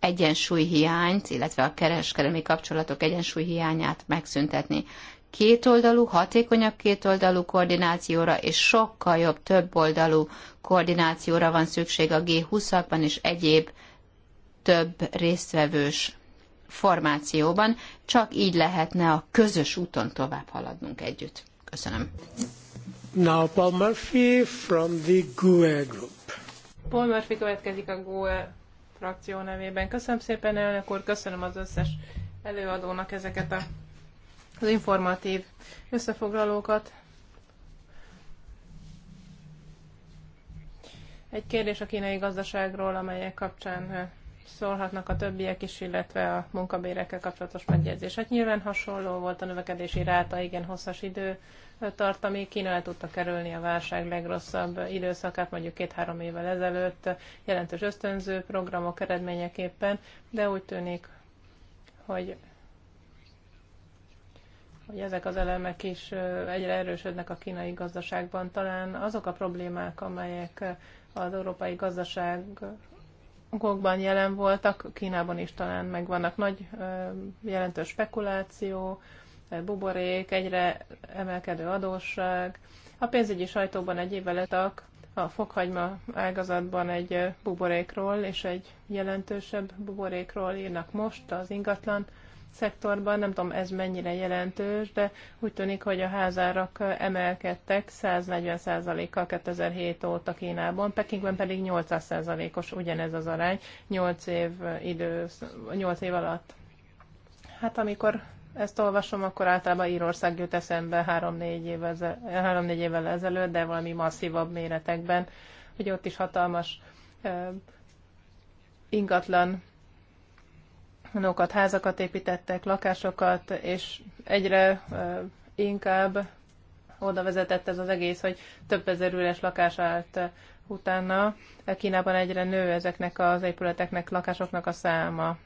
egyensúlyhiányt, illetve a kereskedelmi kapcsolatok egyensúlyhiányát megszüntetni. Kétoldalú, hatékonyabb kétoldalú koordinációra és sokkal jobb többoldalú koordinációra van szükség a G20-akban és egyéb több résztvevős formációban, csak így lehetne a közös úton tovább haladnunk együtt. Köszönöm. Now Paul Murphy from the GUE Group. Paul Murphy következik a GUE frakció nevében. Köszönöm szépen, elnök úr, köszönöm az összes előadónak ezeket a, az informatív összefoglalókat. Egy kérdés a kínai gazdaságról, amelyek kapcsán szólhatnak a többiek is, illetve a munkabérekkel kapcsolatos megjegyzés. Hát nyilván hasonló volt a növekedési ráta, igen hosszas idő tart, ami Kína el tudta kerülni a válság legrosszabb időszakát, mondjuk két-három évvel ezelőtt, jelentős ösztönző programok eredményeképpen, de úgy tűnik, hogy hogy ezek az elemek is egyre erősödnek a kínai gazdaságban. Talán azok a problémák, amelyek az európai gazdaság okokban jelen voltak, Kínában is talán megvannak nagy jelentős spekuláció, buborék, egyre emelkedő adósság. A pénzügyi sajtóban egy évvel etak a fokhagyma ágazatban egy buborékról és egy jelentősebb buborékról írnak most az ingatlan szektorban, nem tudom ez mennyire jelentős, de úgy tűnik, hogy a házárak emelkedtek 140%-kal 2007 óta Kínában, Pekingben pedig 800%-os ugyanez az arány 8 év, idő, 8 év alatt. Hát amikor ezt olvasom, akkor általában Írország jut eszembe 3-4 évvel, 3-4 évvel ezelőtt, de valami masszívabb méretekben, hogy ott is hatalmas ingatlan nókat, házakat építettek, lakásokat, és egyre inkább oda vezetett ez az egész, hogy több ezer üres lakás állt utána. E, Kínában egyre nő ezeknek az épületeknek, lakásoknak a száma.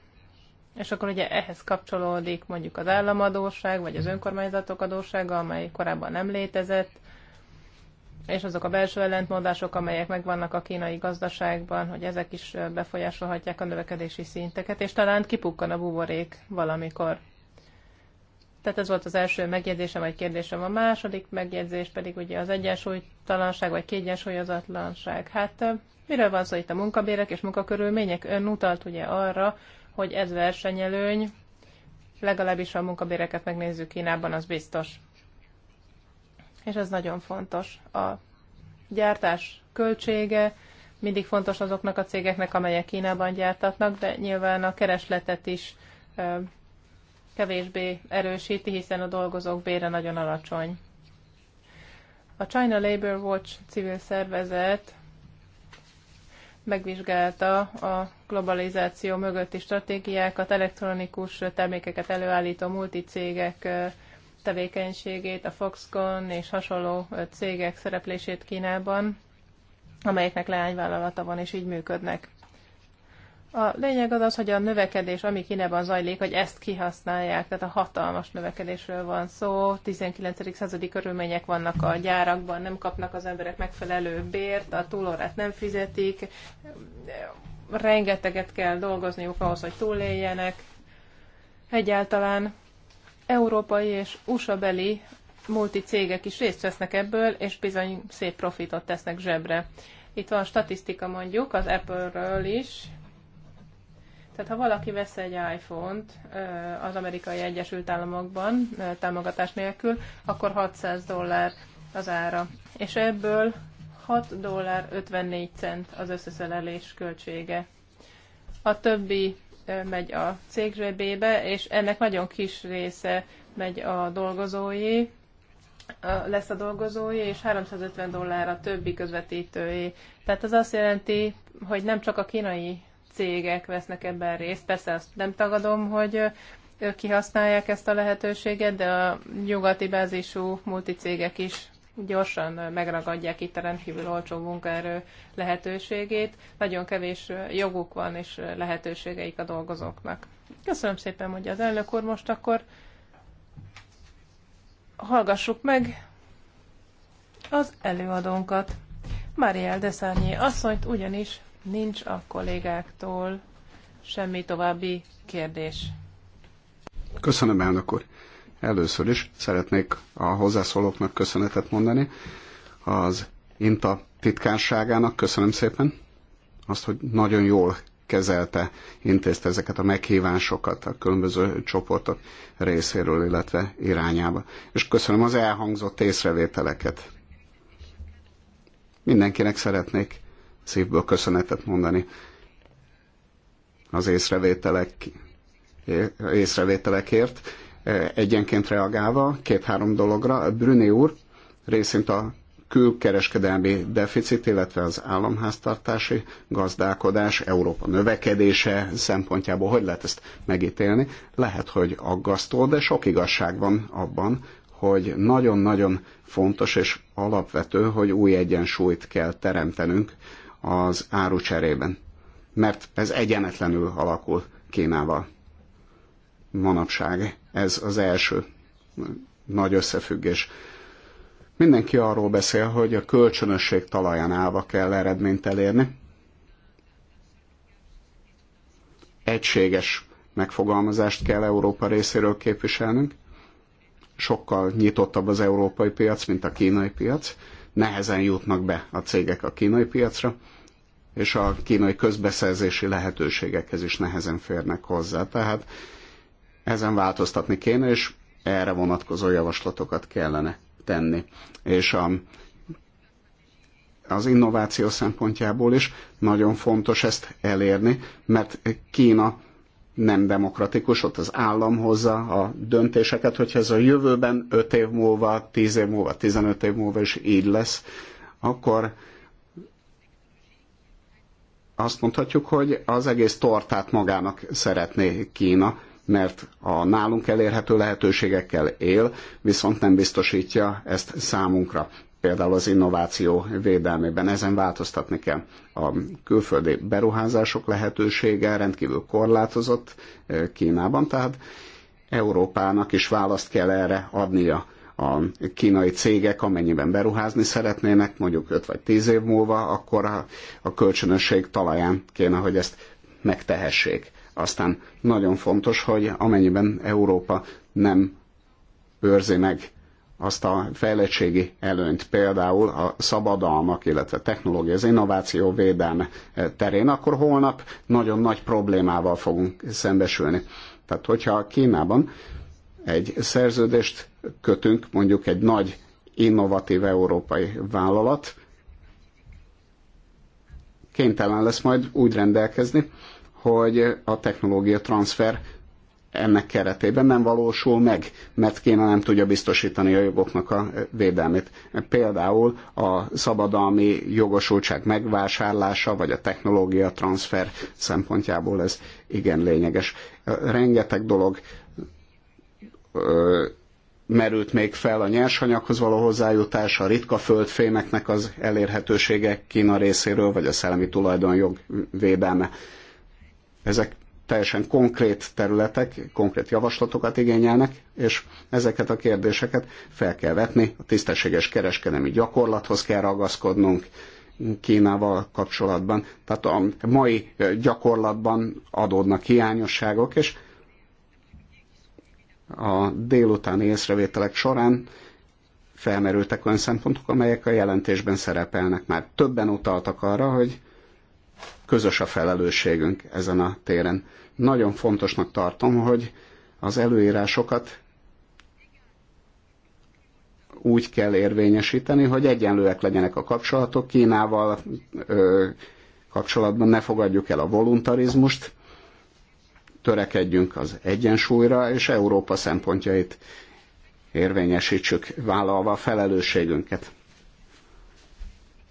És akkor ugye ehhez kapcsolódik mondjuk az államadóság, vagy az önkormányzatok adósága, amely korábban nem létezett, és azok a belső ellentmondások, amelyek megvannak a kínai gazdaságban, hogy ezek is befolyásolhatják a növekedési szinteket, és talán kipukkan a buborék valamikor. Tehát ez volt az első megjegyzésem, vagy kérdésem. A második megjegyzés pedig ugye az egyensúlytalanság, vagy kiegyensúlyozatlanság. Hát miről van szó itt a munkabérek és munkakörülmények? Ön utalt ugye arra, hogy ez versenyelőny, legalábbis a munkabéreket megnézzük Kínában, az biztos és ez nagyon fontos. A gyártás költsége mindig fontos azoknak a cégeknek, amelyek Kínában gyártatnak, de nyilván a keresletet is kevésbé erősíti, hiszen a dolgozók bére nagyon alacsony. A China Labor Watch civil szervezet megvizsgálta a globalizáció mögötti stratégiákat, elektronikus termékeket előállító multicégek tevékenységét, a Foxconn és hasonló cégek szereplését Kínában, amelyeknek leányvállalata van és így működnek. A lényeg az az, hogy a növekedés, ami Kínában zajlik, hogy ezt kihasználják, tehát a hatalmas növekedésről van szó, 19. századi körülmények vannak a gyárakban, nem kapnak az emberek megfelelő bért, a túlórát nem fizetik, rengeteget kell dolgozniuk ahhoz, hogy túléljenek egyáltalán európai és USA beli multi cégek is részt vesznek ebből, és bizony szép profitot tesznek zsebre. Itt van statisztika mondjuk az Apple-ről is. Tehát ha valaki vesz egy iPhone-t az amerikai Egyesült Államokban támogatás nélkül, akkor 600 dollár az ára. És ebből 6 dollár 54 cent az összeszerelés költsége. A többi megy a cégzsebébe, és ennek nagyon kis része megy a dolgozói, lesz a dolgozói, és 350 dollár a többi közvetítői. Tehát az azt jelenti, hogy nem csak a kínai cégek vesznek ebben részt, persze azt nem tagadom, hogy kihasználják ezt a lehetőséget, de a nyugati bázisú multicégek is gyorsan megragadják itt a rendkívül olcsó munkaerő lehetőségét. Nagyon kevés joguk van és lehetőségeik a dolgozóknak. Köszönöm szépen, mondja az elnök úr. Most akkor hallgassuk meg az előadónkat. Marielle Deszárnyé asszonyt ugyanis nincs a kollégáktól semmi további kérdés. Köszönöm, elnök úr. Először is szeretnék a hozzászólóknak köszönetet mondani. Az INTA titkárságának köszönöm szépen azt, hogy nagyon jól kezelte, intézte ezeket a meghívásokat a különböző csoportok részéről, illetve irányába. És köszönöm az elhangzott észrevételeket. Mindenkinek szeretnék szívből köszönetet mondani az észrevételek, észrevételekért egyenként reagálva két-három dologra. Brüné úr részint a külkereskedelmi deficit, illetve az államháztartási gazdálkodás Európa növekedése szempontjából hogy lehet ezt megítélni? Lehet, hogy aggasztó, de sok igazság van abban, hogy nagyon-nagyon fontos és alapvető, hogy új egyensúlyt kell teremtenünk az árucserében. Mert ez egyenetlenül alakul Kínával manapság ez az első nagy összefüggés. Mindenki arról beszél, hogy a kölcsönösség talaján állva kell eredményt elérni. Egységes megfogalmazást kell Európa részéről képviselnünk. Sokkal nyitottabb az európai piac, mint a kínai piac. Nehezen jutnak be a cégek a kínai piacra, és a kínai közbeszerzési lehetőségekhez is nehezen férnek hozzá. Tehát ezen változtatni kéne, és erre vonatkozó javaslatokat kellene tenni. És a, az innováció szempontjából is nagyon fontos ezt elérni, mert Kína nem demokratikus, ott az állam hozza a döntéseket, hogyha ez a jövőben 5 év múlva, 10 év múlva, 15 év múlva is így lesz, akkor azt mondhatjuk, hogy az egész tortát magának szeretné Kína, mert a nálunk elérhető lehetőségekkel él, viszont nem biztosítja ezt számunkra például az innováció védelmében. Ezen változtatni kell. A külföldi beruházások lehetősége rendkívül korlátozott eh, Kínában, tehát Európának is választ kell erre adnia a kínai cégek, amennyiben beruházni szeretnének, mondjuk 5 vagy 10 év múlva, akkor a, a kölcsönösség talaján kéne, hogy ezt megtehessék. Aztán nagyon fontos, hogy amennyiben Európa nem őrzi meg azt a fejlettségi előnyt, például a szabadalmak, illetve technológia, az innováció védelme terén, akkor holnap nagyon nagy problémával fogunk szembesülni. Tehát, hogyha Kínában egy szerződést kötünk, mondjuk egy nagy innovatív európai vállalat, kénytelen lesz majd úgy rendelkezni, hogy a technológia transfer ennek keretében nem valósul meg, mert Kína nem tudja biztosítani a jogoknak a védelmét. Például a szabadalmi jogosultság megvásárlása, vagy a technológia transfer szempontjából ez igen lényeges. Rengeteg dolog ö, merült még fel a nyersanyaghoz való hozzájutás, a ritka földfémeknek az elérhetősége Kína részéről, vagy a szellemi tulajdonjog védelme. Ezek teljesen konkrét területek, konkrét javaslatokat igényelnek, és ezeket a kérdéseket fel kell vetni, a tisztességes kereskedelmi gyakorlathoz kell ragaszkodnunk, Kínával kapcsolatban. Tehát a mai gyakorlatban adódnak hiányosságok, és a délutáni észrevételek során felmerültek olyan szempontok, amelyek a jelentésben szerepelnek. Már többen utaltak arra, hogy közös a felelősségünk ezen a téren. Nagyon fontosnak tartom, hogy az előírásokat úgy kell érvényesíteni, hogy egyenlőek legyenek a kapcsolatok. Kínával ö, kapcsolatban ne fogadjuk el a voluntarizmust, törekedjünk az egyensúlyra, és Európa szempontjait érvényesítsük, vállalva a felelősségünket.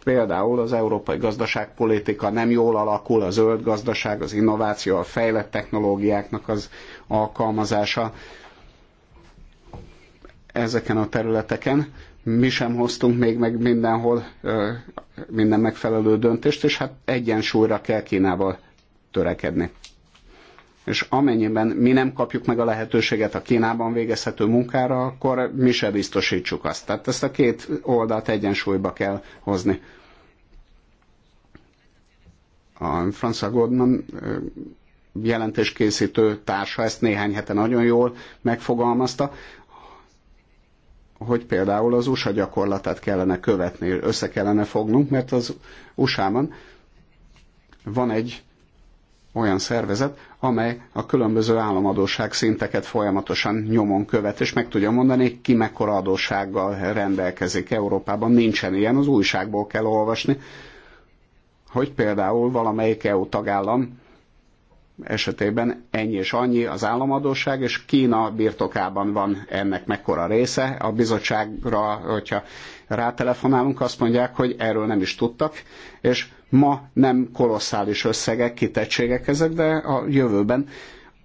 Például az európai gazdaságpolitika nem jól alakul, a zöld gazdaság, az innováció, a fejlett technológiáknak az alkalmazása ezeken a területeken. Mi sem hoztunk még meg mindenhol minden megfelelő döntést, és hát egyensúlyra kell Kínával törekedni és amennyiben mi nem kapjuk meg a lehetőséget a Kínában végezhető munkára, akkor mi se biztosítsuk azt. Tehát ezt a két oldalt egyensúlyba kell hozni. A Francia Goldman jelentéskészítő társa ezt néhány hete nagyon jól megfogalmazta, hogy például az USA gyakorlatát kellene követni, össze kellene fognunk, mert az USA-ban van egy olyan szervezet, amely a különböző államadóság szinteket folyamatosan nyomon követ, és meg tudja mondani, ki mekkora adóssággal rendelkezik Európában. Nincsen ilyen, az újságból kell olvasni, hogy például valamelyik EU tagállam esetében ennyi és annyi az államadóság, és Kína birtokában van ennek mekkora része. A bizottságra, hogyha rátelefonálunk, azt mondják, hogy erről nem is tudtak, és Ma nem kolosszális összegek, kitettségek ezek, de a jövőben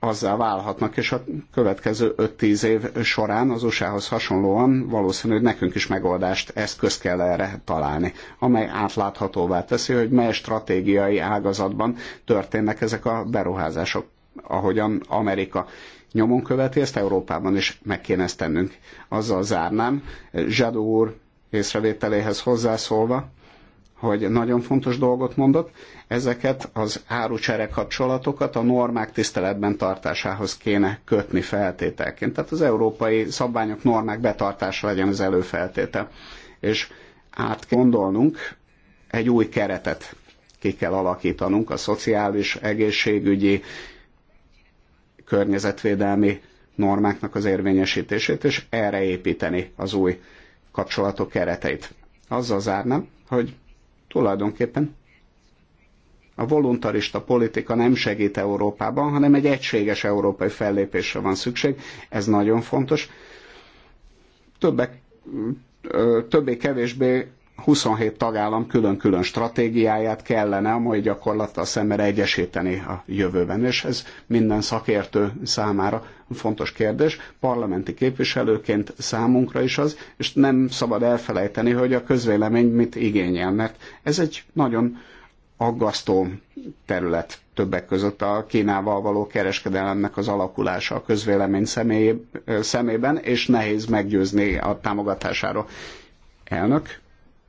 azzá válhatnak, és a következő 5-10 év során az USA-hoz hasonlóan valószínű, hogy nekünk is megoldást, eszköz kell erre találni, amely átláthatóvá teszi, hogy mely stratégiai ágazatban történnek ezek a beruházások. Ahogyan Amerika nyomon követi, ezt Európában is meg kéne ezt tennünk. Azzal zárnám, Zsadó úr észrevételéhez hozzászólva, hogy nagyon fontos dolgot mondott, ezeket az árucsere kapcsolatokat a normák tiszteletben tartásához kéne kötni feltételként. Tehát az európai szabványok, normák betartása legyen az előfeltétel. És át kell gondolnunk egy új keretet ki kell alakítanunk a szociális, egészségügyi, környezetvédelmi normáknak az érvényesítését, és erre építeni az új kapcsolatok kereteit. Azzal zárnám, hogy Tulajdonképpen a voluntarista politika nem segít Európában, hanem egy egységes európai fellépésre van szükség. Ez nagyon fontos. Többek, többé-kevésbé 27 tagállam külön-külön stratégiáját kellene a mai gyakorlattal szemben egyesíteni a jövőben, és ez minden szakértő számára fontos kérdés, parlamenti képviselőként számunkra is az, és nem szabad elfelejteni, hogy a közvélemény mit igényel, mert ez egy nagyon aggasztó terület többek között a Kínával való kereskedelemnek az alakulása a közvélemény személy, szemében, és nehéz meggyőzni a támogatásáról. Elnök,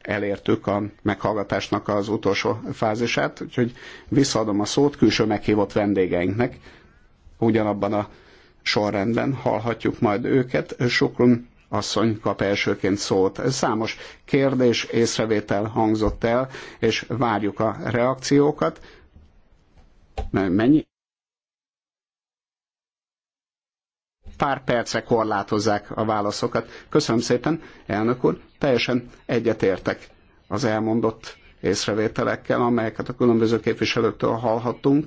elértük a meghallgatásnak az utolsó fázisát, úgyhogy visszaadom a szót külső meghívott vendégeinknek. Ugyanabban a sorrendben hallhatjuk majd őket. Sokrum asszony kap elsőként szót. Számos kérdés, észrevétel hangzott el, és várjuk a reakciókat. Mennyi? pár percre korlátozzák a válaszokat. Köszönöm szépen, elnök úr, teljesen egyetértek az elmondott észrevételekkel, amelyeket a különböző képviselőktől hallhattunk.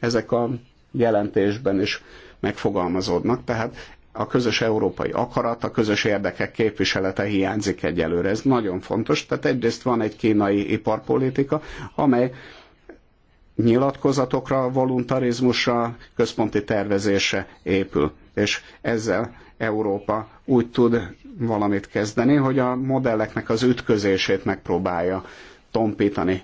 Ezek a jelentésben is megfogalmazódnak, tehát a közös európai akarat, a közös érdekek képviselete hiányzik egyelőre. Ez nagyon fontos. Tehát egyrészt van egy kínai iparpolitika, amely nyilatkozatokra, voluntarizmusra, központi tervezése épül. És ezzel Európa úgy tud valamit kezdeni, hogy a modelleknek az ütközését megpróbálja tompítani.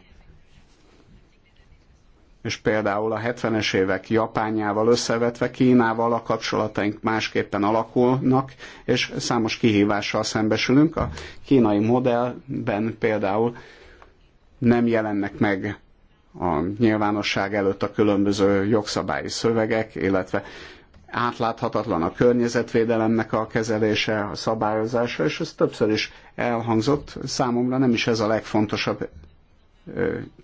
És például a 70-es évek Japánjával összevetve Kínával a kapcsolataink másképpen alakulnak, és számos kihívással szembesülünk. A kínai modellben például nem jelennek meg a nyilvánosság előtt a különböző jogszabályi szövegek, illetve átláthatatlan a környezetvédelemnek a kezelése, a szabályozása, és ez többször is elhangzott. Számomra nem is ez a legfontosabb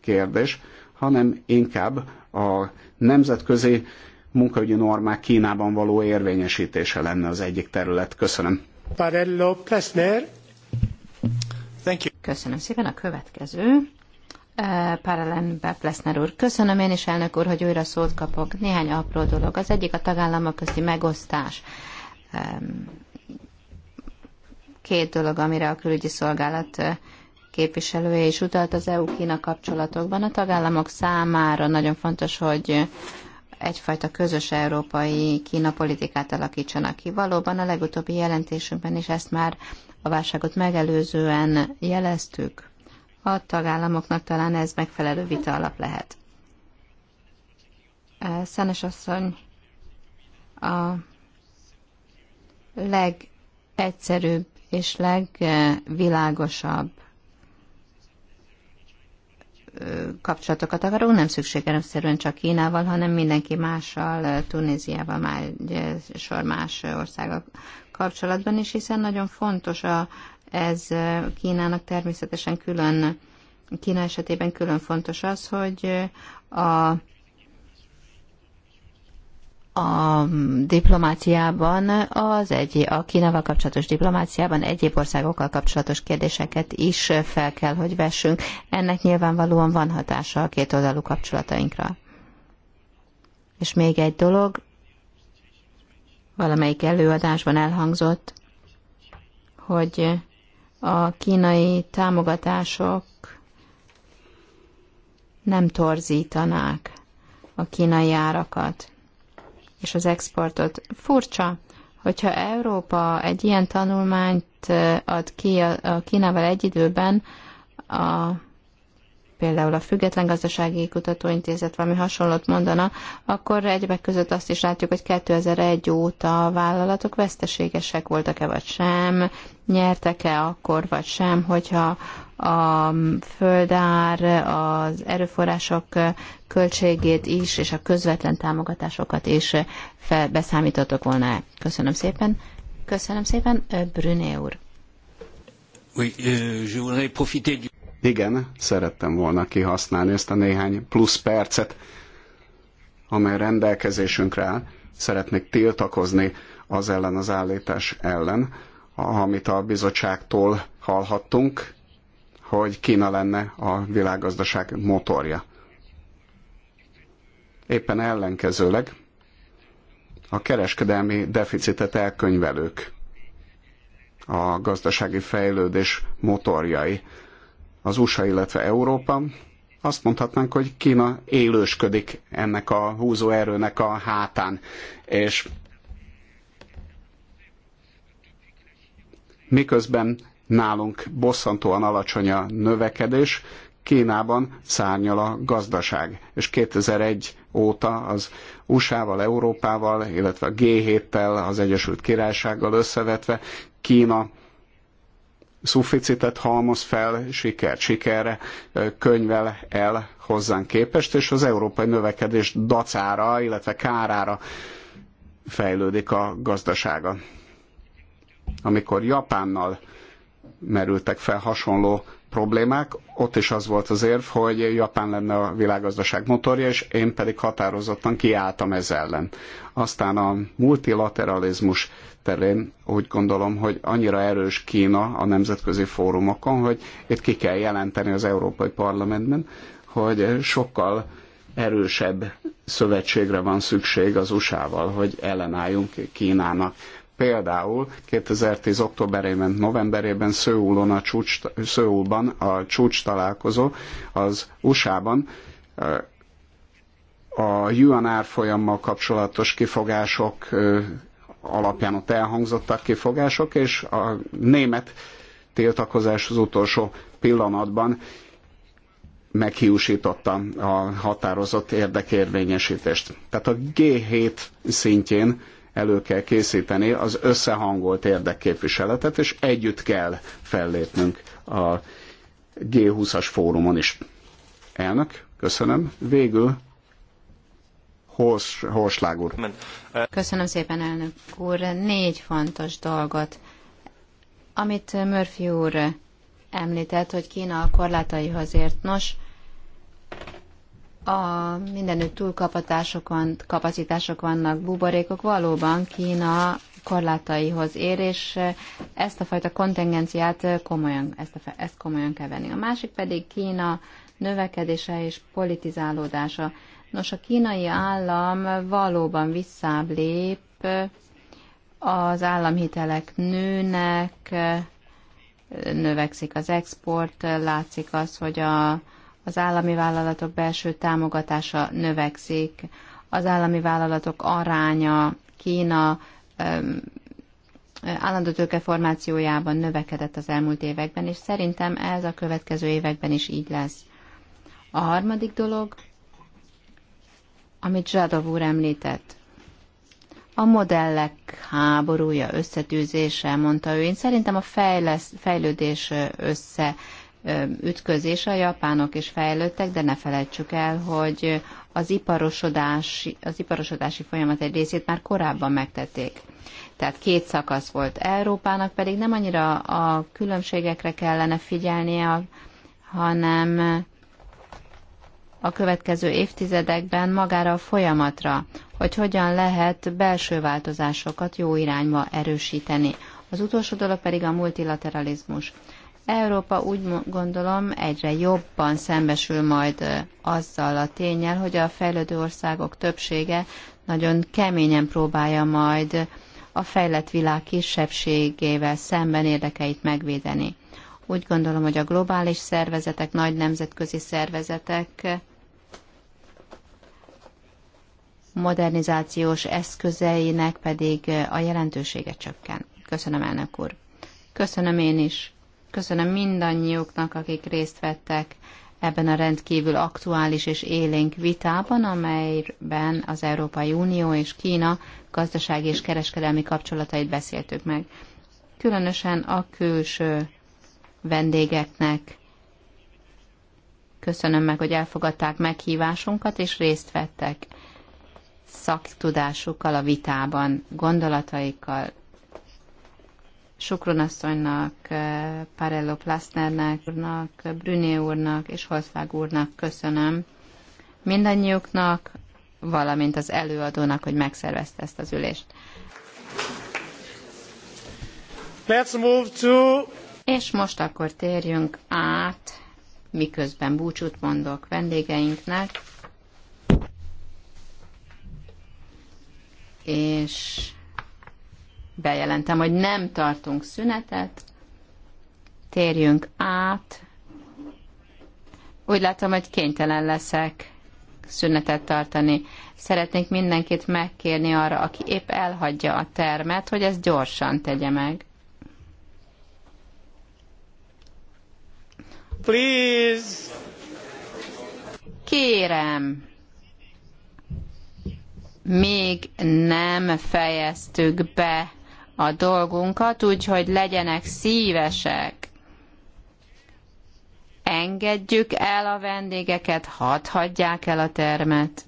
kérdés, hanem inkább a nemzetközi munkaügyi normák Kínában való érvényesítése lenne az egyik terület. Köszönöm. Barello Plessner. Thank you. Köszönöm szépen. A következő Paralen Bepleszner úr. Köszönöm én is, elnök úr, hogy újra szót kapok. Néhány apró dolog. Az egyik a tagállamok közti megosztás. Két dolog, amire a külügyi szolgálat eh, képviselője is utalt az EU-Kína kapcsolatokban. A tagállamok számára nagyon fontos, hogy egyfajta közös európai Kína politikát alakítsanak ki. Valóban a legutóbbi jelentésünkben is ezt már a válságot megelőzően jeleztük a tagállamoknak talán ez megfelelő vita alap lehet. Szenes asszony a legegyszerűbb és legvilágosabb kapcsolatokat akarunk, nem szükségeremszerűen csak Kínával, hanem mindenki mással, Tunéziával, már sor más országok kapcsolatban is, hiszen nagyon fontos a, ez Kínának természetesen külön, Kína esetében külön fontos az, hogy a a diplomáciában az egy, a Kínával kapcsolatos diplomáciában egyéb országokkal kapcsolatos kérdéseket is fel kell, hogy vessünk. Ennek nyilvánvalóan van hatása a két oldalú kapcsolatainkra. És még egy dolog, valamelyik előadásban elhangzott, hogy a kínai támogatások nem torzítanák a kínai árakat és az exportot. Furcsa, hogyha Európa egy ilyen tanulmányt eh, ad ki a Kínával egy időben, a például a Független Gazdasági Kutatóintézet valami hasonlót mondana, akkor egyebek között azt is látjuk, hogy 2001 óta a vállalatok veszteségesek voltak-e vagy sem, nyertek-e akkor vagy sem, hogyha a földár, az erőforrások költségét is, és a közvetlen támogatásokat is fel, beszámítottak volna. -e. Köszönöm szépen. Köszönöm szépen, Brüné úr. Oui, euh, je voudrais profiter du... Igen, szerettem volna kihasználni ezt a néhány plusz percet, amely rendelkezésünkre áll. Szeretnék tiltakozni az ellen az állítás ellen, amit a bizottságtól hallhattunk, hogy Kína lenne a világgazdaság motorja. Éppen ellenkezőleg a kereskedelmi deficitet elkönyvelők a gazdasági fejlődés motorjai az USA, illetve Európa, azt mondhatnánk, hogy Kína élősködik ennek a húzóerőnek a hátán. És miközben nálunk bosszantóan alacsony a növekedés, Kínában szárnyal a gazdaság. És 2001 óta az USA-val, Európával, illetve a G7-tel, az Egyesült Királysággal összevetve Kína szuficitet halmoz fel, sikert sikerre könyvel el hozzánk képest, és az európai növekedés dacára, illetve kárára fejlődik a gazdasága. Amikor Japánnal merültek fel hasonló problémák, ott is az volt az érv, hogy Japán lenne a világgazdaság motorja, és én pedig határozottan kiálltam ez ellen. Aztán a multilateralizmus terén úgy gondolom, hogy annyira erős Kína a nemzetközi fórumokon, hogy itt ki kell jelenteni az Európai Parlamentben, hogy sokkal erősebb szövetségre van szükség az USA-val, hogy ellenálljunk Kínának. Például 2010. októberében, novemberében Szőulon a csúcs, Szőulban a csúcs találkozó az USA-ban a yuan árfolyammal kapcsolatos kifogások alapján ott elhangzottak kifogások, és a német tiltakozás az utolsó pillanatban meghiúsította a határozott érdekérvényesítést. Tehát a G7 szintjén elő kell készíteni az összehangolt érdekképviseletet, és együtt kell fellépnünk a G20-as fórumon is. Elnök, köszönöm. Végül Hors, Horslág úr. Köszönöm szépen, elnök úr. Négy fontos dolgot, amit Murphy úr említett, hogy Kína a korlátaihoz ért. Nos, a mindenütt túlkapatásokon, kapacitások vannak, buborékok valóban Kína korlátaihoz ér, és ezt a fajta kontingenciát komolyan, ezt, a, ezt komolyan kell venni. A másik pedig Kína növekedése és politizálódása. Nos, a kínai állam valóban visszább lép, az államhitelek nőnek, növekszik az export, látszik az, hogy a, az állami vállalatok belső támogatása növekszik, az állami vállalatok aránya Kína állandó tőkeformációjában növekedett az elmúlt években, és szerintem ez a következő években is így lesz. A harmadik dolog, amit Zsadov úr említett. A modellek háborúja, összetűzése, mondta ő. Én szerintem a fejlesz, fejlődés össze ütközés a japánok is fejlődtek, de ne felejtsük el, hogy az iparosodási, az iparosodási folyamat egy részét már korábban megtették. Tehát két szakasz volt Európának, pedig nem annyira a különbségekre kellene figyelnie, hanem a következő évtizedekben magára a folyamatra, hogy hogyan lehet belső változásokat jó irányba erősíteni. Az utolsó dolog pedig a multilateralizmus. Európa úgy gondolom egyre jobban szembesül majd azzal a tényel, hogy a fejlődő országok többsége nagyon keményen próbálja majd a fejlett világ kisebbségével szemben érdekeit megvédeni. Úgy gondolom, hogy a globális szervezetek, nagy nemzetközi szervezetek modernizációs eszközeinek pedig a jelentősége csökken. Köszönöm, elnök úr. Köszönöm én is. Köszönöm mindannyiuknak, akik részt vettek ebben a rendkívül aktuális és élénk vitában, amelyben az Európai Unió és Kína gazdasági és kereskedelmi kapcsolatait beszéltük meg. Különösen a külső vendégeknek köszönöm meg, hogy elfogadták meghívásunkat és részt vettek szaktudásukkal a vitában, gondolataikkal. Sokron asszonynak, eh, Parello Plasznernek, úrnak, Brüné úrnak és Holzvág úrnak köszönöm mindannyiuknak, valamint az előadónak, hogy megszervezte ezt az ülést. Let's move to... És most akkor térjünk át, miközben búcsút mondok vendégeinknek, és bejelentem, hogy nem tartunk szünetet, térjünk át. Úgy látom, hogy kénytelen leszek szünetet tartani. Szeretnék mindenkit megkérni arra, aki épp elhagyja a termet, hogy ezt gyorsan tegye meg. Please! Kérem! még nem fejeztük be a dolgunkat, úgyhogy legyenek szívesek. Engedjük el a vendégeket, hadd hagyják el a termet.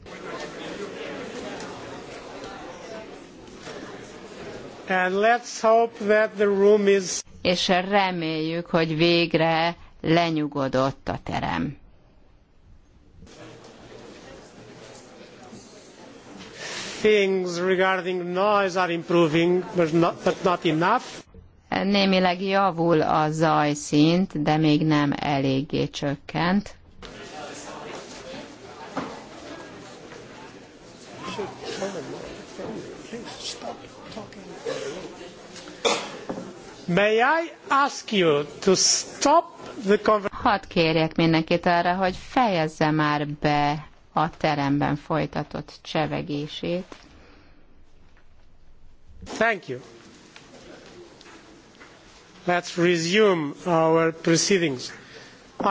And let's hope that the room is... És reméljük, hogy végre lenyugodott a terem. things regarding noise are improving, but not, but not enough. Némileg javul a zajszint, de még nem eléggé csökkent. May I ask you to stop the conversation? Hadd kérjek mindenkit arra, hogy fejezze már be a teremben folytatott csevegését. Thank you. Let's resume our proceedings.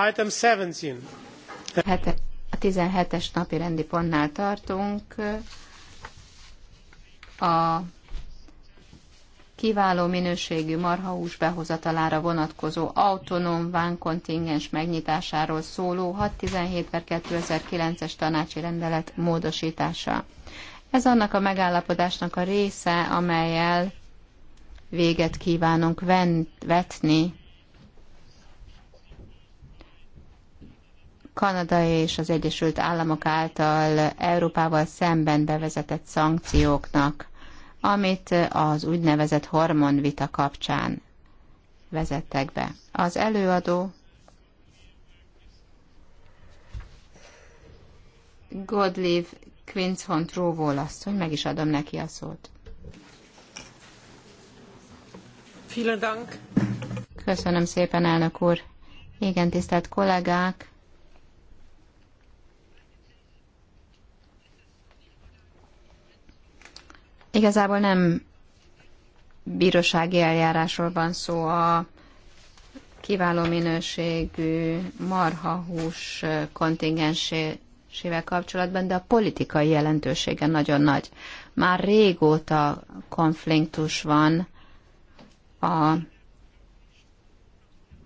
Item 17. A 17-es napi rendi pontnál tartunk. A kiváló minőségű marhahús behozatalára vonatkozó autonóm vánkontingens megnyitásáról szóló 617 per 2009-es tanácsi rendelet módosítása. Ez annak a megállapodásnak a része, amelyel véget kívánunk vetni Kanada és az Egyesült Államok által Európával szemben bevezetett szankcióknak amit az úgynevezett hormonvita kapcsán vezettek be. Az előadó Godliv Quinton Tróvól azt, hogy meg is adom neki a szót. Vielen Dank. Köszönöm szépen, elnök úr. Igen, tisztelt kollégák! Igazából nem bírósági eljárásról van szó, a kiváló minőségű marhahús kontingensével kapcsolatban, de a politikai jelentősége nagyon nagy. Már régóta konfliktus van a,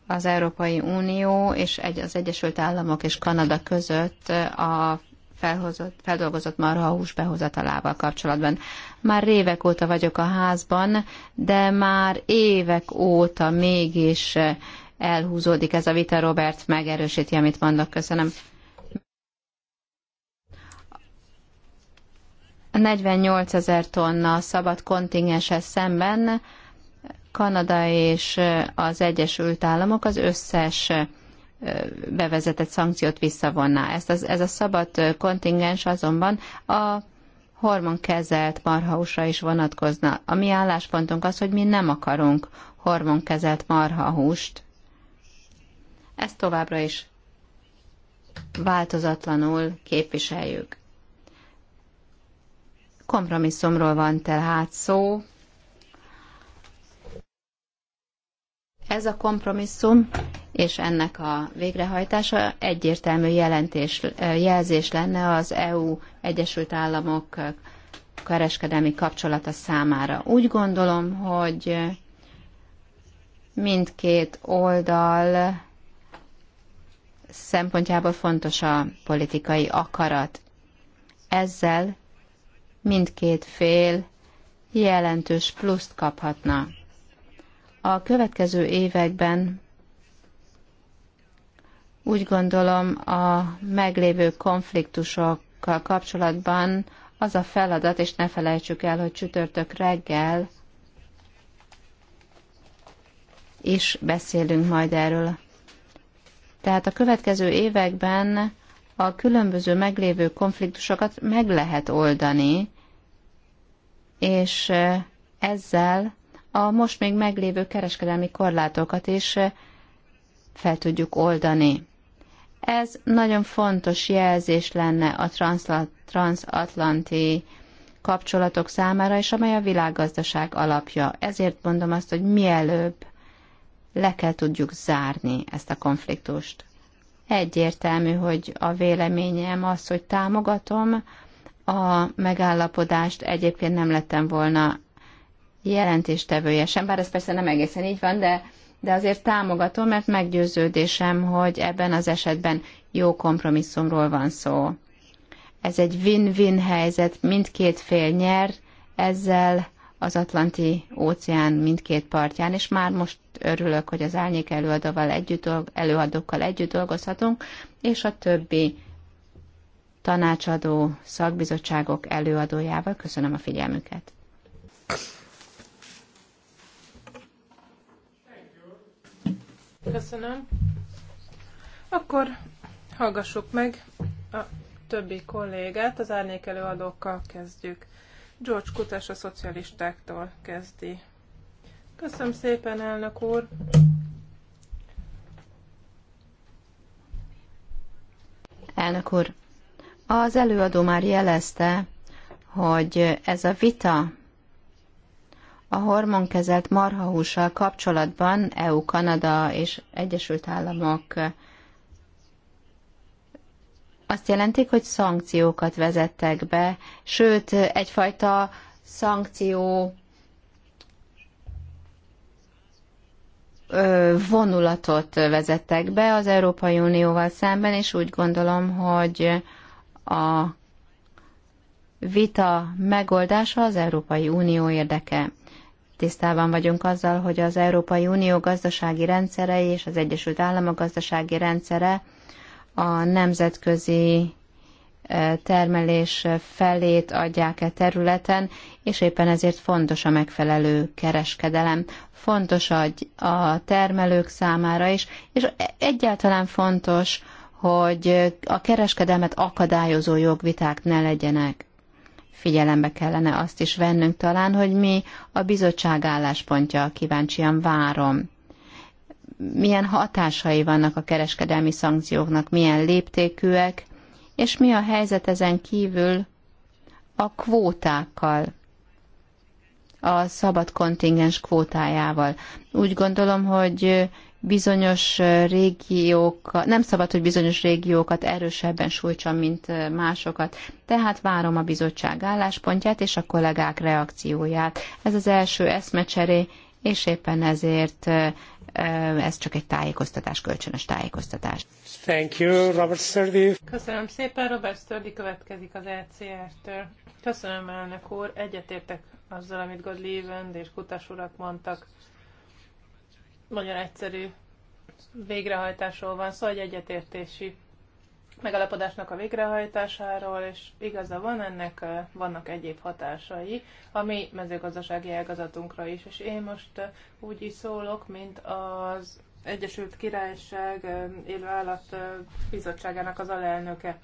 az Európai Unió és egy, az Egyesült Államok és Kanada között a felhozott, feldolgozott marhahús behozatalával kapcsolatban. Már évek óta vagyok a házban, de már évek óta mégis elhúzódik ez a vita. Robert megerősíti, amit mondok. Köszönöm. 48 ezer tonna szabad kontingenses szemben Kanada és az Egyesült Államok az összes bevezetett szankciót visszavonná. Ezt az, ez a szabad kontingens azonban a hormonkezelt marhahúsra is vonatkozna. A mi álláspontunk az, hogy mi nem akarunk hormonkezelt marhahúst. Ezt továbbra is változatlanul képviseljük. Kompromisszumról van tehát szó, Ez a kompromisszum és ennek a végrehajtása egyértelmű jelentés, jelzés lenne az EU Egyesült Államok kereskedelmi kapcsolata számára. Úgy gondolom, hogy mindkét oldal szempontjából fontos a politikai akarat. Ezzel mindkét fél jelentős pluszt kaphatna. A következő években úgy gondolom a meglévő konfliktusokkal kapcsolatban az a feladat, és ne felejtsük el, hogy csütörtök reggel is beszélünk majd erről. Tehát a következő években a különböző meglévő konfliktusokat meg lehet oldani, és ezzel a most még meglévő kereskedelmi korlátokat is fel tudjuk oldani. Ez nagyon fontos jelzés lenne a transatlanti kapcsolatok számára, és amely a világgazdaság alapja. Ezért mondom azt, hogy mielőbb le kell tudjuk zárni ezt a konfliktust. Egyértelmű, hogy a véleményem az, hogy támogatom a megállapodást, egyébként nem lettem volna jelentéstevője sem, bár ez persze nem egészen így van, de, de azért támogatom, mert meggyőződésem, hogy ebben az esetben jó kompromisszumról van szó. Ez egy win-win helyzet, mindkét fél nyer, ezzel az Atlanti óceán mindkét partján, és már most örülök, hogy az árnyék előadóval együtt, előadókkal együtt dolgozhatunk, és a többi tanácsadó szakbizottságok előadójával. Köszönöm a figyelmüket. Köszönöm. Akkor hallgassuk meg a többi kollégát, az adókkal kezdjük. George Kutas a szocialistáktól kezdi. Köszönöm szépen, elnök úr! Elnök úr, az előadó már jelezte, hogy ez a vita, a hormonkezelt marhahússal kapcsolatban EU, Kanada és Egyesült Államok azt jelentik, hogy szankciókat vezettek be, sőt, egyfajta szankció vonulatot vezettek be az Európai Unióval szemben, és úgy gondolom, hogy a vita megoldása az Európai Unió érdeke. Tisztában vagyunk azzal, hogy az Európai Unió gazdasági rendszere és az Egyesült Államok gazdasági rendszere a nemzetközi e, termelés felét adják e területen, és éppen ezért fontos a megfelelő kereskedelem. Fontos a termelők számára is, és egyáltalán fontos, hogy a kereskedelmet akadályozó jogviták ne legyenek. Figyelembe kellene azt is vennünk talán, hogy mi a bizottság álláspontja, kíváncsian várom. Milyen hatásai vannak a kereskedelmi szankcióknak, milyen léptékűek, és mi a helyzet ezen kívül a kvótákkal, a szabad kontingens kvótájával. Úgy gondolom, hogy bizonyos régiók, nem szabad, hogy bizonyos régiókat erősebben sújtsam, mint másokat. Tehát várom a bizottság álláspontját és a kollégák reakcióját. Ez az első eszmecseré, és éppen ezért ez csak egy tájékoztatás, kölcsönös tájékoztatás. Thank you, Robert Sturdy. Köszönöm szépen, Robert Sturdy következik az ECR-től. Köszönöm, elnök úr, egyetértek azzal, amit God Levend és Kutas urak mondtak nagyon egyszerű végrehajtásról van szó, szóval egy egyetértési megalapodásnak a végrehajtásáról, és igaza van, ennek vannak egyéb hatásai, ami mezőgazdasági ágazatunkra is. És én most úgy is szólok, mint az Egyesült Királyság élő állat bizottságának az alelnöke.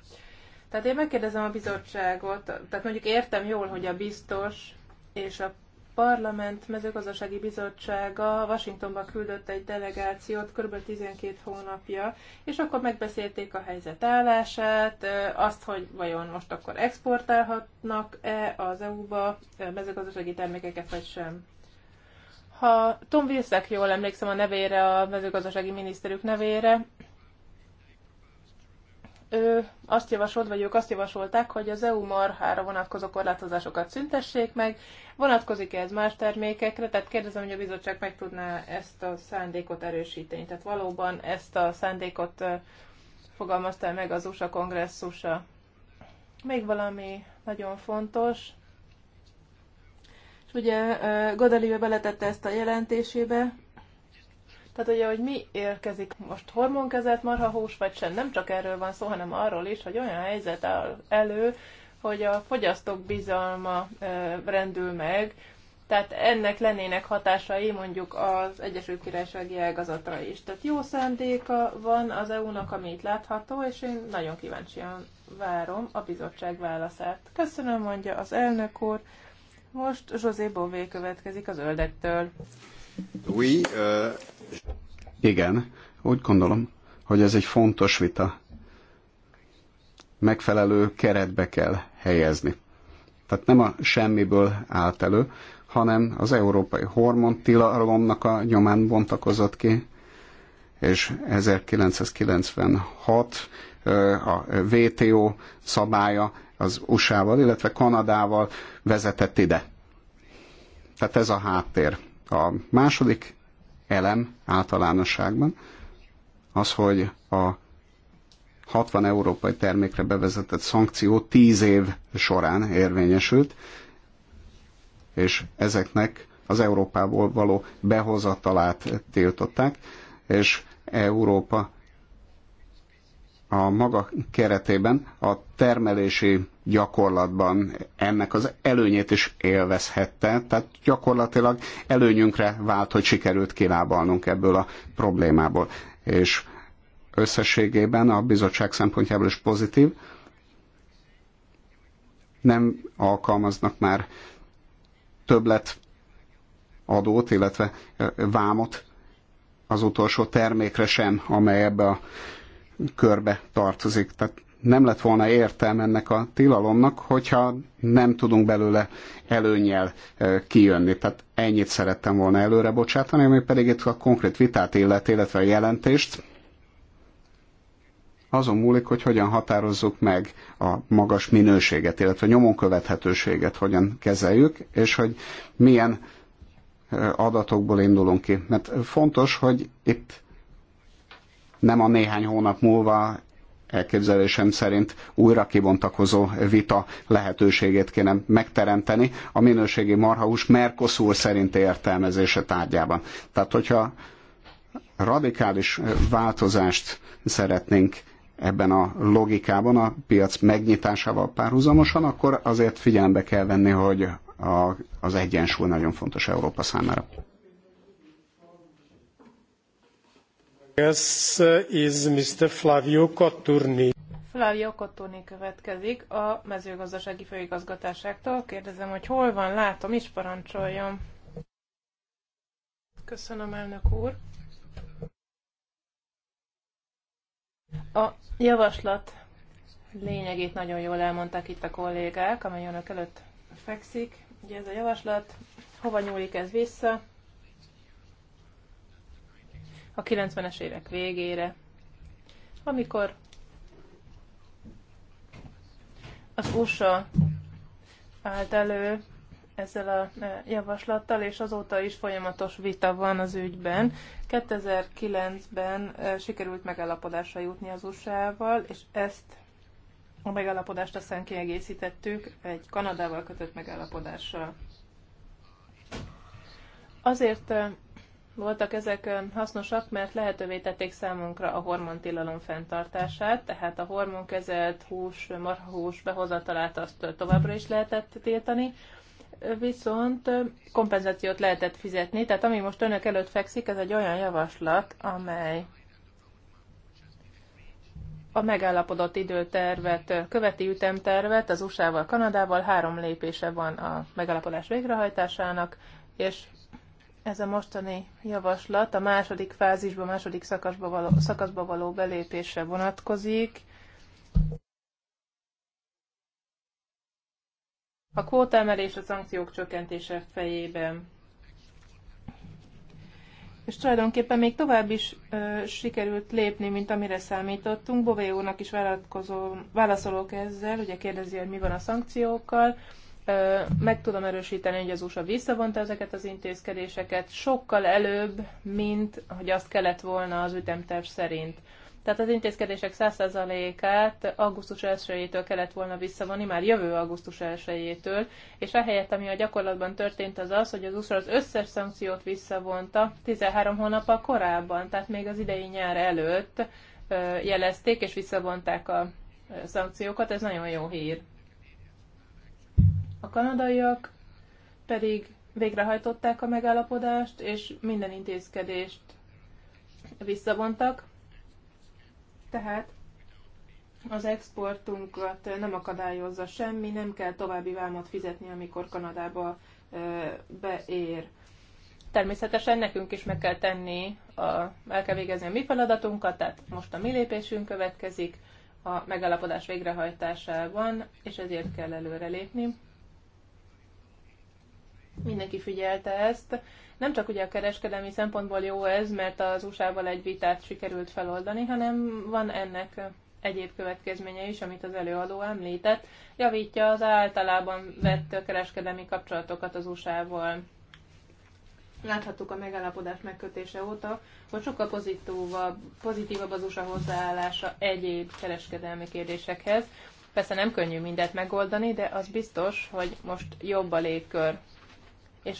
Tehát én megkérdezem a bizottságot, tehát mondjuk értem jól, hogy a biztos és a Parlament mezőgazdasági bizottsága Washingtonba küldött egy delegációt kb. 12 hónapja, és akkor megbeszélték a helyzet állását, azt, hogy vajon most akkor exportálhatnak-e az EU-ba mezőgazdasági termékeket, vagy sem. Ha Tom Vilszek jól emlékszem a nevére, a mezőgazdasági miniszterük nevére, ő azt javasolt, vagy ők azt javasolták, hogy az EU marhára vonatkozó korlátozásokat szüntessék meg. Vonatkozik -e ez más termékekre? Tehát kérdezem, hogy a bizottság meg tudná ezt a szándékot erősíteni. Tehát valóban ezt a szándékot fogalmazta meg az USA kongresszusa. Még valami nagyon fontos. És ugye Godelive beletette ezt a jelentésébe, tehát ugye, hogy mi érkezik most hormonkezelt marhahús, vagy sem, nem csak erről van szó, hanem arról is, hogy olyan helyzet áll elő, hogy a fogyasztók bizalma rendül meg, tehát ennek lennének hatásai mondjuk az Egyesült Királysági ágazatra is. Tehát jó szándéka van az EU-nak, ami itt látható, és én nagyon kíváncsian várom a bizottság válaszát. Köszönöm, mondja az elnök úr. Most José Bové következik az öldektől. Oui, uh... Igen, úgy gondolom, hogy ez egy fontos vita. Megfelelő keretbe kell helyezni. Tehát nem a semmiből állt elő, hanem az európai hormontilalomnak a nyomán bontakozott ki, és 1996 a WTO szabálya az USA-val, illetve Kanadával vezetett ide. Tehát ez a háttér. A második elem általánosságban az, hogy a 60 európai termékre bevezetett szankció 10 év során érvényesült, és ezeknek az Európából való behozatalát tiltották, és Európa a maga keretében a termelési gyakorlatban ennek az előnyét is élvezhette, tehát gyakorlatilag előnyünkre vált, hogy sikerült kilábalnunk ebből a problémából. És összességében a bizottság szempontjából is pozitív, nem alkalmaznak már többlet adót, illetve vámot az utolsó termékre sem, amely ebbe a körbe tartozik. Tehát nem lett volna értelme ennek a tilalomnak, hogyha nem tudunk belőle előnyel kijönni. Tehát ennyit szerettem volna előre bocsátani, ami pedig itt a konkrét vitát illet, illetve a jelentést. Azon múlik, hogy hogyan határozzuk meg a magas minőséget, illetve nyomon követhetőséget, hogyan kezeljük, és hogy milyen adatokból indulunk ki. Mert fontos, hogy itt nem a néhány hónap múlva elképzelésem szerint újra kibontakozó vita lehetőségét kéne megteremteni a minőségi marhaús Mercosur szerint értelmezése tárgyában. Tehát, hogyha radikális változást szeretnénk ebben a logikában a piac megnyitásával párhuzamosan, akkor azért figyelembe kell venni, hogy a, az egyensúly nagyon fontos Európa számára. Yes, is Mr. Flavio Cotturni. Flavio Cotturni következik a mezőgazdasági főigazgatáságtól. Kérdezem, hogy hol van, látom, is parancsoljon. Köszönöm, elnök úr. A javaslat lényegét nagyon jól elmondták itt a kollégák, amely önök előtt fekszik. Ugye ez a javaslat, hova nyúlik ez vissza? a 90-es évek végére, amikor az USA állt elő ezzel a e, javaslattal, és azóta is folyamatos vita van az ügyben. 2009-ben e, sikerült megállapodásra jutni az USA-val, és ezt a megállapodást aztán kiegészítettük egy Kanadával kötött megállapodással. Azért e, voltak ezek hasznosak, mert lehetővé tették számunkra a hormontilalom fenntartását, tehát a hormonkezelt hús, marhahús behozatalát azt továbbra is lehetett tiltani, viszont kompenzációt lehetett fizetni, tehát ami most önök előtt fekszik, ez egy olyan javaslat, amely a megállapodott időtervet, követi ütemtervet az USA-val, Kanadával, három lépése van a megállapodás végrehajtásának, és ez a mostani javaslat a második fázisba, második szakaszba való, szakaszba való belépésre vonatkozik. A kvótaemelés a szankciók csökkentése fejében. És tulajdonképpen még tovább is ö, sikerült lépni, mint amire számítottunk. Bové úrnak is válaszolok ezzel, ugye kérdezi, hogy mi van a szankciókkal meg tudom erősíteni, hogy az USA visszavonta ezeket az intézkedéseket sokkal előbb, mint hogy azt kellett volna az ütemterv szerint. Tehát az intézkedések 100%-át augusztus 1-től kellett volna visszavonni, már jövő augusztus 1-től, és ehelyett, ami a gyakorlatban történt, az az, hogy az USA az összes szankciót visszavonta 13 hónappal korábban, tehát még az idei nyár előtt jelezték és visszavonták a szankciókat, ez nagyon jó hír. A kanadaiak pedig végrehajtották a megállapodást, és minden intézkedést visszavontak. Tehát az exportunkat nem akadályozza semmi, nem kell további vámot fizetni, amikor Kanadába beér. Természetesen nekünk is meg kell tenni, a, el kell végezni a mi feladatunkat, tehát most a mi lépésünk következik a megállapodás végrehajtásában, és ezért kell előrelépni. Mindenki figyelte ezt. Nem csak ugye a kereskedelmi szempontból jó ez, mert az USA-val egy vitát sikerült feloldani, hanem van ennek egyéb következménye is, amit az előadó említett, javítja az általában vett kereskedelmi kapcsolatokat az USA-val. Láthattuk a megállapodás megkötése óta, hogy sokkal pozitívabb, pozitívabb az USA hozzáállása egyéb kereskedelmi kérdésekhez. Persze nem könnyű mindent megoldani, de az biztos, hogy most jobb a légkör és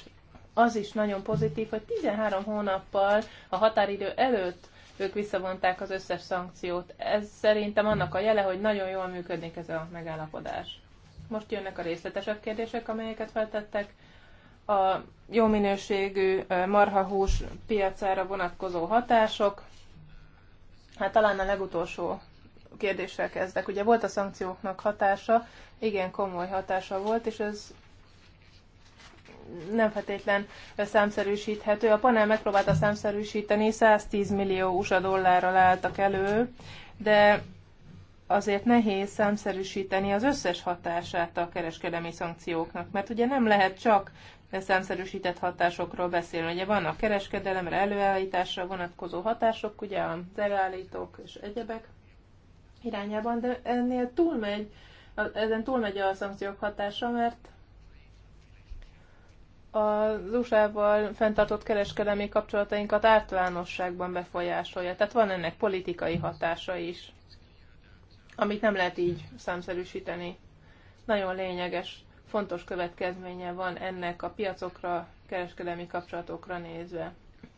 az is nagyon pozitív, hogy 13 hónappal a határidő előtt ők visszavonták az összes szankciót. Ez szerintem annak a jele, hogy nagyon jól működik ez a megállapodás. Most jönnek a részletesebb kérdések, amelyeket feltettek. A jó minőségű marhahús piacára vonatkozó hatások. Hát talán a legutolsó kérdéssel kezdek. Ugye volt a szankcióknak hatása, igen komoly hatása volt, és ez nem feltétlen számszerűsíthető. A panel megpróbálta számszerűsíteni, 110 millió USA dollárral álltak elő, de azért nehéz számszerűsíteni az összes hatását a kereskedelmi szankcióknak, mert ugye nem lehet csak számszerűsített hatásokról beszélni. Ugye vannak kereskedelemre, előállításra vonatkozó hatások, ugye a előállítók és egyebek irányában, de ennél túlmegy, ezen túlmegy a szankciók hatása, mert az USA-val fenntartott kereskedelmi kapcsolatainkat általánosságban befolyásolja. Tehát van ennek politikai hatása is, amit nem lehet így számszerűsíteni. Nagyon lényeges, fontos következménye van ennek a piacokra, kereskedelmi kapcsolatokra nézve.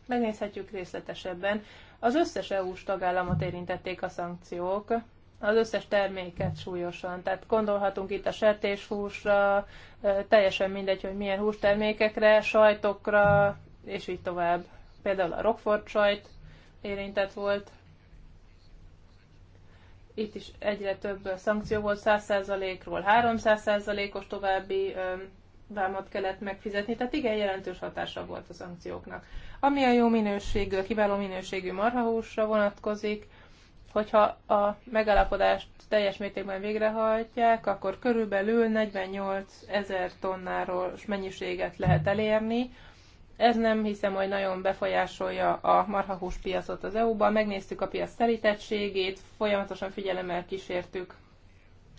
Megnézhetjük részletesebben. Az összes EU-s tagállamot érintették a szankciók, az összes terméket súlyosan. Tehát gondolhatunk itt a sertéshúsra, teljesen mindegy, hogy milyen hústermékekre, sajtokra, és így tovább. Például a Rockford sajt érintett volt. Itt is egyre több szankció volt, 100%-ról 300%-os további vámot kellett megfizetni, tehát igen, jelentős hatása volt a szankcióknak. Ami a jó minőségű, a kiváló minőségű marhahúsra vonatkozik, hogyha a megállapodást teljes mértékben végrehajtják, akkor körülbelül 48 ezer tonnáról mennyiséget lehet elérni. Ez nem hiszem, hogy nagyon befolyásolja a marhahús piacot az EU-ban. Megnéztük a piac telítettségét, folyamatosan figyelemmel kísértük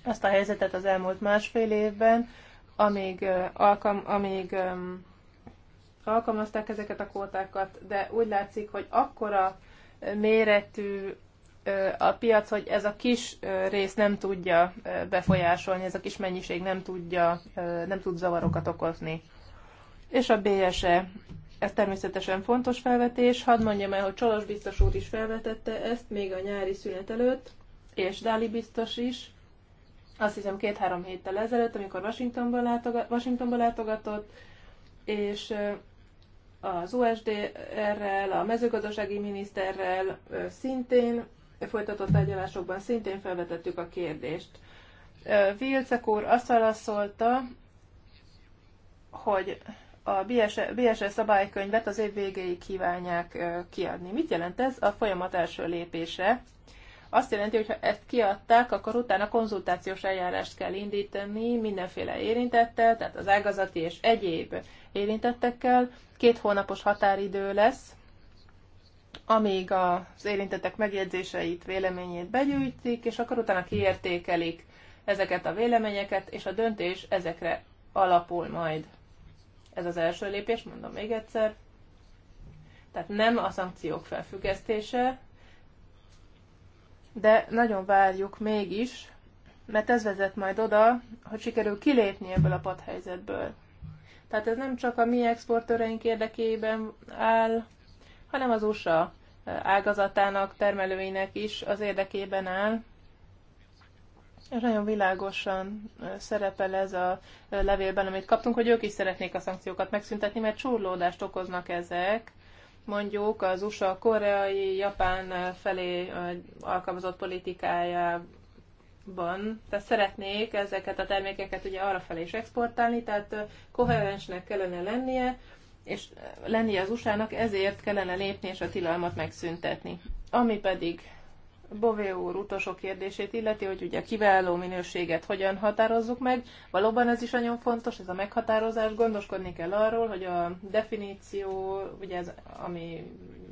azt a helyzetet az elmúlt másfél évben, amíg, alkalm, amíg um, alkalmazták ezeket a kótákat, de úgy látszik, hogy akkora méretű a piac, hogy ez a kis rész nem tudja befolyásolni, ez a kis mennyiség nem tudja, nem tud zavarokat okozni. És a BSE, ez természetesen fontos felvetés. Hadd mondjam el, hogy Csolos biztos úr is felvetette ezt még a nyári szünet előtt, és Dáli biztos is, azt hiszem két-három héttel ezelőtt, amikor Washingtonba, látogat, Washingtonba látogatott, és az USDR-rel, a mezőgazdasági miniszterrel szintén folytatott tárgyalásokban szintén felvetettük a kérdést. Vilcek úr azt válaszolta, hogy a BSE e szabálykönyvet az év végéig kívánják kiadni. Mit jelent ez? A folyamat első lépése. Azt jelenti, hogy ha ezt kiadták, akkor utána konzultációs eljárást kell indítani mindenféle érintettel, tehát az ágazati és egyéb érintettekkel. Két hónapos határidő lesz, amíg az érintettek megjegyzéseit, véleményét begyűjtik, és akkor utána kiértékelik ezeket a véleményeket, és a döntés ezekre alapul majd. Ez az első lépés, mondom még egyszer. Tehát nem a szankciók felfüggesztése, de nagyon várjuk mégis, mert ez vezet majd oda, hogy sikerül kilépni ebből a padhelyzetből. Tehát ez nem csak a mi exportőreink érdekében áll, hanem az USA ágazatának, termelőinek is az érdekében áll, és nagyon világosan szerepel ez a levélben, amit kaptunk, hogy ők is szeretnék a szankciókat megszüntetni, mert csurlódást okoznak ezek, mondjuk az USA, koreai, japán felé alkalmazott politikájában. Tehát szeretnék ezeket a termékeket ugye arra felé is exportálni, tehát koherensnek kellene lennie, és lenni az USA-nak, ezért kellene lépni és a tilalmat megszüntetni. Ami pedig Bové úr utolsó kérdését illeti, hogy ugye a kiváló minőséget hogyan határozzuk meg. Valóban ez is nagyon fontos, ez a meghatározás. Gondoskodni kell arról, hogy a definíció, ugye ez, ami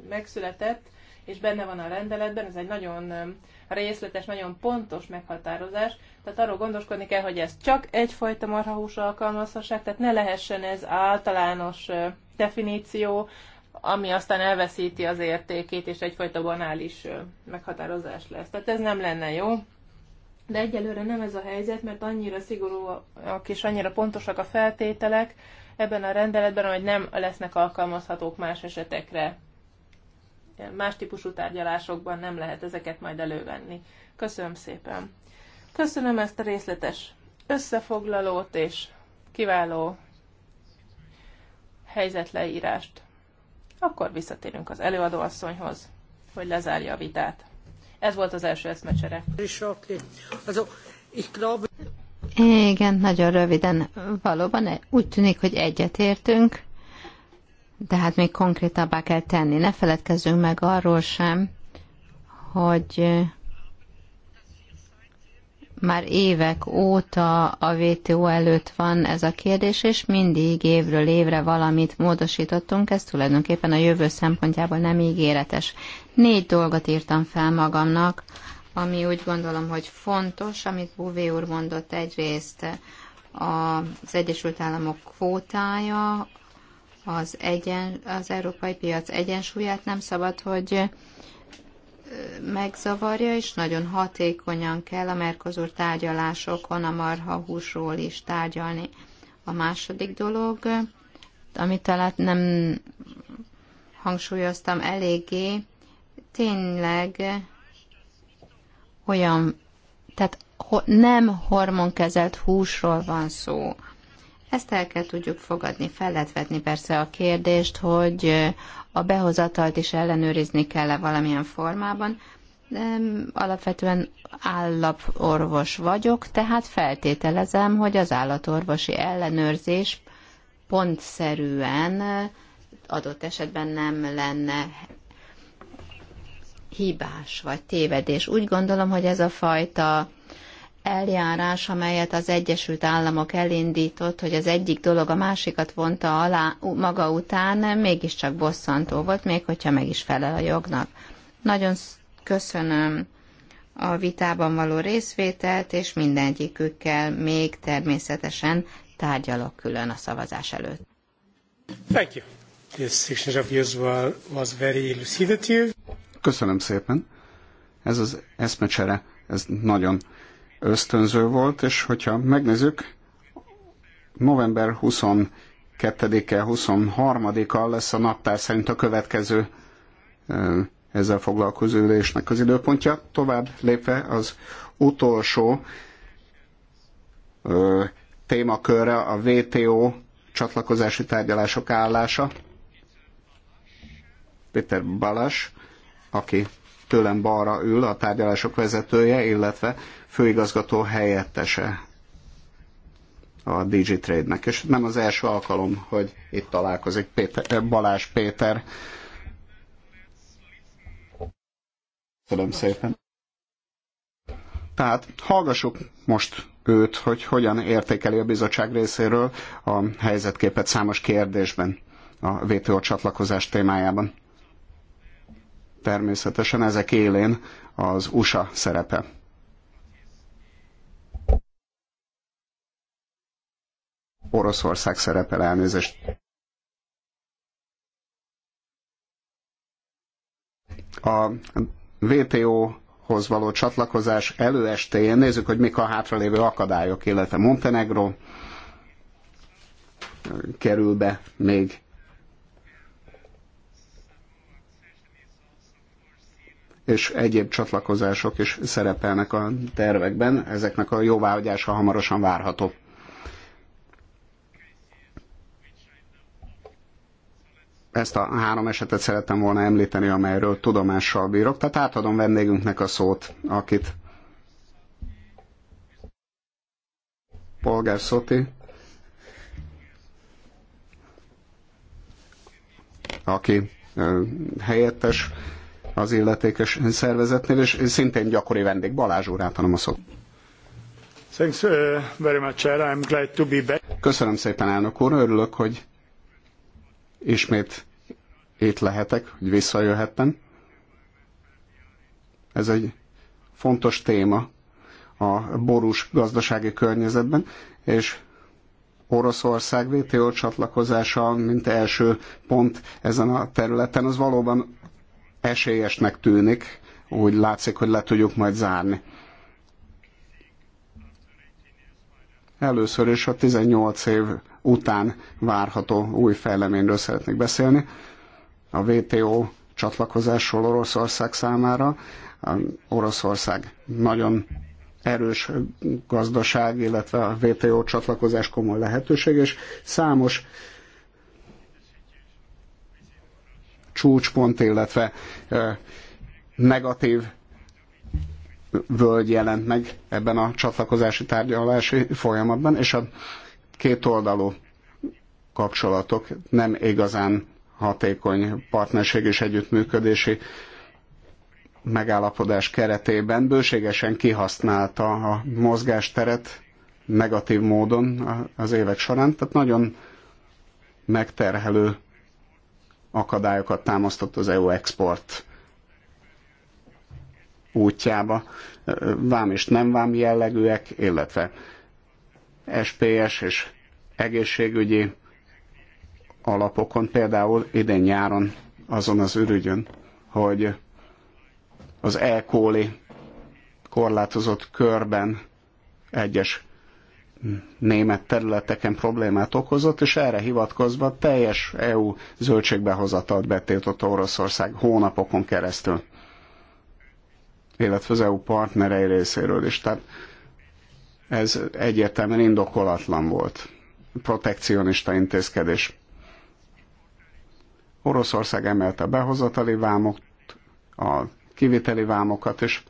megszületett, és benne van a rendeletben, ez egy nagyon részletes, nagyon pontos meghatározás, tehát arról gondoskodni kell, hogy ez csak egyfajta marhahús alkalmazhassák, tehát ne lehessen ez általános definíció, ami aztán elveszíti az értékét, és egyfajta banális meghatározás lesz. Tehát ez nem lenne jó. De egyelőre nem ez a helyzet, mert annyira szigorúak és annyira pontosak a feltételek ebben a rendeletben, hogy nem lesznek alkalmazhatók más esetekre más típusú tárgyalásokban nem lehet ezeket majd elővenni. Köszönöm szépen. Köszönöm ezt a részletes összefoglalót és kiváló helyzetleírást. Akkor visszatérünk az előadóasszonyhoz, hogy lezárja a vitát. Ez volt az első eszmecsere. Igen, nagyon röviden. Valóban úgy tűnik, hogy egyetértünk de hát még konkrétabbá kell tenni. Ne feledkezzünk meg arról sem, hogy már évek óta a WTO előtt van ez a kérdés, és mindig évről évre valamit módosítottunk, ez tulajdonképpen a jövő szempontjából nem ígéretes. Négy dolgot írtam fel magamnak, ami úgy gondolom, hogy fontos, amit Búvé úr mondott egyrészt, az Egyesült Államok kvótája, az, egyen, az európai piac egyensúlyát nem szabad, hogy megzavarja, és nagyon hatékonyan kell a Merkozur tárgyalásokon a marha húsról is tárgyalni. A második dolog, amit talán nem hangsúlyoztam eléggé, tényleg olyan, tehát nem hormonkezelt húsról van szó, ezt el kell tudjuk fogadni, fel lehet vetni persze a kérdést, hogy a behozatalt is ellenőrizni kell-e valamilyen formában. Alapvetően állatorvos vagyok, tehát feltételezem, hogy az állatorvosi ellenőrzés pontszerűen adott esetben nem lenne hibás vagy tévedés. Úgy gondolom, hogy ez a fajta eljárás, amelyet az Egyesült Államok elindított, hogy az egyik dolog a másikat vonta alá maga után, mégiscsak bosszantó volt, még hogyha meg is felel a jognak. Nagyon köszönöm a vitában való részvételt, és mindegyikükkel még természetesen tárgyalok külön a szavazás előtt. Thank you. This section of yours was very elucidative. Köszönöm szépen. Ez az eszmecsere, ez nagyon ösztönző volt, és hogyha megnézzük, november 22-e, 23-a lesz a naptár szerint a következő ezzel foglalkozó ülésnek az időpontja. Tovább lépve az utolsó ö, témakörre a WTO csatlakozási tárgyalások állása. Péter Balas, aki tőlem balra ül, a tárgyalások vezetője, illetve főigazgató helyettese a DG Trade-nek, és nem az első alkalom, hogy itt találkozik Péter, eh, Balázs Péter. Köszönöm szépen. Tehát hallgassuk most őt, hogy hogyan értékeli a bizottság részéről a helyzetképet számos kérdésben a VTO csatlakozás témájában. Természetesen ezek élén az USA szerepe. Oroszország szerepel elnézést. A WTO hoz való csatlakozás előestéjén nézzük, hogy mik a hátralévő akadályok, illetve Montenegro kerül be még. És egyéb csatlakozások is szerepelnek a tervekben, ezeknek a jóváhagyása hamarosan várható. Ezt a három esetet szerettem volna említeni, amelyről tudomással bírok. Tehát átadom vendégünknek a szót, akit Polgár Szoti, aki helyettes az illetékes szervezetnél, és szintén gyakori vendég. Balázs úr, átadom a szót. Thanks uh, very much, I'm glad to be back. Köszönöm szépen, elnök úr. Örülök, hogy ismét itt lehetek, hogy visszajöhettem. Ez egy fontos téma a borús gazdasági környezetben, és Oroszország VTO csatlakozása, mint első pont ezen a területen, az valóban esélyesnek tűnik, úgy látszik, hogy le tudjuk majd zárni. Először is a 18 év után várható új fejleményről szeretnék beszélni a WTO csatlakozásról Oroszország számára. Oroszország nagyon erős gazdaság, illetve a WTO csatlakozás komoly lehetőség, és számos csúcspont, illetve negatív völgy jelent meg ebben a csatlakozási tárgyalási folyamatban, és a kétoldalú kapcsolatok nem igazán hatékony partnerség és együttműködési megállapodás keretében bőségesen kihasználta a mozgásteret negatív módon az évek során, tehát nagyon megterhelő akadályokat támasztott az EU export útjába, vám és nem vám jellegűek, illetve SPS és egészségügyi alapokon, például idén nyáron azon az ürügyön, hogy az e korlátozott körben egyes német területeken problémát okozott, és erre hivatkozva teljes EU zöldségbehozatalt betiltott Oroszország hónapokon keresztül, illetve az EU partnerei részéről is. Tehát ez egyértelműen indokolatlan volt. Protekcionista intézkedés. Oroszország emelte a behozatali vámokat, a kiviteli vámokat, és,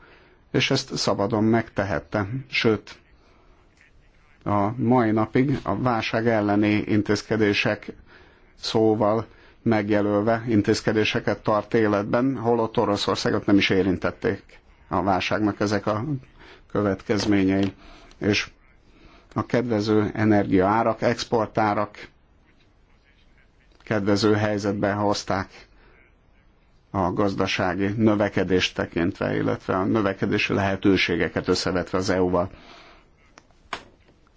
és ezt szabadon megtehette. Sőt, a mai napig a válság elleni intézkedések szóval megjelölve intézkedéseket tart életben, holott Oroszországot nem is érintették a válságnak ezek a következményei. És a kedvező energiaárak, exportárak kedvező helyzetben hozták a gazdasági növekedést tekintve, illetve a növekedési lehetőségeket összevetve az EU-val.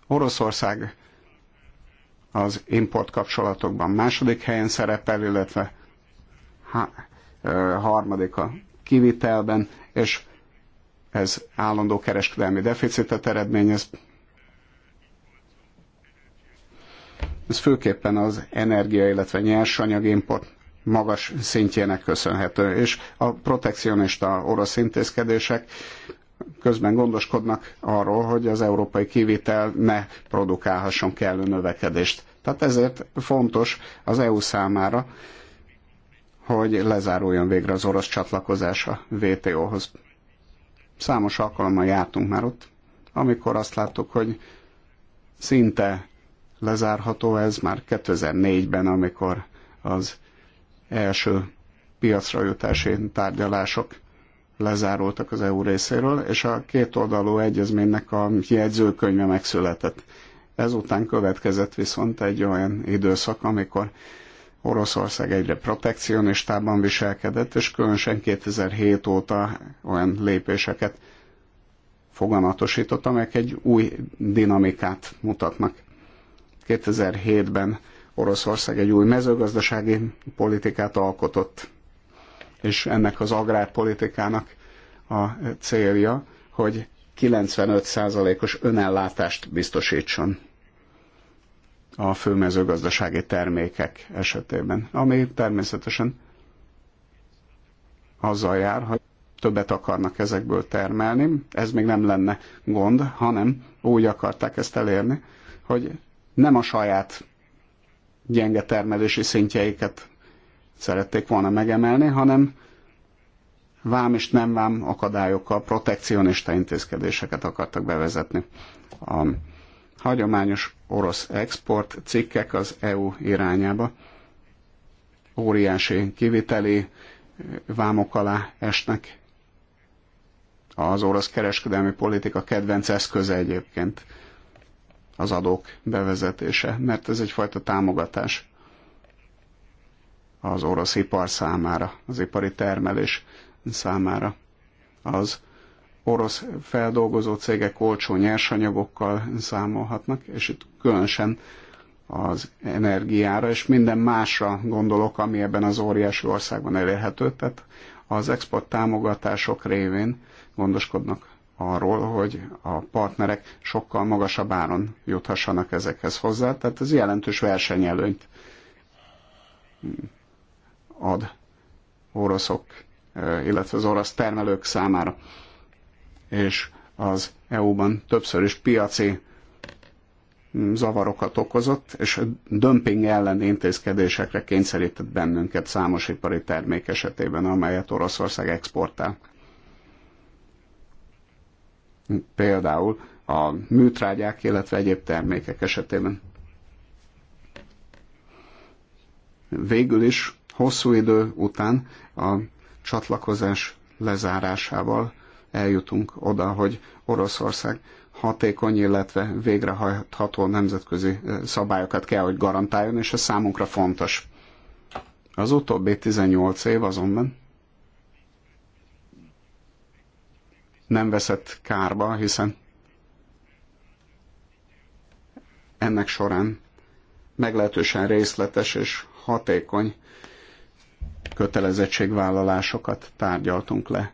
Oroszország az import kapcsolatokban második helyen szerepel, illetve harmadik a kivitelben, és ez állandó kereskedelmi deficitet eredményez, Ez főképpen az energia, illetve nyersanyagimport magas szintjének köszönhető, és a protekcionista orosz intézkedések közben gondoskodnak arról, hogy az európai kivitel ne produkálhasson kellő növekedést. Tehát ezért fontos az EU számára, hogy lezáruljon végre az orosz csatlakozás a WTO-hoz. Számos alkalommal jártunk már ott, amikor azt láttuk, hogy szinte lezárható, ez már 2004-ben, amikor az első piacra jutási tárgyalások lezárultak az EU részéről, és a kétoldalú egyezménynek a jegyzőkönyve megszületett. Ezután következett viszont egy olyan időszak, amikor Oroszország egyre protekcionistában viselkedett, és különösen 2007 óta olyan lépéseket foganatosított, amelyek egy új dinamikát mutatnak. 2007-ben Oroszország egy új mezőgazdasági politikát alkotott, és ennek az agrárpolitikának a célja, hogy 95%-os önellátást biztosítson a főmezőgazdasági termékek esetében, ami természetesen azzal jár, hogy többet akarnak ezekből termelni, ez még nem lenne gond, hanem úgy akarták ezt elérni, hogy nem a saját gyenge termelési szintjeiket szerették volna megemelni, hanem vám és nem vám akadályokkal, protekcionista intézkedéseket akartak bevezetni. A hagyományos orosz export cikkek az EU irányába óriási kiviteli vámok alá esnek. Az orosz kereskedelmi politika kedvenc eszköze egyébként az adók bevezetése, mert ez egyfajta támogatás az orosz ipar számára, az ipari termelés számára. Az orosz feldolgozó cégek olcsó nyersanyagokkal számolhatnak, és itt különösen az energiára, és minden másra gondolok, ami ebben az óriási országban elérhető, tehát az export támogatások révén gondoskodnak arról, hogy a partnerek sokkal magasabb áron juthassanak ezekhez hozzá, tehát ez jelentős versenyelőnyt ad oroszok, illetve az orosz termelők számára. És az EU-ban többször is piaci mm, zavarokat okozott, és dömping ellen intézkedésekre kényszerített bennünket számos ipari termék esetében, amelyet Oroszország exportál például a műtrágyák, illetve egyéb termékek esetében. Végül is hosszú idő után a csatlakozás lezárásával eljutunk oda, hogy Oroszország hatékony, illetve végrehajtható nemzetközi szabályokat kell, hogy garantáljon, és ez számunkra fontos. Az utóbbi 18 év azonban nem veszett kárba, hiszen ennek során meglehetősen részletes és hatékony kötelezettségvállalásokat tárgyaltunk le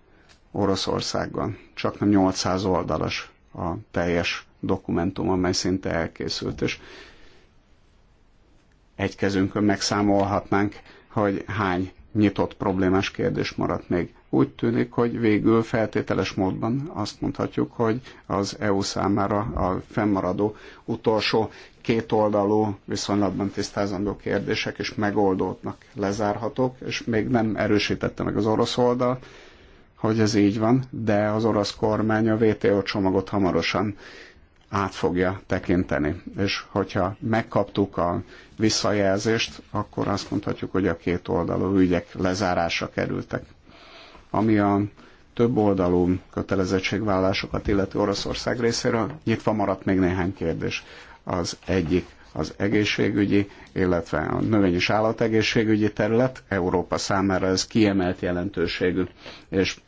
Oroszországban. Csak nem 800 oldalas a teljes dokumentum, amely szinte elkészült, és egy kezünkön megszámolhatnánk, hogy hány nyitott problémás kérdés maradt még úgy tűnik, hogy végül feltételes módban azt mondhatjuk, hogy az EU számára a fennmaradó utolsó kétoldalú, viszonylatban tisztázandó kérdések is megoldódnak, lezárhatók, és még nem erősítette meg az orosz oldal, hogy ez így van, de az orosz kormány a VTO csomagot hamarosan át fogja tekinteni. És hogyha megkaptuk a visszajelzést, akkor azt mondhatjuk, hogy a két oldalú ügyek lezárása kerültek. Ami a több oldalú kötelezettségvállásokat illeti Oroszország részéről, nyitva maradt még néhány kérdés. Az egyik az egészségügyi, illetve a növény és állategészségügyi terület. Európa számára ez kiemelt jelentőségű, és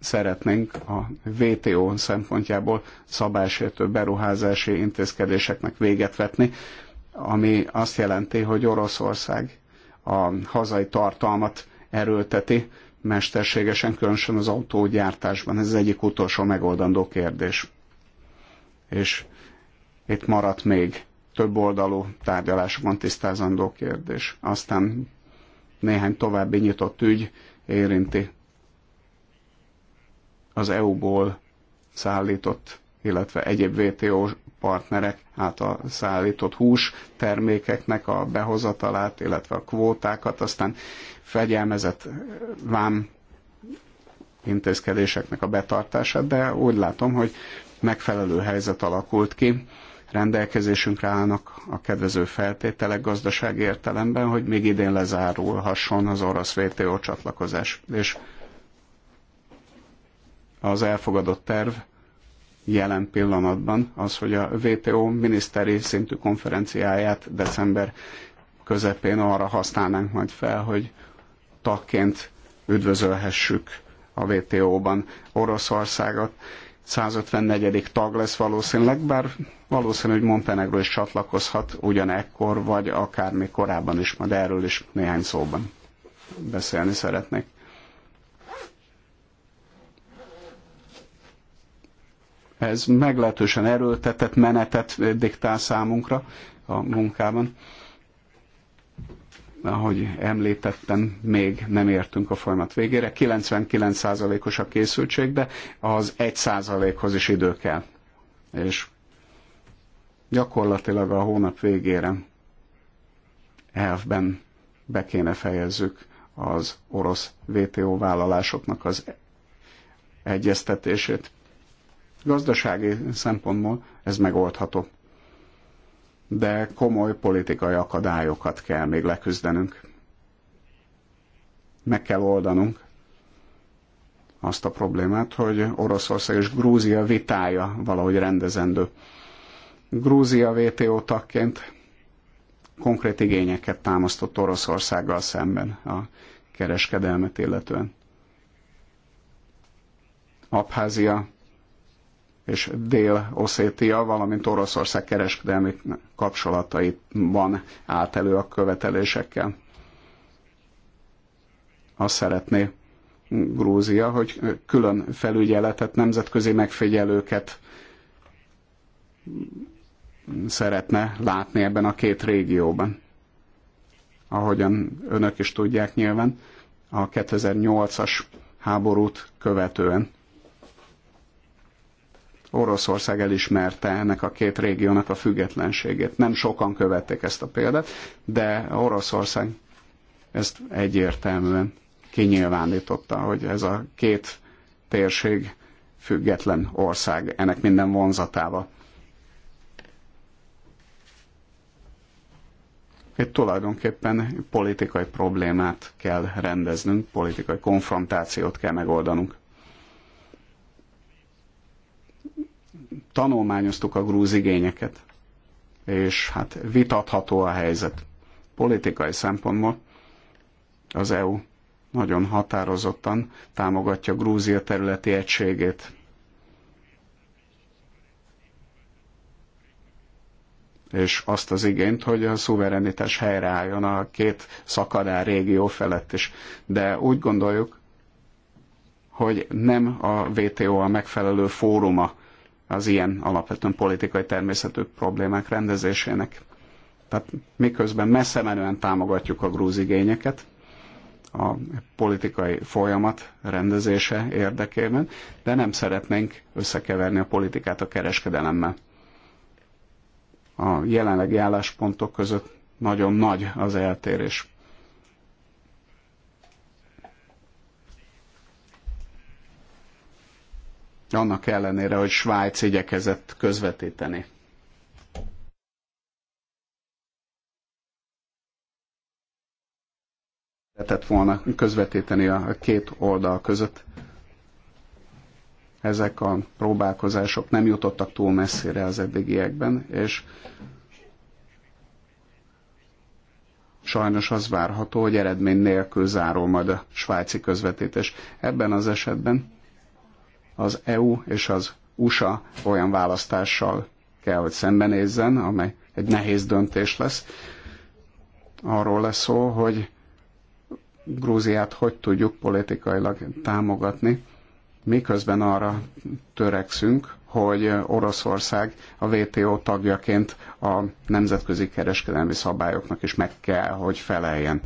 szeretnénk a WTO szempontjából szabásértő beruházási intézkedéseknek véget vetni, ami azt jelenti, hogy Oroszország a hazai tartalmat erőlteti mesterségesen, különösen az autógyártásban. Ez az egyik utolsó megoldandó kérdés. És itt maradt még több oldalú tárgyalásokon tisztázandó kérdés. Aztán néhány további nyitott ügy érinti az EU-ból szállított, illetve egyéb WTO partnerek által szállított hús termékeknek a behozatalát, illetve a kvótákat, aztán fegyelmezett vám intézkedéseknek a betartását, de úgy látom, hogy megfelelő helyzet alakult ki. Rendelkezésünkre állnak a kedvező feltételek gazdasági értelemben, hogy még idén lezárulhasson az orosz WTO csatlakozás. És az elfogadott terv jelen pillanatban az, hogy a WTO miniszteri szintű konferenciáját december közepén arra használnánk majd fel, hogy tagként üdvözölhessük a WTO-ban Oroszországot. 154. tag lesz valószínűleg, bár valószínű, hogy Montenegro is csatlakozhat ugyanekkor, vagy akár még korábban is, majd erről is néhány szóban beszélni szeretnék. Ez meglehetősen erőltetett menetet diktál számunkra a munkában. Ahogy említettem, még nem értünk a folyamat végére. 99%-os a készültség, de az 1%-hoz is idő kell. És gyakorlatilag a hónap végére elfben be kéne fejezzük az orosz VTO vállalásoknak az egyeztetését. Gazdasági szempontból ez megoldható. De komoly politikai akadályokat kell még leküzdenünk. Meg kell oldanunk azt a problémát, hogy Oroszország és Grúzia vitája valahogy rendezendő. Grúzia VTO tagként konkrét igényeket támasztott Oroszországgal szemben a kereskedelmet illetően. Abházia és Dél-Oszétia, valamint Oroszország kereskedelmi kapcsolataiban állt elő a követelésekkel. Azt szeretné Grúzia, hogy külön felügyeletet, nemzetközi megfigyelőket szeretne látni ebben a két régióban. Ahogyan önök is tudják nyilván, a 2008-as háborút követően Oroszország elismerte ennek a két régiónak a függetlenségét. Nem sokan követték ezt a példát, de Oroszország ezt egyértelműen kinyilvánította, hogy ez a két térség független ország ennek minden vonzatával. Itt tulajdonképpen politikai problémát kell rendeznünk, politikai konfrontációt kell megoldanunk. tanulmányoztuk a grúz igényeket, és hát vitatható a helyzet. Politikai szempontból az EU nagyon határozottan támogatja Grúzia területi egységét. És azt az igényt, hogy a szuverenitás helyreálljon a két szakadár régió felett is. De úgy gondoljuk, hogy nem a WTO a megfelelő fóruma az ilyen alapvetően politikai természetű problémák rendezésének. Tehát miközben messze menően támogatjuk a grúz igényeket, a politikai folyamat rendezése érdekében, de nem szeretnénk összekeverni a politikát a kereskedelemmel. A jelenlegi álláspontok között nagyon nagy az eltérés. annak ellenére, hogy Svájc igyekezett közvetíteni. lehetett volna közvetíteni a két oldal között. Ezek a próbálkozások nem jutottak túl messzire az eddigiekben, és sajnos az várható, hogy eredmény nélkül zárul majd a svájci közvetítés. Ebben az esetben az EU és az USA olyan választással kell, hogy szembenézzen, amely egy nehéz döntés lesz. Arról lesz szó, hogy Grúziát hogy tudjuk politikailag támogatni, miközben arra törekszünk, hogy Oroszország a WTO tagjaként a nemzetközi kereskedelmi szabályoknak is meg kell, hogy feleljen.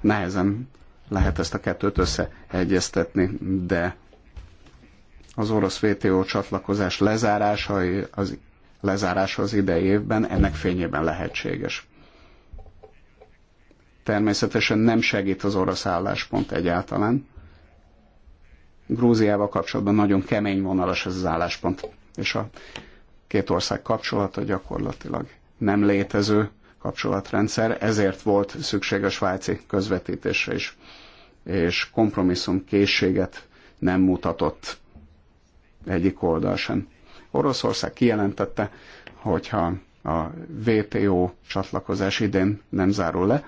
Nehezen lehet ezt a kettőt összeegyeztetni, de az orosz VTO csatlakozás lezárása az, lezárása az idei évben ennek fényében lehetséges. Természetesen nem segít az orosz álláspont egyáltalán. Grúziával kapcsolatban nagyon kemény vonalas ez az álláspont, és a két ország kapcsolata gyakorlatilag nem létező kapcsolatrendszer, ezért volt szükség a svájci közvetítésre is, és kompromisszum készséget nem mutatott egyik oldal sem. Oroszország kijelentette, hogyha a WTO csatlakozás idén nem zárul le,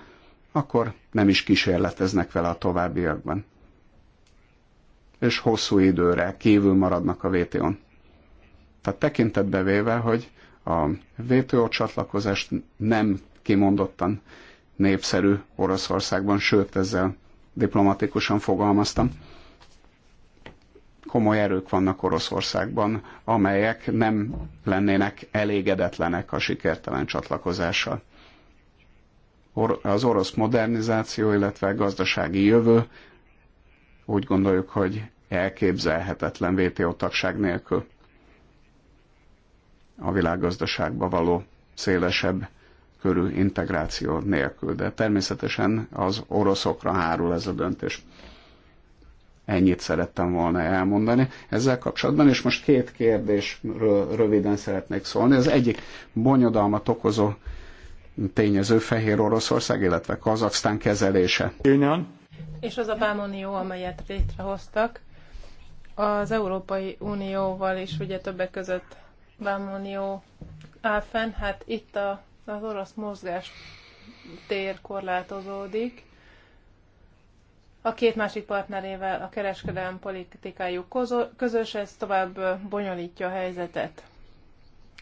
akkor nem is kísérleteznek vele a továbbiakban. És hosszú időre kívül maradnak a WTO-n. Tehát tekintetbe véve, hogy a WTO csatlakozást nem kimondottan népszerű Oroszországban, sőt ezzel diplomatikusan fogalmaztam, komoly erők vannak Oroszországban, amelyek nem lennének elégedetlenek a sikertelen csatlakozással. az orosz modernizáció, illetve gazdasági jövő úgy gondoljuk, hogy elképzelhetetlen VTO tagság nélkül a világgazdaságba való szélesebb körű integráció nélkül. De természetesen az oroszokra hárul ez a döntés. Ennyit szerettem volna elmondani ezzel kapcsolatban, és most két kérdésről röviden szeretnék szólni. Az egyik bonyodalmat okozó tényező Fehér Oroszország, illetve Kazaksztán kezelése. És az a vámonió, amelyet létrehoztak, az Európai Unióval is ugye többek között vámonió áll fenn, hát itt a, az orosz mozgás tér korlátozódik, a két másik partnerével a kereskedelem politikájuk közös, ez tovább bonyolítja a helyzetet.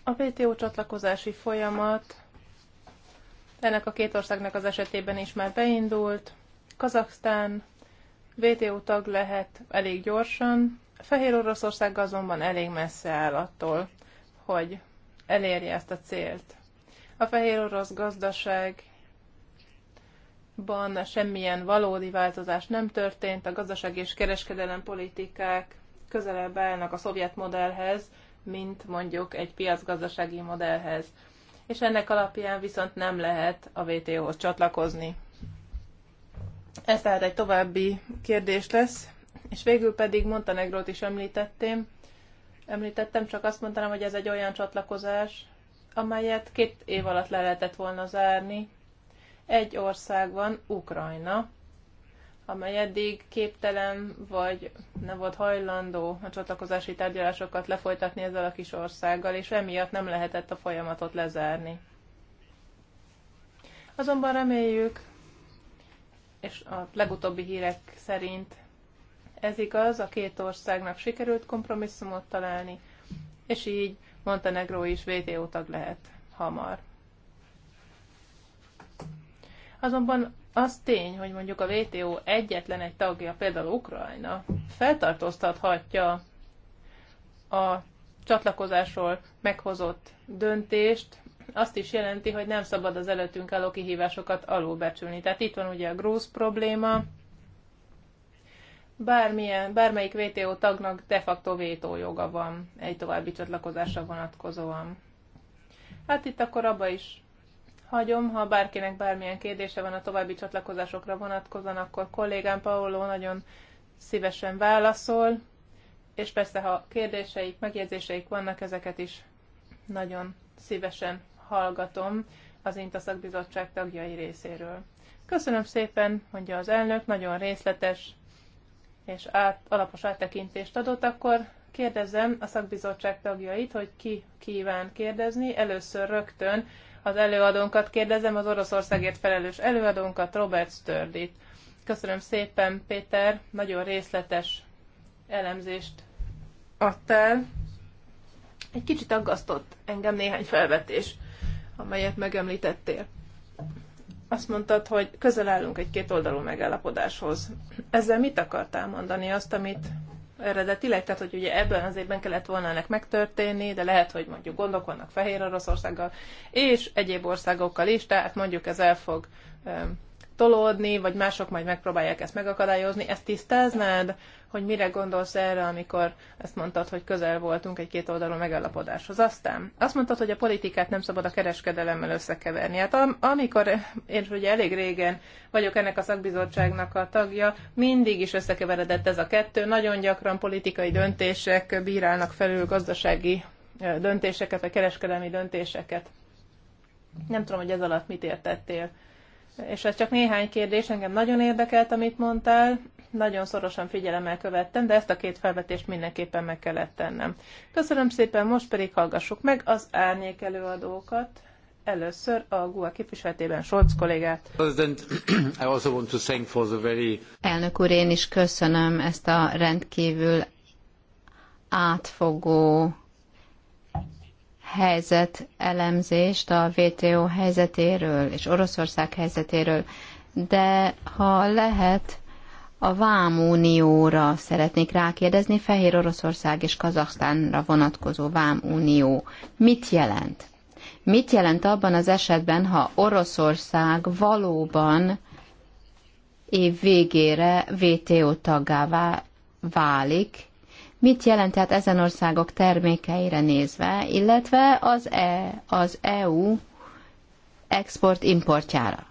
A WTO csatlakozási folyamat ennek a két országnak az esetében is már beindult. Kazaksztán WTO tag lehet elég gyorsan, Fehér Oroszország azonban elég messze áll attól, hogy elérje ezt a célt. A fehér orosz gazdaság Ban semmilyen valódi változás nem történt, a gazdaság és kereskedelem politikák közelebb állnak a szovjet modellhez, mint mondjuk egy piacgazdasági modellhez. És ennek alapján viszont nem lehet a WTO-hoz csatlakozni. Ez tehát egy további kérdés lesz, és végül pedig Montenegrót is említettem. Említettem, csak azt mondanám, hogy ez egy olyan csatlakozás, amelyet két év alatt le lehetett volna zárni, egy ország van, Ukrajna, amely eddig képtelen vagy nem volt hajlandó a csatlakozási tárgyalásokat lefolytatni ezzel a kis országgal, és emiatt nem lehetett a folyamatot lezárni. Azonban reméljük, és a legutóbbi hírek szerint ez igaz, a két országnak sikerült kompromisszumot találni, és így Montenegró is WTO tag lehet hamar. Azonban az tény, hogy mondjuk a WTO egyetlen egy tagja, például Ukrajna, feltartóztathatja a csatlakozásról meghozott döntést, azt is jelenti, hogy nem szabad az előttünk álló kihívásokat alulbecsülni. Tehát itt van ugye a grúz probléma, bármilyen, bármelyik WTO tagnak de facto joga van egy további csatlakozásra vonatkozóan. Hát itt akkor abba is hagyom, ha bárkinek bármilyen kérdése van a további csatlakozásokra vonatkozóan, akkor kollégám Paolo nagyon szívesen válaszol, és persze, ha kérdéseik, megjegyzéseik vannak, ezeket is nagyon szívesen hallgatom az INTA szakbizottság tagjai részéről. Köszönöm szépen, mondja az elnök, nagyon részletes és át, alapos áttekintést adott, akkor kérdezem a szakbizottság tagjait, hogy ki kíván kérdezni. Először rögtön az előadónkat kérdezem, az Oroszországért felelős előadónkat, Robert Stördit. Köszönöm szépen, Péter, nagyon részletes elemzést adtál. Egy kicsit aggasztott engem néhány felvetés, amelyet megemlítettél. Azt mondtad, hogy közel állunk egy kétoldalú megállapodáshoz. Ezzel mit akartál mondani? Azt, amit eredetileg, tehát hogy ugye ebben az évben kellett volna ennek megtörténni, de lehet, hogy mondjuk gondok vannak Fehér Oroszországgal és egyéb országokkal is, tehát mondjuk ez el fog tolódni, vagy mások majd megpróbálják ezt megakadályozni. Ezt tisztáznád, hogy mire gondolsz erre, amikor ezt mondtad, hogy közel voltunk egy két oldalú megállapodáshoz. Aztán azt mondtad, hogy a politikát nem szabad a kereskedelemmel összekeverni. Hát am- amikor én ugye elég régen vagyok ennek a szakbizottságnak a tagja, mindig is összekeveredett ez a kettő. Nagyon gyakran politikai döntések bírálnak felül gazdasági döntéseket, vagy kereskedelmi döntéseket. Nem tudom, hogy ez alatt mit értettél és ez csak néhány kérdés, engem nagyon érdekelt, amit mondtál, nagyon szorosan figyelemmel követtem, de ezt a két felvetést mindenképpen meg kellett tennem. Köszönöm szépen, most pedig hallgassuk meg az árnyék előadókat. Először a GUA képviseletében Solc kollégát. Elnök úr, én is köszönöm ezt a rendkívül átfogó helyzet elemzést a WTO helyzetéről és Oroszország helyzetéről, de ha lehet, a Vámunióra szeretnék rákérdezni, Fehér Oroszország és Kazaksztánra vonatkozó Vámunió. Mit jelent? Mit jelent abban az esetben, ha Oroszország valóban év végére VTO taggává válik, mit jelent tehát ezen országok termékeire nézve, illetve az, e, az EU export-importjára.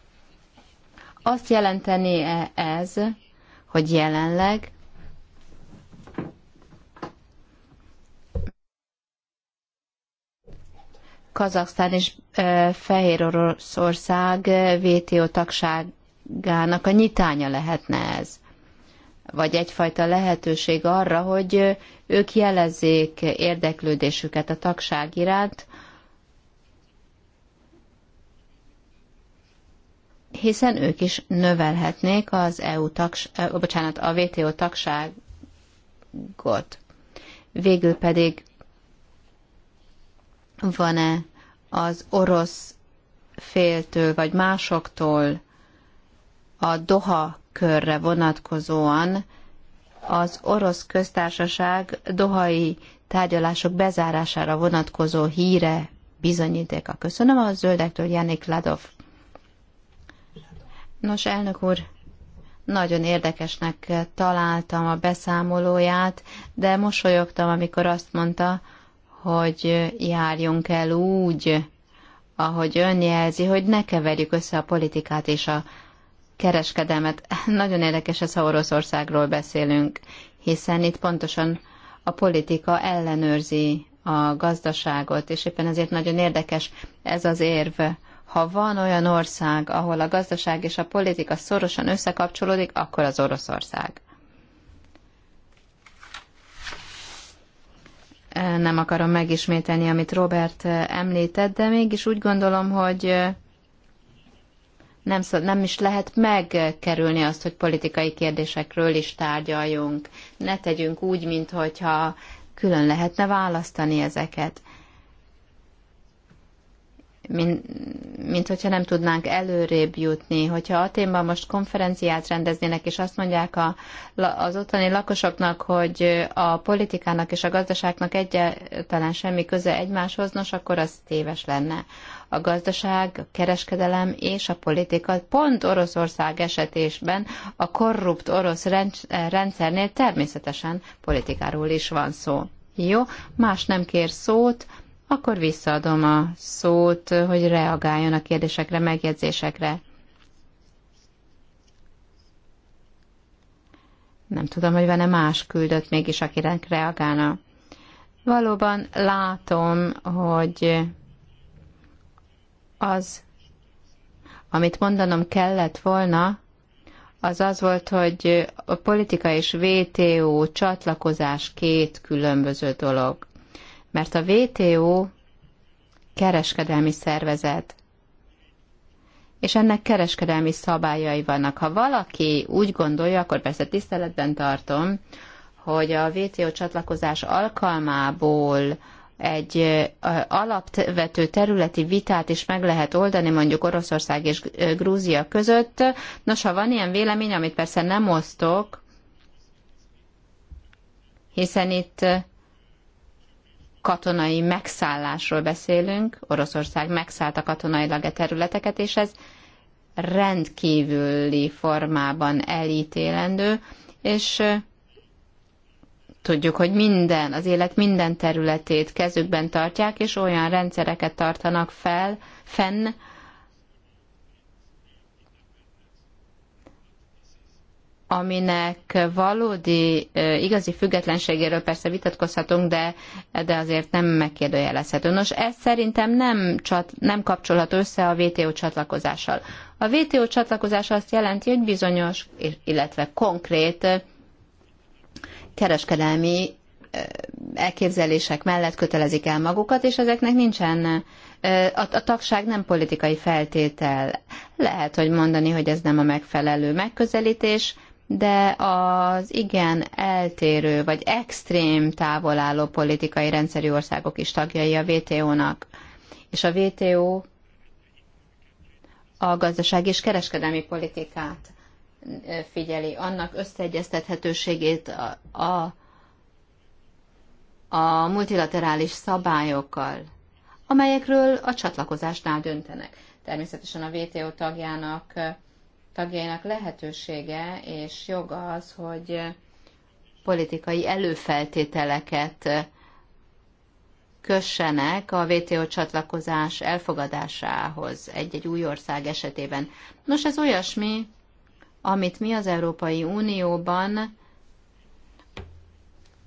Azt jelenteni -e ez, hogy jelenleg Kazaksztán és e, Fehér Oroszország WTO tagságának a nyitánya lehetne ez vagy egyfajta lehetőség arra, hogy ők jelezzék érdeklődésüket a tagság iránt, hiszen ők is növelhetnék az EU tagság, bocsánat, a WTO tagságot. Végül pedig van-e az orosz féltől vagy másoktól a Doha körre vonatkozóan az orosz köztársaság dohai tárgyalások bezárására vonatkozó híre bizonyítéka. Köszönöm a zöldektől, Janik Ladov. Nos, elnök úr, nagyon érdekesnek találtam a beszámolóját, de mosolyogtam, amikor azt mondta, hogy járjunk el úgy, ahogy ön jelzi, hogy ne keverjük össze a politikát és a kereskedelmet. Nagyon érdekes ez, ha Oroszországról beszélünk, hiszen itt pontosan a politika ellenőrzi a gazdaságot, és éppen ezért nagyon érdekes ez az érv. Ha van olyan ország, ahol a gazdaság és a politika szorosan összekapcsolódik, akkor az Oroszország. Nem akarom megismételni, amit Robert említett, de mégis úgy gondolom, hogy nem, nem is lehet megkerülni azt, hogy politikai kérdésekről is tárgyaljunk. Ne tegyünk úgy, mintha külön lehetne választani ezeket. Mint, mint hogyha nem tudnánk előrébb jutni. Hogyha Aténban most konferenciát rendeznének, és azt mondják a, az ottani lakosoknak, hogy a politikának és a gazdaságnak egyáltalán semmi köze egymáshoz, nos, akkor az téves lenne a gazdaság, a kereskedelem és a politika pont Oroszország esetésben a korrupt orosz rendszernél természetesen politikáról is van szó. Jó, más nem kér szót, akkor visszaadom a szót, hogy reagáljon a kérdésekre, megjegyzésekre. Nem tudom, hogy van-e más küldött mégis, akire reagálna. Valóban látom, hogy az, amit mondanom kellett volna, az az volt, hogy a politika és VTO csatlakozás két különböző dolog. Mert a VTO kereskedelmi szervezet, és ennek kereskedelmi szabályai vannak. Ha valaki úgy gondolja, akkor persze tiszteletben tartom, hogy a VTO csatlakozás alkalmából egy alapvető területi vitát is meg lehet oldani mondjuk Oroszország és Grúzia között. Nos, ha van ilyen vélemény, amit persze nem osztok, hiszen itt katonai megszállásról beszélünk, Oroszország megszállta katonailag a e területeket, és ez rendkívüli formában elítélendő, és tudjuk, hogy minden, az élet minden területét kezükben tartják, és olyan rendszereket tartanak fel, fenn, aminek valódi, igazi függetlenségéről persze vitatkozhatunk, de, de azért nem megkérdőjelezhető. Nos, ez szerintem nem, csat, nem kapcsolható össze a WTO csatlakozással. A WTO csatlakozás azt jelenti, hogy bizonyos, illetve konkrét kereskedelmi elképzelések mellett kötelezik el magukat, és ezeknek nincsen, a, a tagság nem politikai feltétel. Lehet, hogy mondani, hogy ez nem a megfelelő megközelítés, de az igen eltérő vagy extrém álló politikai rendszerű országok is tagjai a WTO-nak. És a WTO a gazdaság és kereskedelmi politikát figyeli, annak összeegyeztethetőségét a, a, a multilaterális szabályokkal, amelyekről a csatlakozásnál döntenek. Természetesen a WTO tagjának, tagjainak lehetősége és joga az, hogy politikai előfeltételeket kössenek a WTO csatlakozás elfogadásához egy-egy új ország esetében. Nos, ez olyasmi, amit mi az Európai Unióban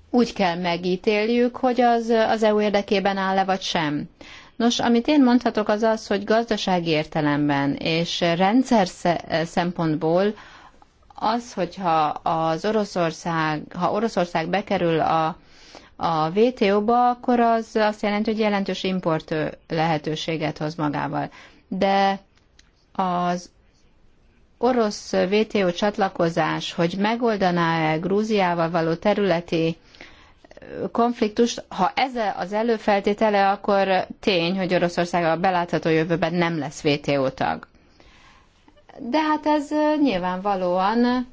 úgy kell megítéljük, hogy az, az EU érdekében áll le vagy sem. Nos, amit én mondhatok az az, hogy gazdasági értelemben és rendszer szempontból az, hogyha az Oroszország, ha Oroszország bekerül a, a WTO-ba, akkor az azt jelenti, hogy jelentős import lehetőséget hoz magával. De az orosz VTO csatlakozás, hogy megoldaná-e Grúziával való területi konfliktust, ha ez az előfeltétele, akkor tény, hogy Oroszország a belátható jövőben nem lesz VTO tag. De hát ez nyilvánvalóan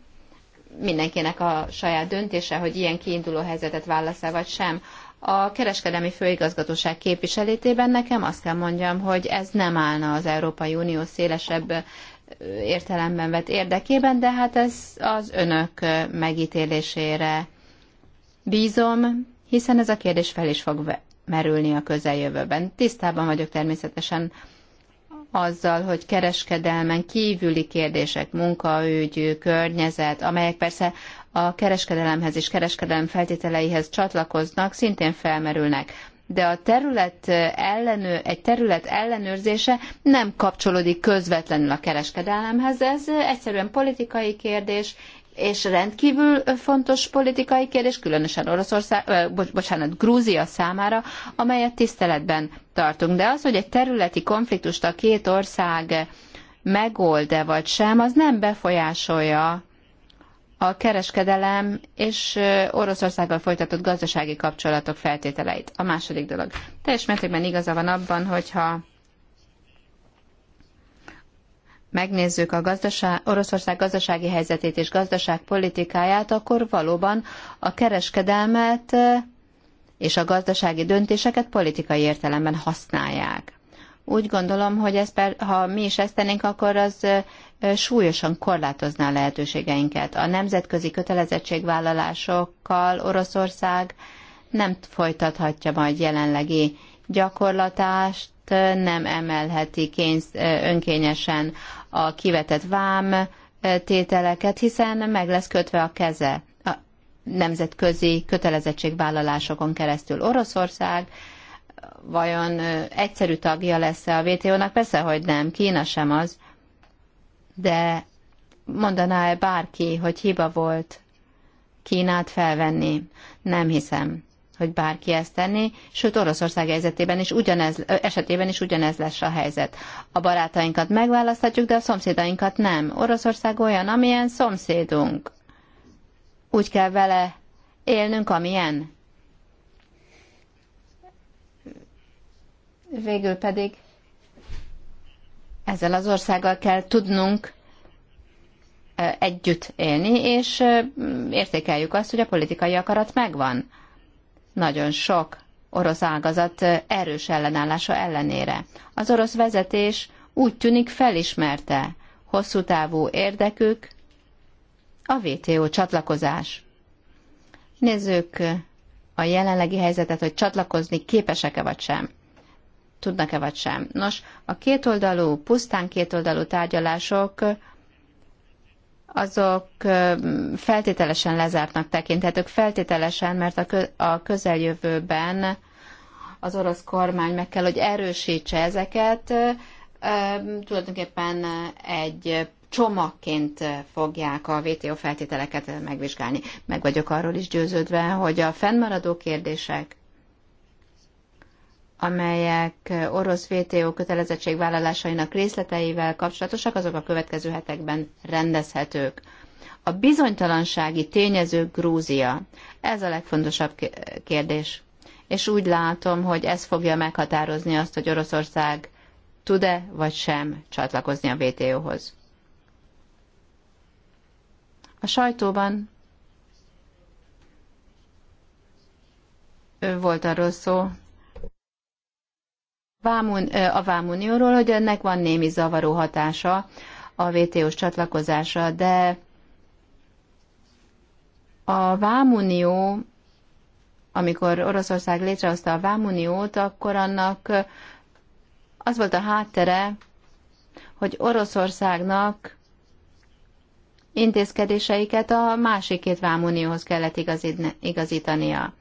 mindenkinek a saját döntése, hogy ilyen kiinduló helyzetet válasz-e vagy sem. A kereskedelmi főigazgatóság képviselétében nekem azt kell mondjam, hogy ez nem állna az Európai Unió szélesebb értelemben vett érdekében, de hát ez az önök megítélésére bízom, hiszen ez a kérdés fel is fog merülni a közeljövőben. Tisztában vagyok természetesen azzal, hogy kereskedelmen kívüli kérdések, munkaügy, környezet, amelyek persze a kereskedelemhez és kereskedelem feltételeihez csatlakoznak, szintén felmerülnek de a terület ellenő, egy terület ellenőrzése nem kapcsolódik közvetlenül a kereskedelemhez. Ez egyszerűen politikai kérdés, és rendkívül fontos politikai kérdés, különösen Oroszország, bocsánat, Grúzia számára, amelyet tiszteletben tartunk. De az, hogy egy területi konfliktust a két ország megold-e vagy sem, az nem befolyásolja a kereskedelem és Oroszországgal folytatott gazdasági kapcsolatok feltételeit. A második dolog. Teljes mértékben igaza van abban, hogyha megnézzük a gazdaság, Oroszország gazdasági helyzetét és gazdaságpolitikáját, akkor valóban a kereskedelmet és a gazdasági döntéseket politikai értelemben használják. Úgy gondolom, hogy ezt, ha mi is ezt tennénk, akkor az súlyosan korlátozná a lehetőségeinket. A nemzetközi kötelezettségvállalásokkal Oroszország nem folytathatja majd jelenlegi gyakorlatást, nem emelheti kénysz, önkényesen a kivetett vám tételeket, hiszen meg lesz kötve a keze a nemzetközi kötelezettségvállalásokon keresztül. Oroszország vajon egyszerű tagja lesz-e a WTO-nak? Persze, hogy nem, Kína sem az, de mondaná-e bárki, hogy hiba volt Kínát felvenni? Nem hiszem, hogy bárki ezt tenni, sőt Oroszország helyzetében is ugyanez, esetében is ugyanez lesz a helyzet. A barátainkat megválaszthatjuk, de a szomszédainkat nem. Oroszország olyan, amilyen szomszédunk. Úgy kell vele élnünk, amilyen. végül pedig ezzel az országgal kell tudnunk együtt élni, és értékeljük azt, hogy a politikai akarat megvan. Nagyon sok orosz ágazat erős ellenállása ellenére. Az orosz vezetés úgy tűnik felismerte hosszú távú érdekük a WTO csatlakozás. Nézzük a jelenlegi helyzetet, hogy csatlakozni képesek-e vagy sem tudnak-e vagy sem. Nos, a kétoldalú, pusztán kétoldalú tárgyalások azok feltételesen lezártnak tekinthetők, feltételesen, mert a közeljövőben az orosz kormány meg kell, hogy erősítse ezeket, tulajdonképpen egy csomagként fogják a VTO feltételeket megvizsgálni. Meg vagyok arról is győződve, hogy a fennmaradó kérdések amelyek orosz VTO kötelezettségvállalásainak részleteivel kapcsolatosak, azok a következő hetekben rendezhetők. A bizonytalansági tényező Grúzia. Ez a legfontosabb kérdés. És úgy látom, hogy ez fogja meghatározni azt, hogy Oroszország tud-e vagy sem csatlakozni a VTO-hoz. A sajtóban volt arról szó, Vámun, a Vámunióról, hogy ennek van némi zavaró hatása a WTO-s csatlakozása, de a Vámunió, amikor Oroszország létrehozta a Vámuniót, akkor annak az volt a háttere, hogy Oroszországnak intézkedéseiket a másik két vámunióhoz kellett igazítania.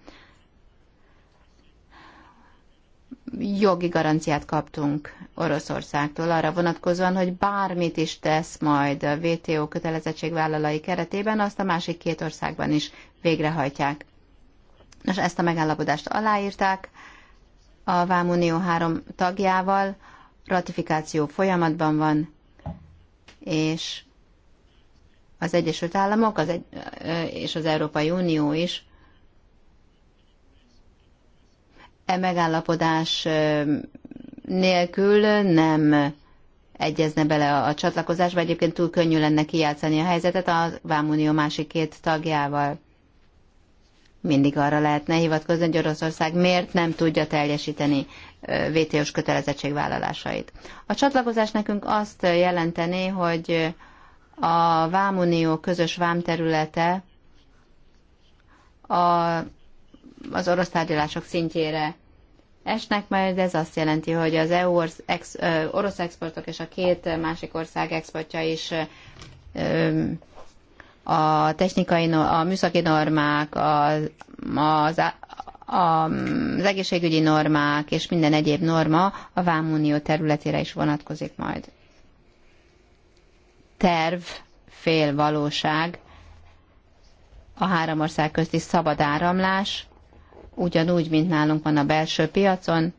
jogi garanciát kaptunk Oroszországtól arra vonatkozóan, hogy bármit is tesz majd a WTO kötelezettségvállalai keretében, azt a másik két országban is végrehajtják. Nos, ezt a megállapodást aláírták a Vámunió három tagjával, ratifikáció folyamatban van, és az Egyesült Államok az egy, és az Európai Unió is e megállapodás nélkül nem egyezne bele a csatlakozásba, egyébként túl könnyű lenne kijátszani a helyzetet a Vámunió másik két tagjával. Mindig arra lehetne hivatkozni, hogy Oroszország miért nem tudja teljesíteni vto s kötelezettségvállalásait. A csatlakozás nekünk azt jelenteni, hogy a Vámunió közös vámterülete a az orosz tárgyalások szintjére esnek, mert ez azt jelenti, hogy az EU ex, orosz exportok és a két másik ország exportja is a technikai, a műszaki normák, az, az, az egészségügyi normák és minden egyéb norma a Vámunió területére is vonatkozik majd. Terv, fél valóság, a három ország közti szabad áramlás, ugyanúgy, mint nálunk van a belső piacon.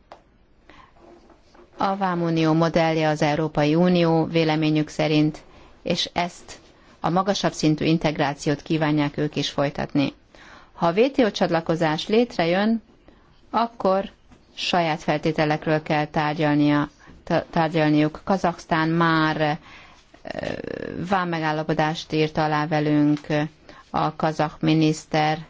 A Vámunió modellje az Európai Unió véleményük szerint, és ezt a magasabb szintű integrációt kívánják ők is folytatni. Ha a WTO csatlakozás létrejön, akkor saját feltételekről kell tárgyalnia, tárgyalniuk. Kazaksztán már vámmegállapodást írt alá velünk a kazak miniszter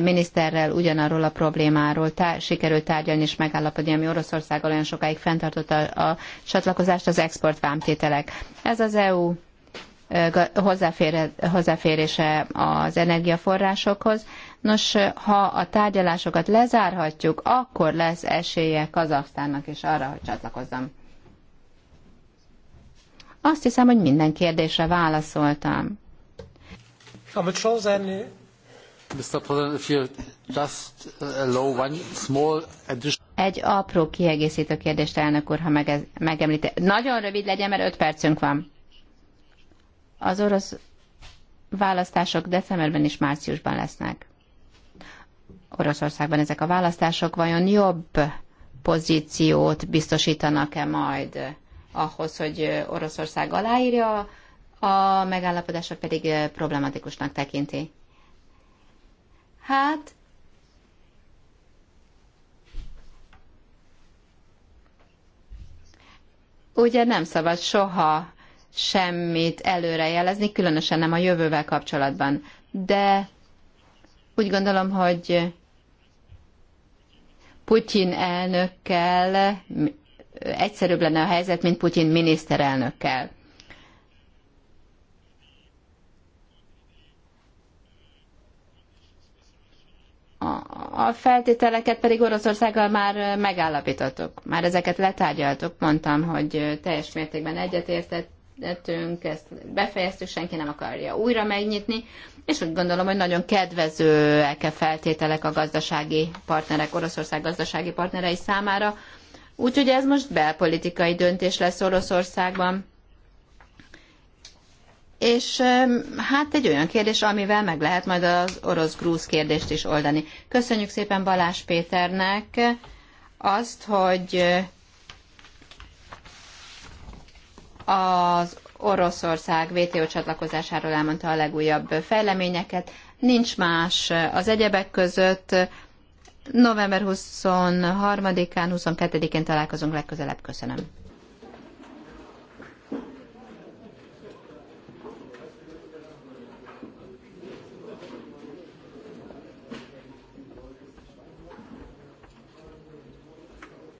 miniszterrel ugyanarról a problémáról tá- sikerült tárgyalni és megállapodni, ami Oroszországgal olyan sokáig fenntartotta a, a csatlakozást, az exportvámtételek. Ez az EU hozzáférése az energiaforrásokhoz. Nos, ha a tárgyalásokat lezárhatjuk, akkor lesz esélye Kazaksztánnak is arra, hogy csatlakozzam. Azt hiszem, hogy minden kérdésre válaszoltam. Amit Uh, Egy apró kiegészítő kérdést, elnök úr, ha mege- Nagyon rövid legyen, mert öt percünk van. Az orosz választások decemberben és márciusban lesznek. Oroszországban ezek a választások vajon jobb pozíciót biztosítanak-e majd ahhoz, hogy Oroszország aláírja, a megállapodások pedig eh, problematikusnak tekinti. Hát, ugye nem szabad soha semmit előrejelezni, különösen nem a jövővel kapcsolatban. De úgy gondolom, hogy Putyin elnökkel egyszerűbb lenne a helyzet, mint Putyin miniszterelnökkel. a feltételeket pedig Oroszországgal már megállapítottuk, már ezeket letárgyaltuk, mondtam, hogy teljes mértékben egyetértettünk, ezt befejeztük, senki nem akarja újra megnyitni, és úgy gondolom, hogy nagyon kedvezőek a feltételek a gazdasági partnerek, Oroszország gazdasági partnerei számára, úgyhogy ez most belpolitikai döntés lesz Oroszországban és hát egy olyan kérdés, amivel meg lehet majd az orosz-grúz kérdést is oldani. Köszönjük szépen Balázs Péternek azt, hogy az Oroszország WTO csatlakozásáról elmondta a legújabb fejleményeket. Nincs más az egyebek között. November 23-án, 22-én találkozunk legközelebb. Köszönöm.